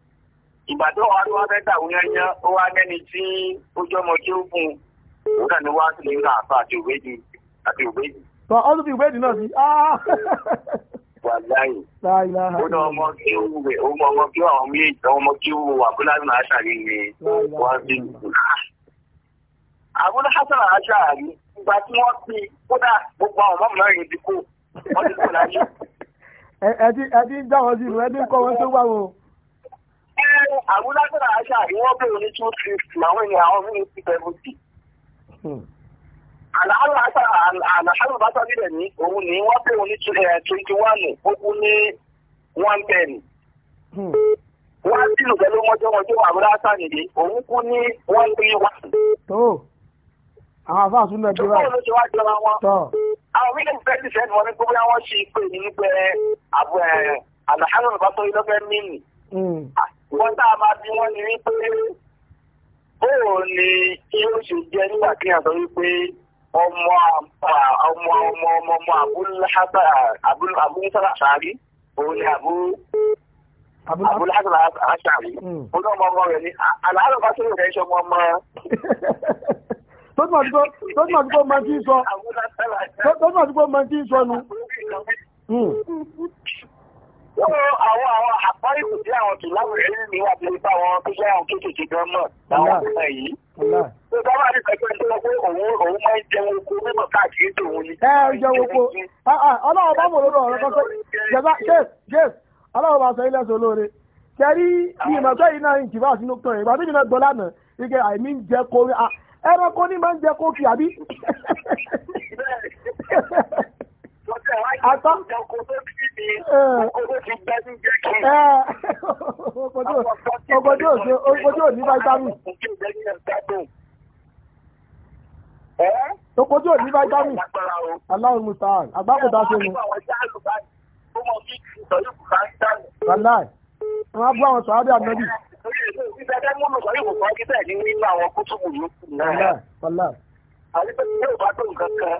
ìgbà tó wà ló wá fẹ́ tàwọn yányán ó wá lẹ́ni tí ó jọmọ tí ó fún un òun náà wá sí nílò àfa àti òbédì àti òbédì. sọ ọ́ tún fi ìwé ìdìnnà sí. Ah! wàláyé ó náà ọmọ kí ó wùwẹ̀ ó mọ ọmọ kí àwọn méjì ọmọ kí ó wà kó láti máa ṣàlìyé wá sí ìlú. àbúrò hasan aṣáájú ìgbà tí wọ́n fi kódà gbogbo àwọn ọmọ mẹ́rin ti kó ẹ ti ń dá wọn sí ìlú ẹ ti ń kọ́ wọn tó wà wọn. àwọn lágbára àṣà ni wọ́n bèrè ní two fifty àwọn ènìyàn àwọn mí ní two seventy. Hmm. àlàáfà àṣà àlàáfà bàtà nílẹ̀ ní òun ni wọ́n bèrè ní eh, twenty one ó kú ní one ten. Hmm. wọ́n á sì lùbẹ́ ló mọ́jọ́ mọ́jọ́ àwọn àṣà nìyí òun kú ní one three one. tó àwọn àfáà tún lọ bí wáyé. tó kọ́ ló ṣe wá jọra wọn. àwọn mílíọ̀nù fẹ́ẹ́ ti fẹ́ẹ́ ni wọ́n ní gbogbo àwọn ṣì ń pè ní pẹ́ eh, àlàáfà bàtà ìlọ́fẹ́ mí wọ́n tá a máa bí wọ́n ní wípé bóò ni yóò ṣe jẹ́ nígbà tí a sọ wípé ọmọ ọmọ ọmọ ọmọ ọmọ abúlhásà abúlhásà àṣàrí òun ni abú abúlhásà àṣàrí òun náà ọmọ ọmọ rẹ̀ ni àlàáfíà bá sọ̀rọ̀ rẹ̀ ṣọmọ ọmọ tó tún àdúgbò máa ti sọ tó tún àdúgbò máa ti sọ nu. Fún àwọn àwọn àpáyìwò tí àwọn tìláwò rí ní àti ipa wọn tó jẹ́ àwọn kéékèèké gan mọ̀ láwọn ọ̀sán yìí. Tó bá wà ní pẹ̀lú ẹni tó pé òun òun máa ń jẹun oko mímọ̀ káàkiri tòun ni. Ẹ ẹ jẹun oko. Ah, ah, Ọlọ́run bá mọ̀ lórí ọ̀rọ̀ kan sọ. Jẹba Jésù Jésù Ọlọ́run bá sọ ilé ẹ̀sọ́ olóore. Kẹ̀rí ìmọ̀ tó yìí náà ń jìbá sínú kan ìgbà tó jìnnà gbọ́ lánàá. Ike àìní ń jẹ kórè. Ah, ẹranko ní máa ń jẹ kófì àbí? Àtọ́. Ọgbọ́dọ̀ ní vitamin. Ọgbọ́dọ̀ ní vitamin. Aláwọ̀ Mùsàn, àgbákòdá ṣe mú. Aláì, wọ́n á bú àwọn sọ̀rọ̀ ànábì. Aláì, aláì. Àrífẹ́ tí yóò bá tó nǹkan kan,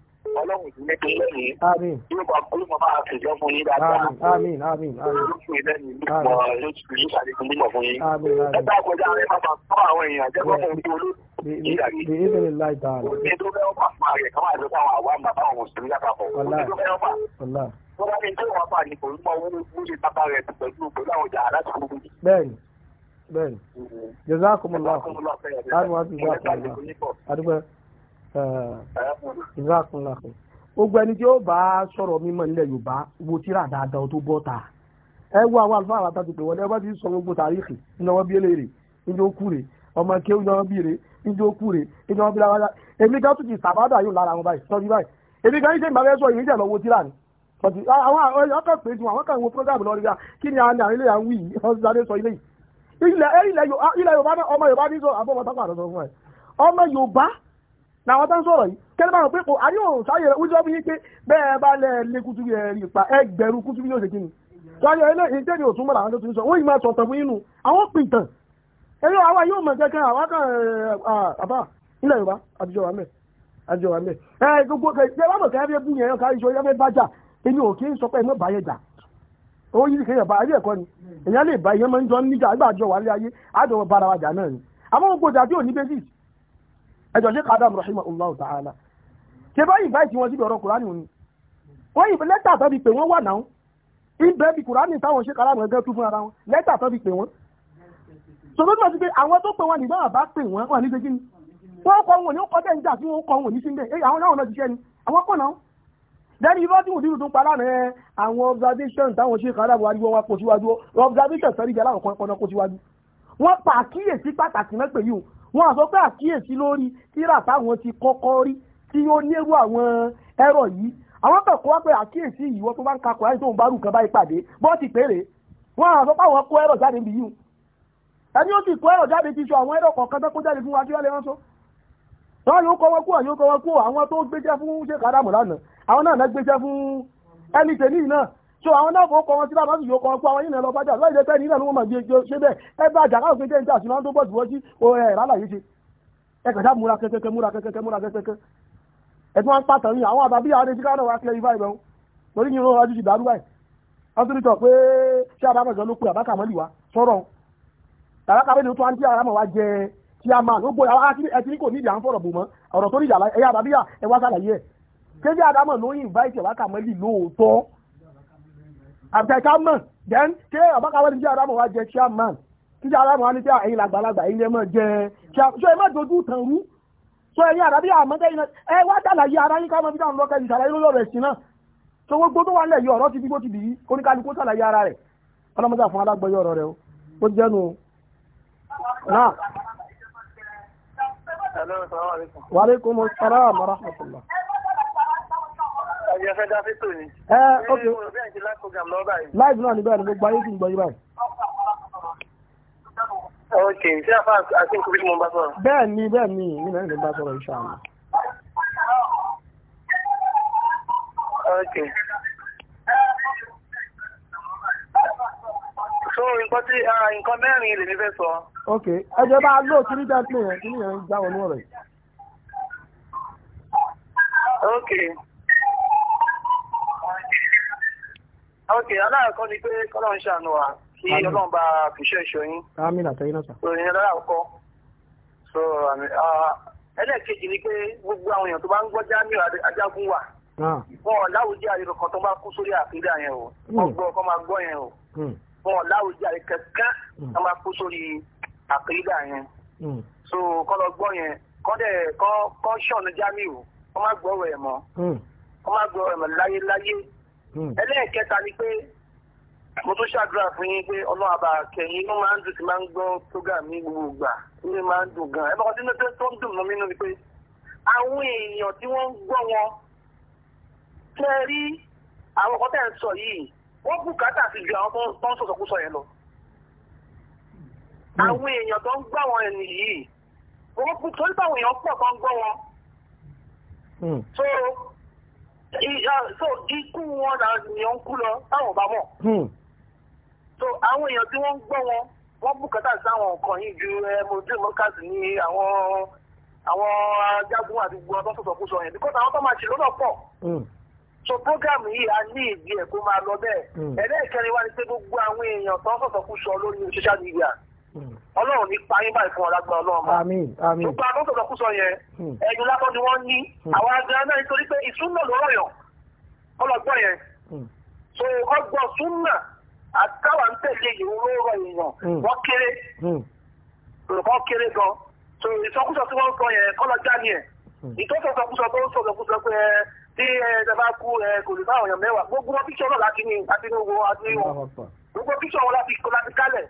ọlọ́run sì ní kílẹ̀ ní nípa olùmọ̀ máa fìjọ́ fún yín dáadáa àmín àmín àmín olùkùn ilẹ̀ ní nípa yóò ṣàlékún nípa fún yín ẹgbẹ́ àkọjá rẹ máa máa tọ́ àwọn èèyàn jẹ́gbọ́n fún ojú olóòtú Òní tó fẹ́ ọ̀pá fún ààrẹ kan wà lọ́pọ̀ àwọn àwọn bàbá àwọn mùsùlùmí lápapọ̀. Òní tó fẹ́ ọ̀pá. Tó bá ní tó wà fà ní kò ní mọ owó wúlé pápá rẹ̀ pẹ̀lú pẹ̀lú àwọn ọjà Bẹ́ẹ̀ni bẹ́ẹ̀ni. Mm-hmm. Jazakumullahu. Jazakumullahu. Anu wa ti gbà fún wa. Adúgbò ìzákùnláfẹ́ gbogbo ẹni tí ó bá sọ̀rọ̀ mímọ́ nílẹ̀ yorùbá wo tíra dáadáa tó bọ́ ta ẹ wo àwọn àlùfáà àràtà ti pè wọlé ẹ bá ti sọ gbogbo tàríkì ìnáwó bí eléyìí ìjọ kú rè ọmọ kí ìnáwó bí rè ìjọ kú rè ìnáwó bí lára èmi ká tún ti sàbádà yóò lára wọn báyìí sọ́jú báyìí èmi ká yíṣẹ́ ìgbà mẹ́sọ̀ yìí jẹ́ lọ́wọ́ tíra ni àwọn ọkọ̀ pé ju àwọn kan wo program lọ rí ra kí ni àwọn ilé à ń wí ọ̀sán sọ ilé yìí ilẹ̀ yorùbá ọmọ yorùbá ní sọ àbọ̀ ọmọ làwọn tó ń sọ̀rọ̀ yìí kẹ́lẹ́ báwọn pé kò àrí òun sáyè rẹ̀ wíjọ́ bí pé bẹ́ẹ̀ bá lẹ̀ lé kútúbí ẹ̀ rí pa ẹgbẹ̀rún kútúbí yóò ṣe kí ni wáyé ilé ìtẹ́ni òtún mọ́ làwọn tó ti ń sọ wọ́n yìí máa sọ̀tàn fún inú àwọn pìtàn eré àwa yóò mọ̀ kẹ́kẹ́ àwa kan àbá ilẹ̀ Yorùbá àdìjọ wa mẹ́ àdìjọ wa mẹ́ ẹ gbogbo kẹ́kẹ́ wọ́n mọ̀ kẹ́kẹ́ bí yẹn ká iṣọ́ yẹn bá jà èmi ò kí ń sọ pé ẹ mọ̀ bá yẹn jà owó yìí kẹ́yẹ̀ bá ayé ẹ̀kọ́ ni èèyàn lè bá yẹn máa ń jọ níjà àgbà àjọ wà lé ayé àjọ bára wa jà náà ni àmọ́ gbogbo jà tí ò ní bẹ́sìs ẹjọ́ ṣe kádàm rahimahullahu ta'ala ṣe bá yìí báyìí tí wọ́n ọ̀rọ̀ kùránì òní wọ́n yìí lẹ́tà tó fi wọ́n wà náà ibẹ̀ bí kùránì táwọn ṣe kádàm gẹ́gẹ́ tú fún wọn lẹ́tà tó pé wọ́n nígbà wà tí wọ́n dúró tó ń rẹ̀ àwọn observation táwọn ṣe kádàm wà ní wá kó síwájú observation sọ́rí bí aláwọ̀ kan pọ́nà kó síwájú wọ́n pa pàtàkì náà yìí wọn àsọ pé àkíyèsí lórí tíra táwọn ti kọ́kọ́ rí tí ó nírú àwọn ẹ̀rọ yìí àwọn kẹ̀kọ́ wá pé àkíyèsí yìí wọ́n tó bá ń kakọ̀ láì tóun bá rù kan báyìí pàdé bọ́ọ̀tì péré wọn àsọ pé àwọn kó ẹ̀rọ jáde bí yìí ẹni ó sì kó ẹ̀rọ jáde ti sọ àwọn ẹ̀rọ kọ̀ọ̀kan tó kó jáde fún wa kí wọ́n lè wọ́n sọ yóò kọ́ wọn kú àwọn yóò kọ́ wọn kú àwọn tó gbéṣẹ́ fún ṣèkádàmù lánàá àwọn náà náà gbéṣẹ́ fún ẹni náà so àwọn náà fowó kọ wọn sí bá bàtú yóò kọ wọn pé àwọn yìí náà lọ bájà láì lè pẹ́ nílẹ̀ ló máa gbé ṣe ẹ bá àjà káwọn kékeré níta àṣìwọ́n tó bọ̀ jù wọ́n sí ẹ̀ ṣe ẹ kàdá múra kẹkẹkẹ múra kẹkẹkẹ múra kẹkẹkẹ ẹ tí wọ́n ń pàtàkì yìí àwọn àbábí àwọn adéṣíká náà wá kílẹ̀ ibà ìbẹ̀rún torí yìí àbẹ̀ká mọ̀ then ṣé ọ̀bákawọ́ ti jẹ́ àdámọ̀ wa jẹ chairman títí àdámọ̀ wa ní pé ẹ̀yin làgbàlagbà ilé mọ̀ jẹ ṣé ẹ má dojú tàn rú so ẹ̀yin àdábí àmọ́tẹ́ iná ẹ wá dàlàyé ara yín ká mọ̀ bídà lọ́kẹ́ yìí ṣàlàyé lórí ọ̀rẹ́ sí náà so gbogbo tó wà nílẹ̀ yìí ọ̀rọ̀ ti bí bó ti bì í oníkálukú ṣàlàyé ara rẹ̀ ọlọ́mọdé fún alágbọ̀yé ọ̀rọ̀ rẹ̀ ó jẹ́nu náà. Wa alaikumus salam wa àbí ok láìpẹ́ náà níbẹ̀ ni gbogbo ayé kì í gbọ́ yí báyìí. ok ṣé àfa àti nkùbí ni mo bá sọ̀rọ̀. bẹ́ẹ̀ ni bẹ́ẹ̀ ni mi náà ní bá sọ̀rọ̀ iṣẹ́ àná. ok. so nǹkan tí ah, nǹkan mẹ́rin lèmi fẹ́ sọ. ok ẹ jẹ́ bá a lóò kí ní dáńtì yẹn kí ní yẹn ń jáwọ́ ní ọ̀rọ̀ yìí. ok. okay. ok aláàkọ́ ni pé kọ́lọ́ ń ṣàánú wa kí ọlọ́run bá fìṣẹ́ ìṣòyìn. àmín àtẹ̀yìn náà sà. ròyìn aláàkọ́ so ẹlẹ́ẹ̀kejì ni pé gbogbo àwọn èèyàn tó bá ń gbọ́ jámíù ajagun wà wọn ò láwùjọ àyẹ̀rọ kan tó bá kú sórí àkídà yẹn o wọn gbọ́ kọ́ máa gbọ́ yẹn o wọn ò láwùjọ àyẹ̀ kankan tó bá kú sórí àkídà yẹn hmm. hmm. hmm. so kọ́ lọ gbọ́ yẹn kọ́ dẹ̀ kọ́ kọ́ sọ̀nù jámíù kọ́ má gbọ́ rẹ̀ mọ́ kọ́ má gbọ́ rẹ̀ mọ́ láyé Hmm. ẹlẹ́ẹ̀kẹta ni pé mo tó ṣàdúrà fún yín pé ọlọ́run àbá kẹyìn inú máa ń dùn sí máa ń gbọ́ program ní gbogbo ìgbà inú máa ń dùn gan ẹ bọ́kọ sínú tó ń dùn mọ́ mi nínú ni pé àwọn èèyàn tí wọ́n ń gbọ́ wọn tẹ́ rí àwọn ọkọ tẹ́ ń sọ yìí wọ́n bùkátà sí ju àwọn tó ń sọ̀sọ̀kúsọ yẹn lọ. Hmm. àwọn èèyàn tó ń gbọ́ wọn ẹni yìí wọ́n bù torí báwọn èèyàn pọ̀ tó ń gbọ́ wọn. Hmm so ikú wọn náà yàn ń kú lọ táwọn bá mọ̀. Hmm. so àwọn èèyàn tí wọ́n ń gbọ́ wọn wọ́n bùkátà sáwọn nǹkan yìí ju eh, mojú mọ́kàsì ní àwọn àwọn ajagun àdúgbò ọdún tó sọkúsọ yẹn bíkọ́ta àwọn tó máa ṣe lọ́dọ̀ pọ̀ hmm. so program yìí a ní ìdí ẹ̀ kó máa lọ bẹ́ẹ̀ hmm. ẹ̀rẹ́ ìkẹrin wa ni pé gbogbo àwọn èèyàn tó ń sọ̀tọ̀kúsọ lórí social media ọlọ́run ní pa yín báyìí fún ọlágbá ọlọ́run máa nípa mọ́tòlọ́ kúsọ yẹn hmm. ẹ̀yìn lásán ni wọ́n ní hmm. àwọn agbára náà nítorí pé ìsúná ló rọ̀yàn ọlọ́gbọ́n yẹn hmm. so ọgbọ́n súnà àtàwà ń tẹ̀lé ìwò ló rọ èèyàn wọ́n kéré olùkọ́ kéré gan so ìsọkúsọ tí wọ́n sọ yẹn kọ́lọ́ jáde yẹn ìtọ́sọ̀sọkúsọ tó ń sọ̀sọkúsọ pé eh, tí eh, ẹ ẹ bá kú ẹ eh, kò lè bá ọ̀yàn mẹ́wàá gbogbo wọn bí gbogbo píṣọ wọn láti láti kálẹ̀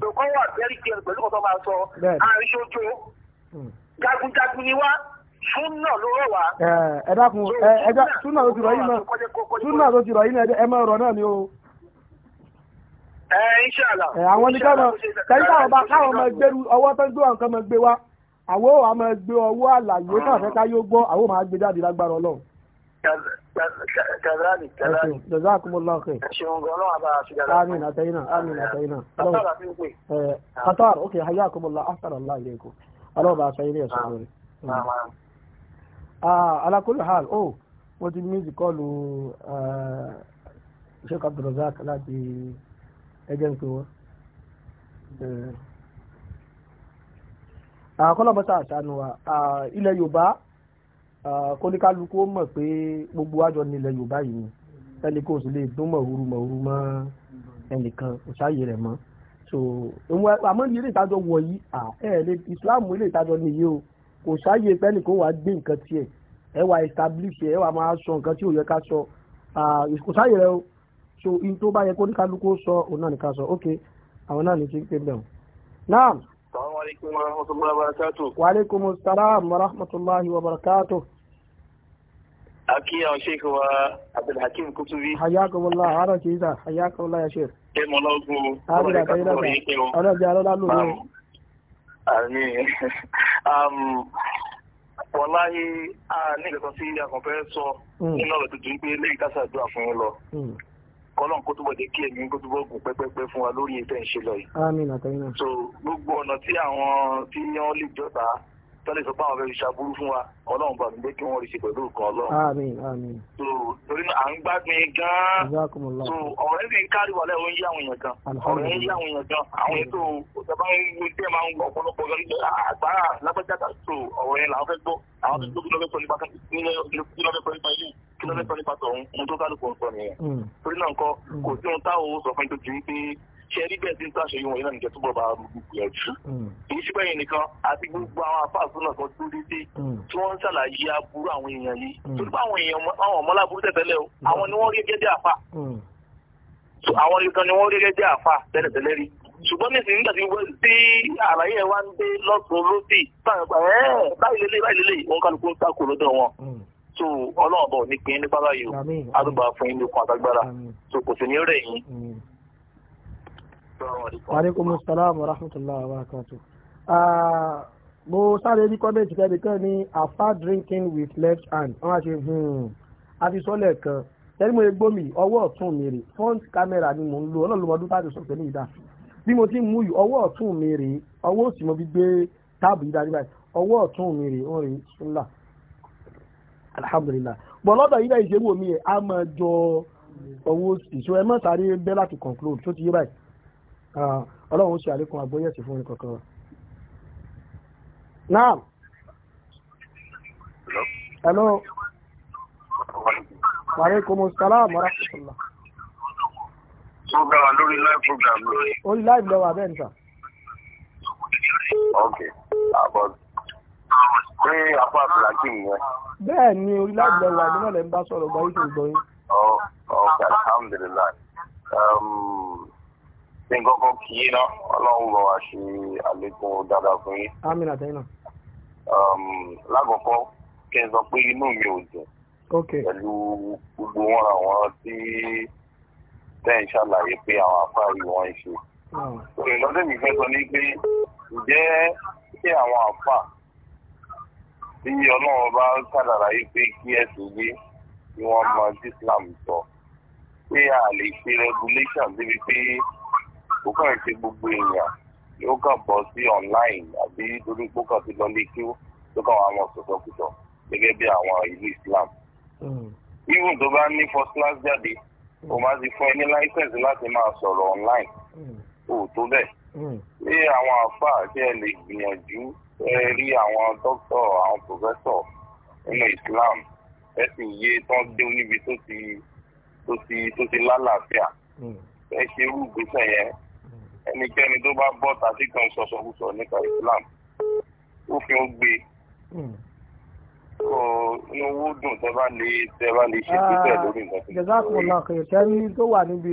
lóko mhm. wà bẹ́ẹ̀rì kí ẹnu pẹ̀lú kọ́tọ́ máa sọ àárín ṣojo hmm. jagunjagun ni wá súnà ló rọ̀ wá. ẹ dákun ẹ ẹ já súnà ló ti rọ yín náà súnà ló ti rọ yín náà ẹ máa rọ náà ni o. ẹ inṣàlá. ẹ àwọn nìkan náà kẹ́yìn táwọn bá káwọn máa gbé ọwọ́ tó ń gbé wọn kan máa gbé wá àwọn ò máa gbé ọwọ́ àlàyé náà fẹ́ ká yóò gbọ́ àwọn ò máa gbé jáde lágbára ọlọ́run. كذلك كذلك جزاكم الله خير امين اتينا امين اتينا قطار اوكي حياكم الله احسن الله اليكم الو بقى سيدي يا سيدي اه على كل حال او وانت ميوزك قالوا الشيخ عبد الرزاق الذي اجنك هو اه kọ́lọ́bọ́sà àṣà nù wa ilẹ̀ yorùbá Ah, kóníkálukú ó mọ̀ pé gbogbo àjọ nílẹ̀ Yorùbá yìí ni ẹnì kan ò sì lè dún mọ̀húrú mọ̀húrú mọ́ ẹnìkan kò sáàyè rẹ̀ mọ́ so àmọ́ ní ilé ìtajọ wọ̀nyí ẹ̀ẹ́dẹ́ Islam ilé ìtajọ nìyí o kò sáàyè pẹ́ẹ́nìkan wàá gbé nǹkan tiẹ̀ ẹ wàá establish ẹ wàá máa sọ nǹkan tí ò yẹ ká sọ kò sáàyè rẹ o so in tó bá yẹ kóníkálukú sọ òun náà nìkan sọ ok àwọn náà ní ti ń pè bẹ́ẹ̀ o alaikum wa rahmatullahi wa barakatuh. wa alaikum salaam wa rahmatullahi wa barakatuh. akiya sheikh wa abdul hakim kutubi. hayakumullah ara kì í sà hayakumullah ya sheikh. ṣé mo lọ gun ọ̀rọ̀ ìkàkùn rẹ̀ yìí kí o. ọ̀rọ̀ ìjà ọlọ́lá ló ló. àmì wọláyé ní ìgbà kan sí àkànfẹ́ sọ hmm. nínú ọ̀rọ̀ tuntun pé lẹ́yìn ká ṣàdúrà fún yín lọ. Hmm kọ́lọ́n kó túbọ̀ dé kí ẹ̀mí kó túbọ̀ gùn pẹ́pẹ́pẹ́ fún wa lórí ìfẹ́ ìṣe lọ yìí. àmín àtẹ̀yìn náà. so gbogbo ọ̀nà tí àwọn tí wọ́n lè jọta tọ́lẹ̀ sọ pé àwọn fẹ́ẹ́ ṣàbúrú fún wa ọlọ́run bá mi dé kí wọ́n rí ṣe pẹ̀lú nǹkan ọlọ́run. àmín àmín. so torí náà à ń gbádùn gan-an. so ọ̀rẹ́ mi ń kárí wọlé ó ń yí àwọn èèyàn kan. ọ̀rẹ́ ń yí àwọn èèyàn kan. àwọn ètò ìjọba ń gbé tẹ́ máa ń gbọ́ ọ̀pọ̀lọpọ̀ àgbára lágbájá so ọ̀rẹ́ làwọn fẹ́ gbọ́ àwọn tó gbé lọ́fẹ́ sọ nípa ilé kí ló fẹ́ sọ nípa tọ̀hún ohun tó kálukú ń sọ nìyẹn mm. torí náà nǹkan mm. kò sí ohun táwọn ò sọ fún ìtòjú wípé ṣe rí bẹ́ẹ̀ tí ń sáṣọ yìí wọ̀nyí náà nìkẹ́ túbọ̀ bá gbìyànjú. èyí ṣùgbọ́n yìí nìkan àti gbogbo àwọn afáàfù náà kan tó dé dé mm. tí wọ́n ń ṣàlàyé aburú àwọn èèyàn yìí. torí pé àwọn èèyàn àwọn ọmọláburú tẹ̀tẹ̀lẹ̀ o àwọn ni wọ́n rí gẹ́gẹ́ bí àfà. àwọn nìkan ni wọ́n rí gẹ́gẹ́ bí tẹ́lẹ̀tẹ́lẹ̀ rí. ṣùgbọ́n nísìnyí nígbà tí wọ́n ti àlàyé ẹ̀ wá ń dé lọ́sùn lọ́sì so ọlọ́run bọ̀ ní pín nípa báyìí o àdúgbò fún yín lókun àtàgbára so kò sì ní rẹ̀ yín. aleykum salaam wa rahmatullahi wa barakatuh. Ah, mo sáré ní kọ́mẹ́ntì kẹ́bi kan ní afa drinking with left hand wọ́n á ṣe àti hmm. sọ́lẹ̀ kan tẹ́lẹ̀ mo gbó mi ọwọ́ ọ̀tún mi rè front camera ni mo ń lo ọlọ́lùmọdún bá ti sọ̀tẹ́ ní ìdá bí mo ti mú yìí ọwọ́ ọ̀tún mi rè ọwọ́ òsì mo fi gbé táàbù yìí dájú báyìí ọwọ́ ọ̀tún mi rè ń rè ṣúlá alhamdulillah bọ̀ lọ́dọ̀ yìí bẹ́ẹ̀ ìṣe wò mí a á máa jọ owó ìṣó ẹ má sáré bẹ́ẹ̀ láti conclude tó ti yé báyìí ọlọ́run ó ṣe àlékún àgbóyẹ̀sì fún ìkọ̀kan wa. naam hello wàlẹ́kùn mùsàlámù rahmatullah. program lórí live program lórí. orí live lọ́wọ́ abẹ́ ok about ṣé àpá àbúrákì nìyẹn. bẹ́ẹ̀ ni orílẹ̀-èdè wa ìdílé rẹ̀ ń bá sọ̀rọ̀ gbọ́ yìí gbọ́ yìí. ọ ọkà alhamdulilayi ṣe nǹkan kan kì í ná ọlọ́run lọ wá ṣe àlékún dáadáa fún yín. amina tẹ́yìn náà. lákọ̀ọ́kọ́ kí n sọ pé inú mi ò dùn. pẹ̀lú gbogbo wọn àwọn tí tẹ́ ń ṣàlàyé pé àwọn àfáàrí wọn ń ṣe. ìrìnlọ́dẹ̀ ah. mi fẹ́ sọ ní pé ǹjẹ́ ṣé àwọn àfáà tí ọlọ́run bá ń kádàrá yìí pé kí ẹ̀sùn gbé kí wọ́n mọ islam sọ pé a lè ṣe regulation débi pé kò kàn ṣe gbogbo èèyàn yóò kàn bọ́ sí online àbí torí pé ó kàn ti lọ lé kí ó tó kàn wọ́n mọ sọ̀tọ̀kùtọ̀ gẹ́gẹ́ bí àwọn ìlú islam. Hmm. even tó bá ní first class jáde o máa ti fún ẹ ní license láti máa sọ̀rọ̀ online o hmm. ó tó bẹ́ẹ̀ hmm. pé àwọn àfáà ṣe lè gbìyànjú ẹ rí àwọn dókítọ̀ àwọn pòfẹ́sọ̀ nínú Islam ẹ sì yé e tán dé níbi tó ti tó ti tó ti lálàáfíà hmm. ẹ ṣe irú ìgbésẹ̀ yẹn ẹnikẹ́ni tó bá bọ́ tàbí kan sọ̀sọ̀kúsọ nípa Islam ó fi ń gbé hmm. inú owó dùn tẹ́ bá lè ṣe pípẹ́ ah, lórí nǹkan tó ń bọ̀. jẹ́sàkùn náà kìí tẹ́rí tó wà níbi